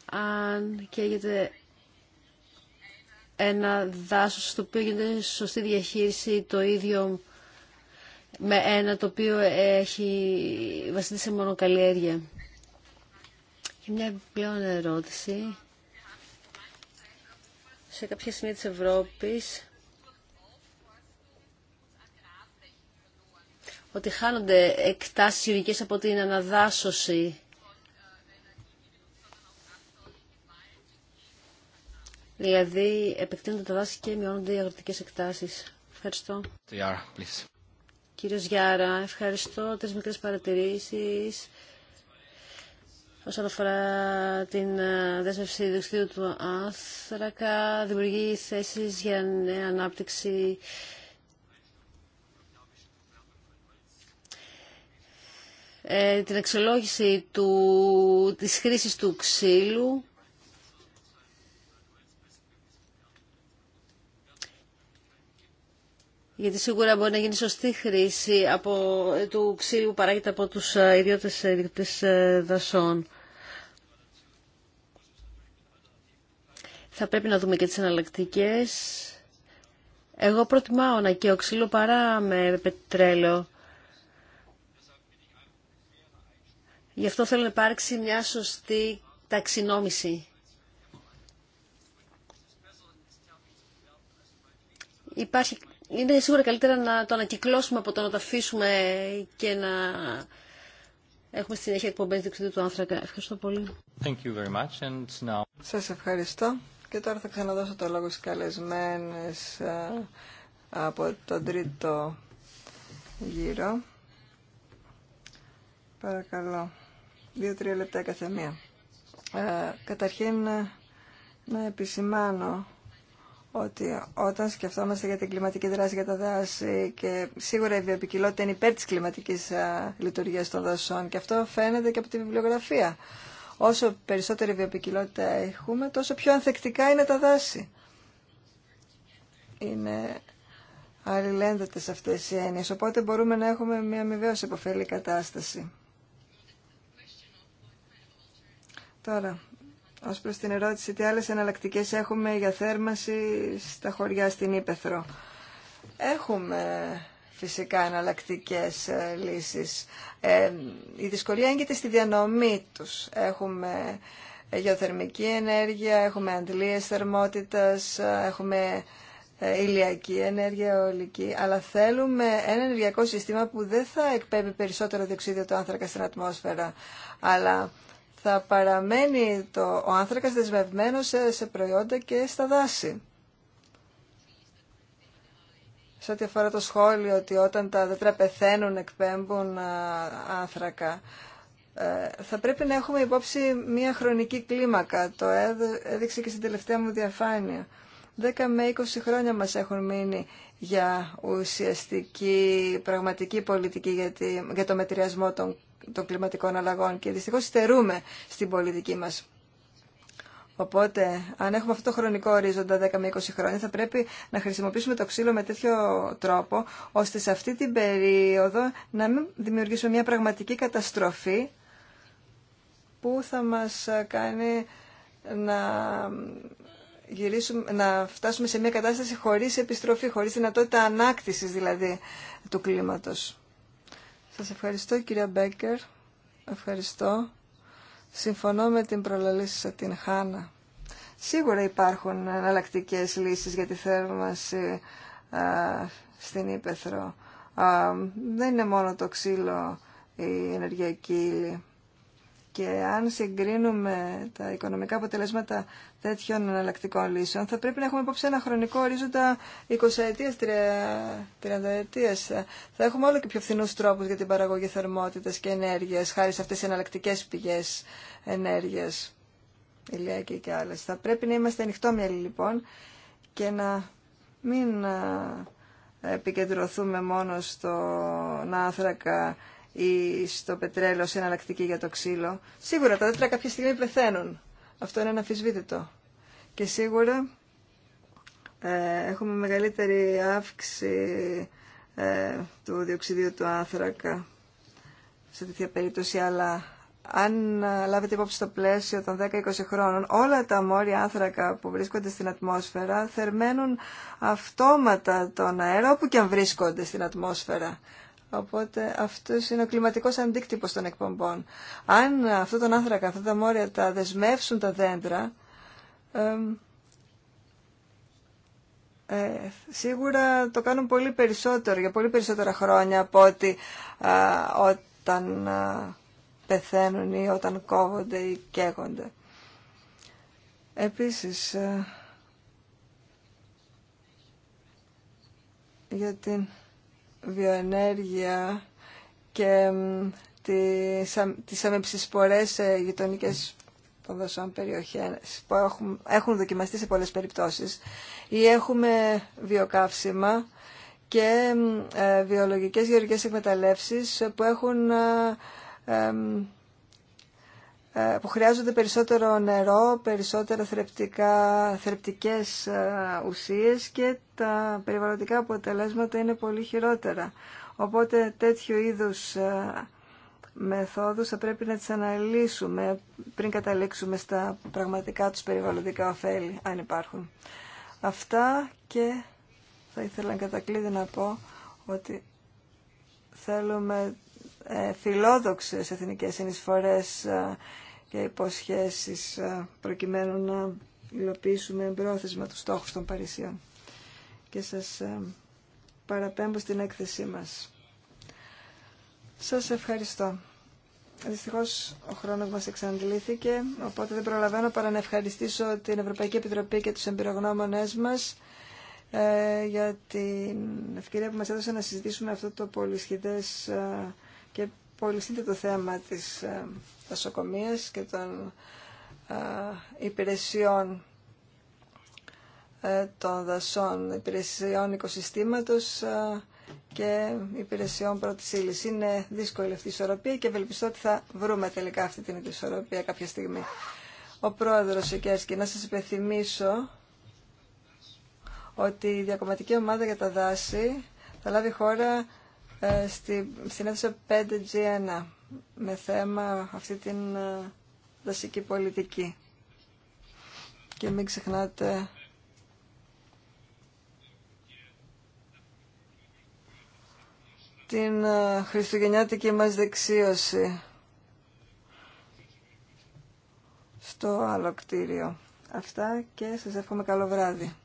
αν καίγεται ένα δάσος στο οποίο γίνεται σωστή διαχείριση το ίδιο με ένα το οποίο έχει βασιστεί σε μονοκαλλιέργεια. Και μια πλέον ερώτηση. Σε κάποια σημεία της Ευρώπης ότι χάνονται εκτάσεις ειδικές από την αναδάσωση Δηλαδή επεκτείνονται τα δάση και μειώνονται οι αγροτικές εκτάσεις. Ευχαριστώ. Κύριο Κύριος Γιάρα, ευχαριστώ. Τρεις μικρές παρατηρήσεις όσον αφορά την ε, δέσμευση διοξιδίου του άνθρακα, δημιουργεί θέσεις για νέα ανάπτυξη ε, την εξολόγηση του, της χρήσης του ξύλου γιατί σίγουρα μπορεί να γίνει σωστή χρήση από, του ξύλου που παράγεται από τους ε, ιδιώτες ιδιώτες ε, δασών. Θα πρέπει να δούμε και τις εναλλακτικέ. Εγώ προτιμάω να και ξύλο παρά με πετρέλαιο. Γι' αυτό θέλω να υπάρξει μια σωστή ταξινόμηση. Υπάρχει είναι σίγουρα καλύτερα να το ανακυκλώσουμε από το να το αφήσουμε και να έχουμε συνέχεια εκπομπέ διοξιδίου του άνθρακα. Ευχαριστώ πολύ. Thank you very much. And now... Σας ευχαριστώ. Και τώρα θα ξαναδώσω το λόγο στις καλεσμένες ε, από τον τρίτο γύρο. Παρακαλώ. Δύο-τρία λεπτά κάθε μία. Ε, καταρχήν ε, να επισημάνω ότι όταν σκεφτόμαστε για την κλιματική δράση για τα δάση και σίγουρα η βιοπικιλότητα είναι υπέρ της κλιματικής λειτουργίας των δασών και αυτό φαίνεται και από τη βιβλιογραφία. Όσο περισσότερη βιοπικιλότητα έχουμε, τόσο πιο ανθεκτικά είναι τα δάση. Είναι αλληλένδετες αυτές οι έννοιες, οπότε μπορούμε να έχουμε μια αμοιβαίως υποφελή κατάσταση. Τώρα, ως προς την ερώτηση τι άλλες εναλλακτικές έχουμε για θέρμανση στα χωριά στην Ήπεθρο. Έχουμε φυσικά εναλλακτικέ ε, λύσεις. Ε, η δυσκολία έγκυται στη διανομή τους. Έχουμε ε, γεωθερμική ενέργεια, έχουμε αντλίες θερμότητας, έχουμε ηλιακή ενέργεια, ολική, αλλά θέλουμε ένα ενεργειακό σύστημα που δεν θα εκπέμπει περισσότερο διοξίδιο του άνθρακα στην ατμόσφαιρα, αλλά θα παραμένει το, ο άνθρακας δεσμευμένος σε, σε προϊόντα και στα δάση. Σε ό,τι αφορά το σχόλιο ότι όταν τα δέντρα πεθαίνουν εκπέμπουν άνθρακα, ε, θα πρέπει να έχουμε υπόψη μία χρονική κλίμακα. Το έδειξε και στην τελευταία μου διαφάνεια. 10 με 20 χρόνια μας έχουν μείνει για ουσιαστική, πραγματική πολιτική για, το μετριασμό των των κλιματικών αλλαγών και δυστυχώς στερούμε στην πολιτική μας. Οπότε, αν έχουμε αυτό το χρονικό ορίζοντα 10 με 20 χρόνια, θα πρέπει να χρησιμοποιήσουμε το ξύλο με τέτοιο τρόπο, ώστε σε αυτή την περίοδο να μην δημιουργήσουμε μια πραγματική καταστροφή που θα μας κάνει να, γυρίσουμε, να φτάσουμε σε μια κατάσταση χωρίς επιστροφή, χωρίς δυνατότητα ανάκτησης δηλαδή του κλίματος. Σας ευχαριστώ κυρία Μπέκερ. Ευχαριστώ. Συμφωνώ με την σας την Χάνα. Σίγουρα υπάρχουν εναλλακτικέ λύσεις για τη θέρμανση στην Ήπεθρο. δεν είναι μόνο το ξύλο η ενεργειακή και αν συγκρίνουμε τα οικονομικά αποτελέσματα τέτοιων εναλλακτικών λύσεων, θα πρέπει να έχουμε υπόψη ένα χρονικό ορίζοντα 20 ετίας, 30 ετίας. Θα έχουμε όλο και πιο φθηνούς τρόπους για την παραγωγή θερμότητας και ενέργειας, χάρη σε αυτές τις εναλλακτικές πηγές ενέργειας, ηλιακή και άλλες. Θα πρέπει να είμαστε ανοιχτόμυαλοι λοιπόν και να μην ε, επικεντρωθούμε μόνο στον άνθρακα ή στο πετρέλαιο σε εναλλακτική για το ξύλο. Σίγουρα τα δέντρα κάποια στιγμή πεθαίνουν. Αυτό είναι ένα αναφυσβήτητο. Και σίγουρα ε, έχουμε μεγαλύτερη αύξηση ε, του διοξιδίου του άνθρακα σε τέτοια περίπτωση, αλλά αν λάβετε υπόψη στο πλαίσιο των 10-20 χρόνων, όλα τα μόρια άνθρακα που βρίσκονται στην ατμόσφαιρα θερμαίνουν αυτόματα τον αέρα όπου και αν βρίσκονται στην ατμόσφαιρα. Οπότε αυτό είναι ο κλιματικό αντίκτυπο των εκπομπών. Αν αυτό τον άνθρακα, αυτά τα μόρια τα δεσμεύσουν τα δέντρα, ε, σίγουρα το κάνουν πολύ περισσότερο, για πολύ περισσότερα χρόνια από ότι όταν πεθαίνουν ή όταν κόβονται ή καίγονται. Επίσης, ε, για την βιοενέργεια και τις, τις αμεψισπορές σε γειτονικές των περιοχές που έχουν, έχουν δοκιμαστεί σε πολλές περιπτώσεις ή έχουμε βιοκαύσιμα και ε, βιολογικές γεωργικές εκμεταλλεύσεις που έχουν ε, ε, ε, που χρειάζονται περισσότερο νερό, περισσότερα θρεπτικά, θρεπτικές ε, ουσίες και τα περιβαλλοντικά αποτελέσματα είναι πολύ χειρότερα. Οπότε τέτοιου είδους ε, μεθόδους θα πρέπει να τις αναλύσουμε πριν καταλήξουμε στα πραγματικά τους περιβαλλοντικά ωφέλη, αν υπάρχουν. Αυτά και θα ήθελα να κατακλείδη να πω ότι θέλουμε ε, φιλόδοξες εθνικές συνεισφορές ε, και υποσχέσεις ε, προκειμένου να υλοποιήσουμε εμπρόθεσμα τους στόχους των Παρισίων. Και σας παραπέμπω στην έκθεσή μας. Σας ευχαριστώ. Δυστυχώς ο χρόνος μας εξαντλήθηκε, οπότε δεν προλαβαίνω παρά να ευχαριστήσω την Ευρωπαϊκή Επιτροπή και τους εμπειρογνώμονές μας για την ευκαιρία που μας έδωσε να συζητήσουμε αυτό το ε, και πολυστείτε το θέμα της ε, νοσοκομεία και των ε, υπηρεσιών ε, των δασών, υπηρεσιών οικοσυστήματος και υπηρεσιών πρώτη ύλη. Είναι δύσκολη αυτή η ισορροπία και ευελπιστώ ότι θα βρούμε τελικά αυτή την ισορροπία κάποια στιγμή. Ο πρόεδρος Σικέρσκι, να σας υπενθυμίσω ότι η διακομματική ομάδα για τα δάση θα λάβει χώρα ε, στη, στην αίθουσα 5G1 με θέμα αυτή την ε, δασική πολιτική. Και μην ξεχνάτε την ε, χριστουγεννιάτικη μας δεξίωση στο άλλο κτίριο. Αυτά και σας εύχομαι καλό βράδυ.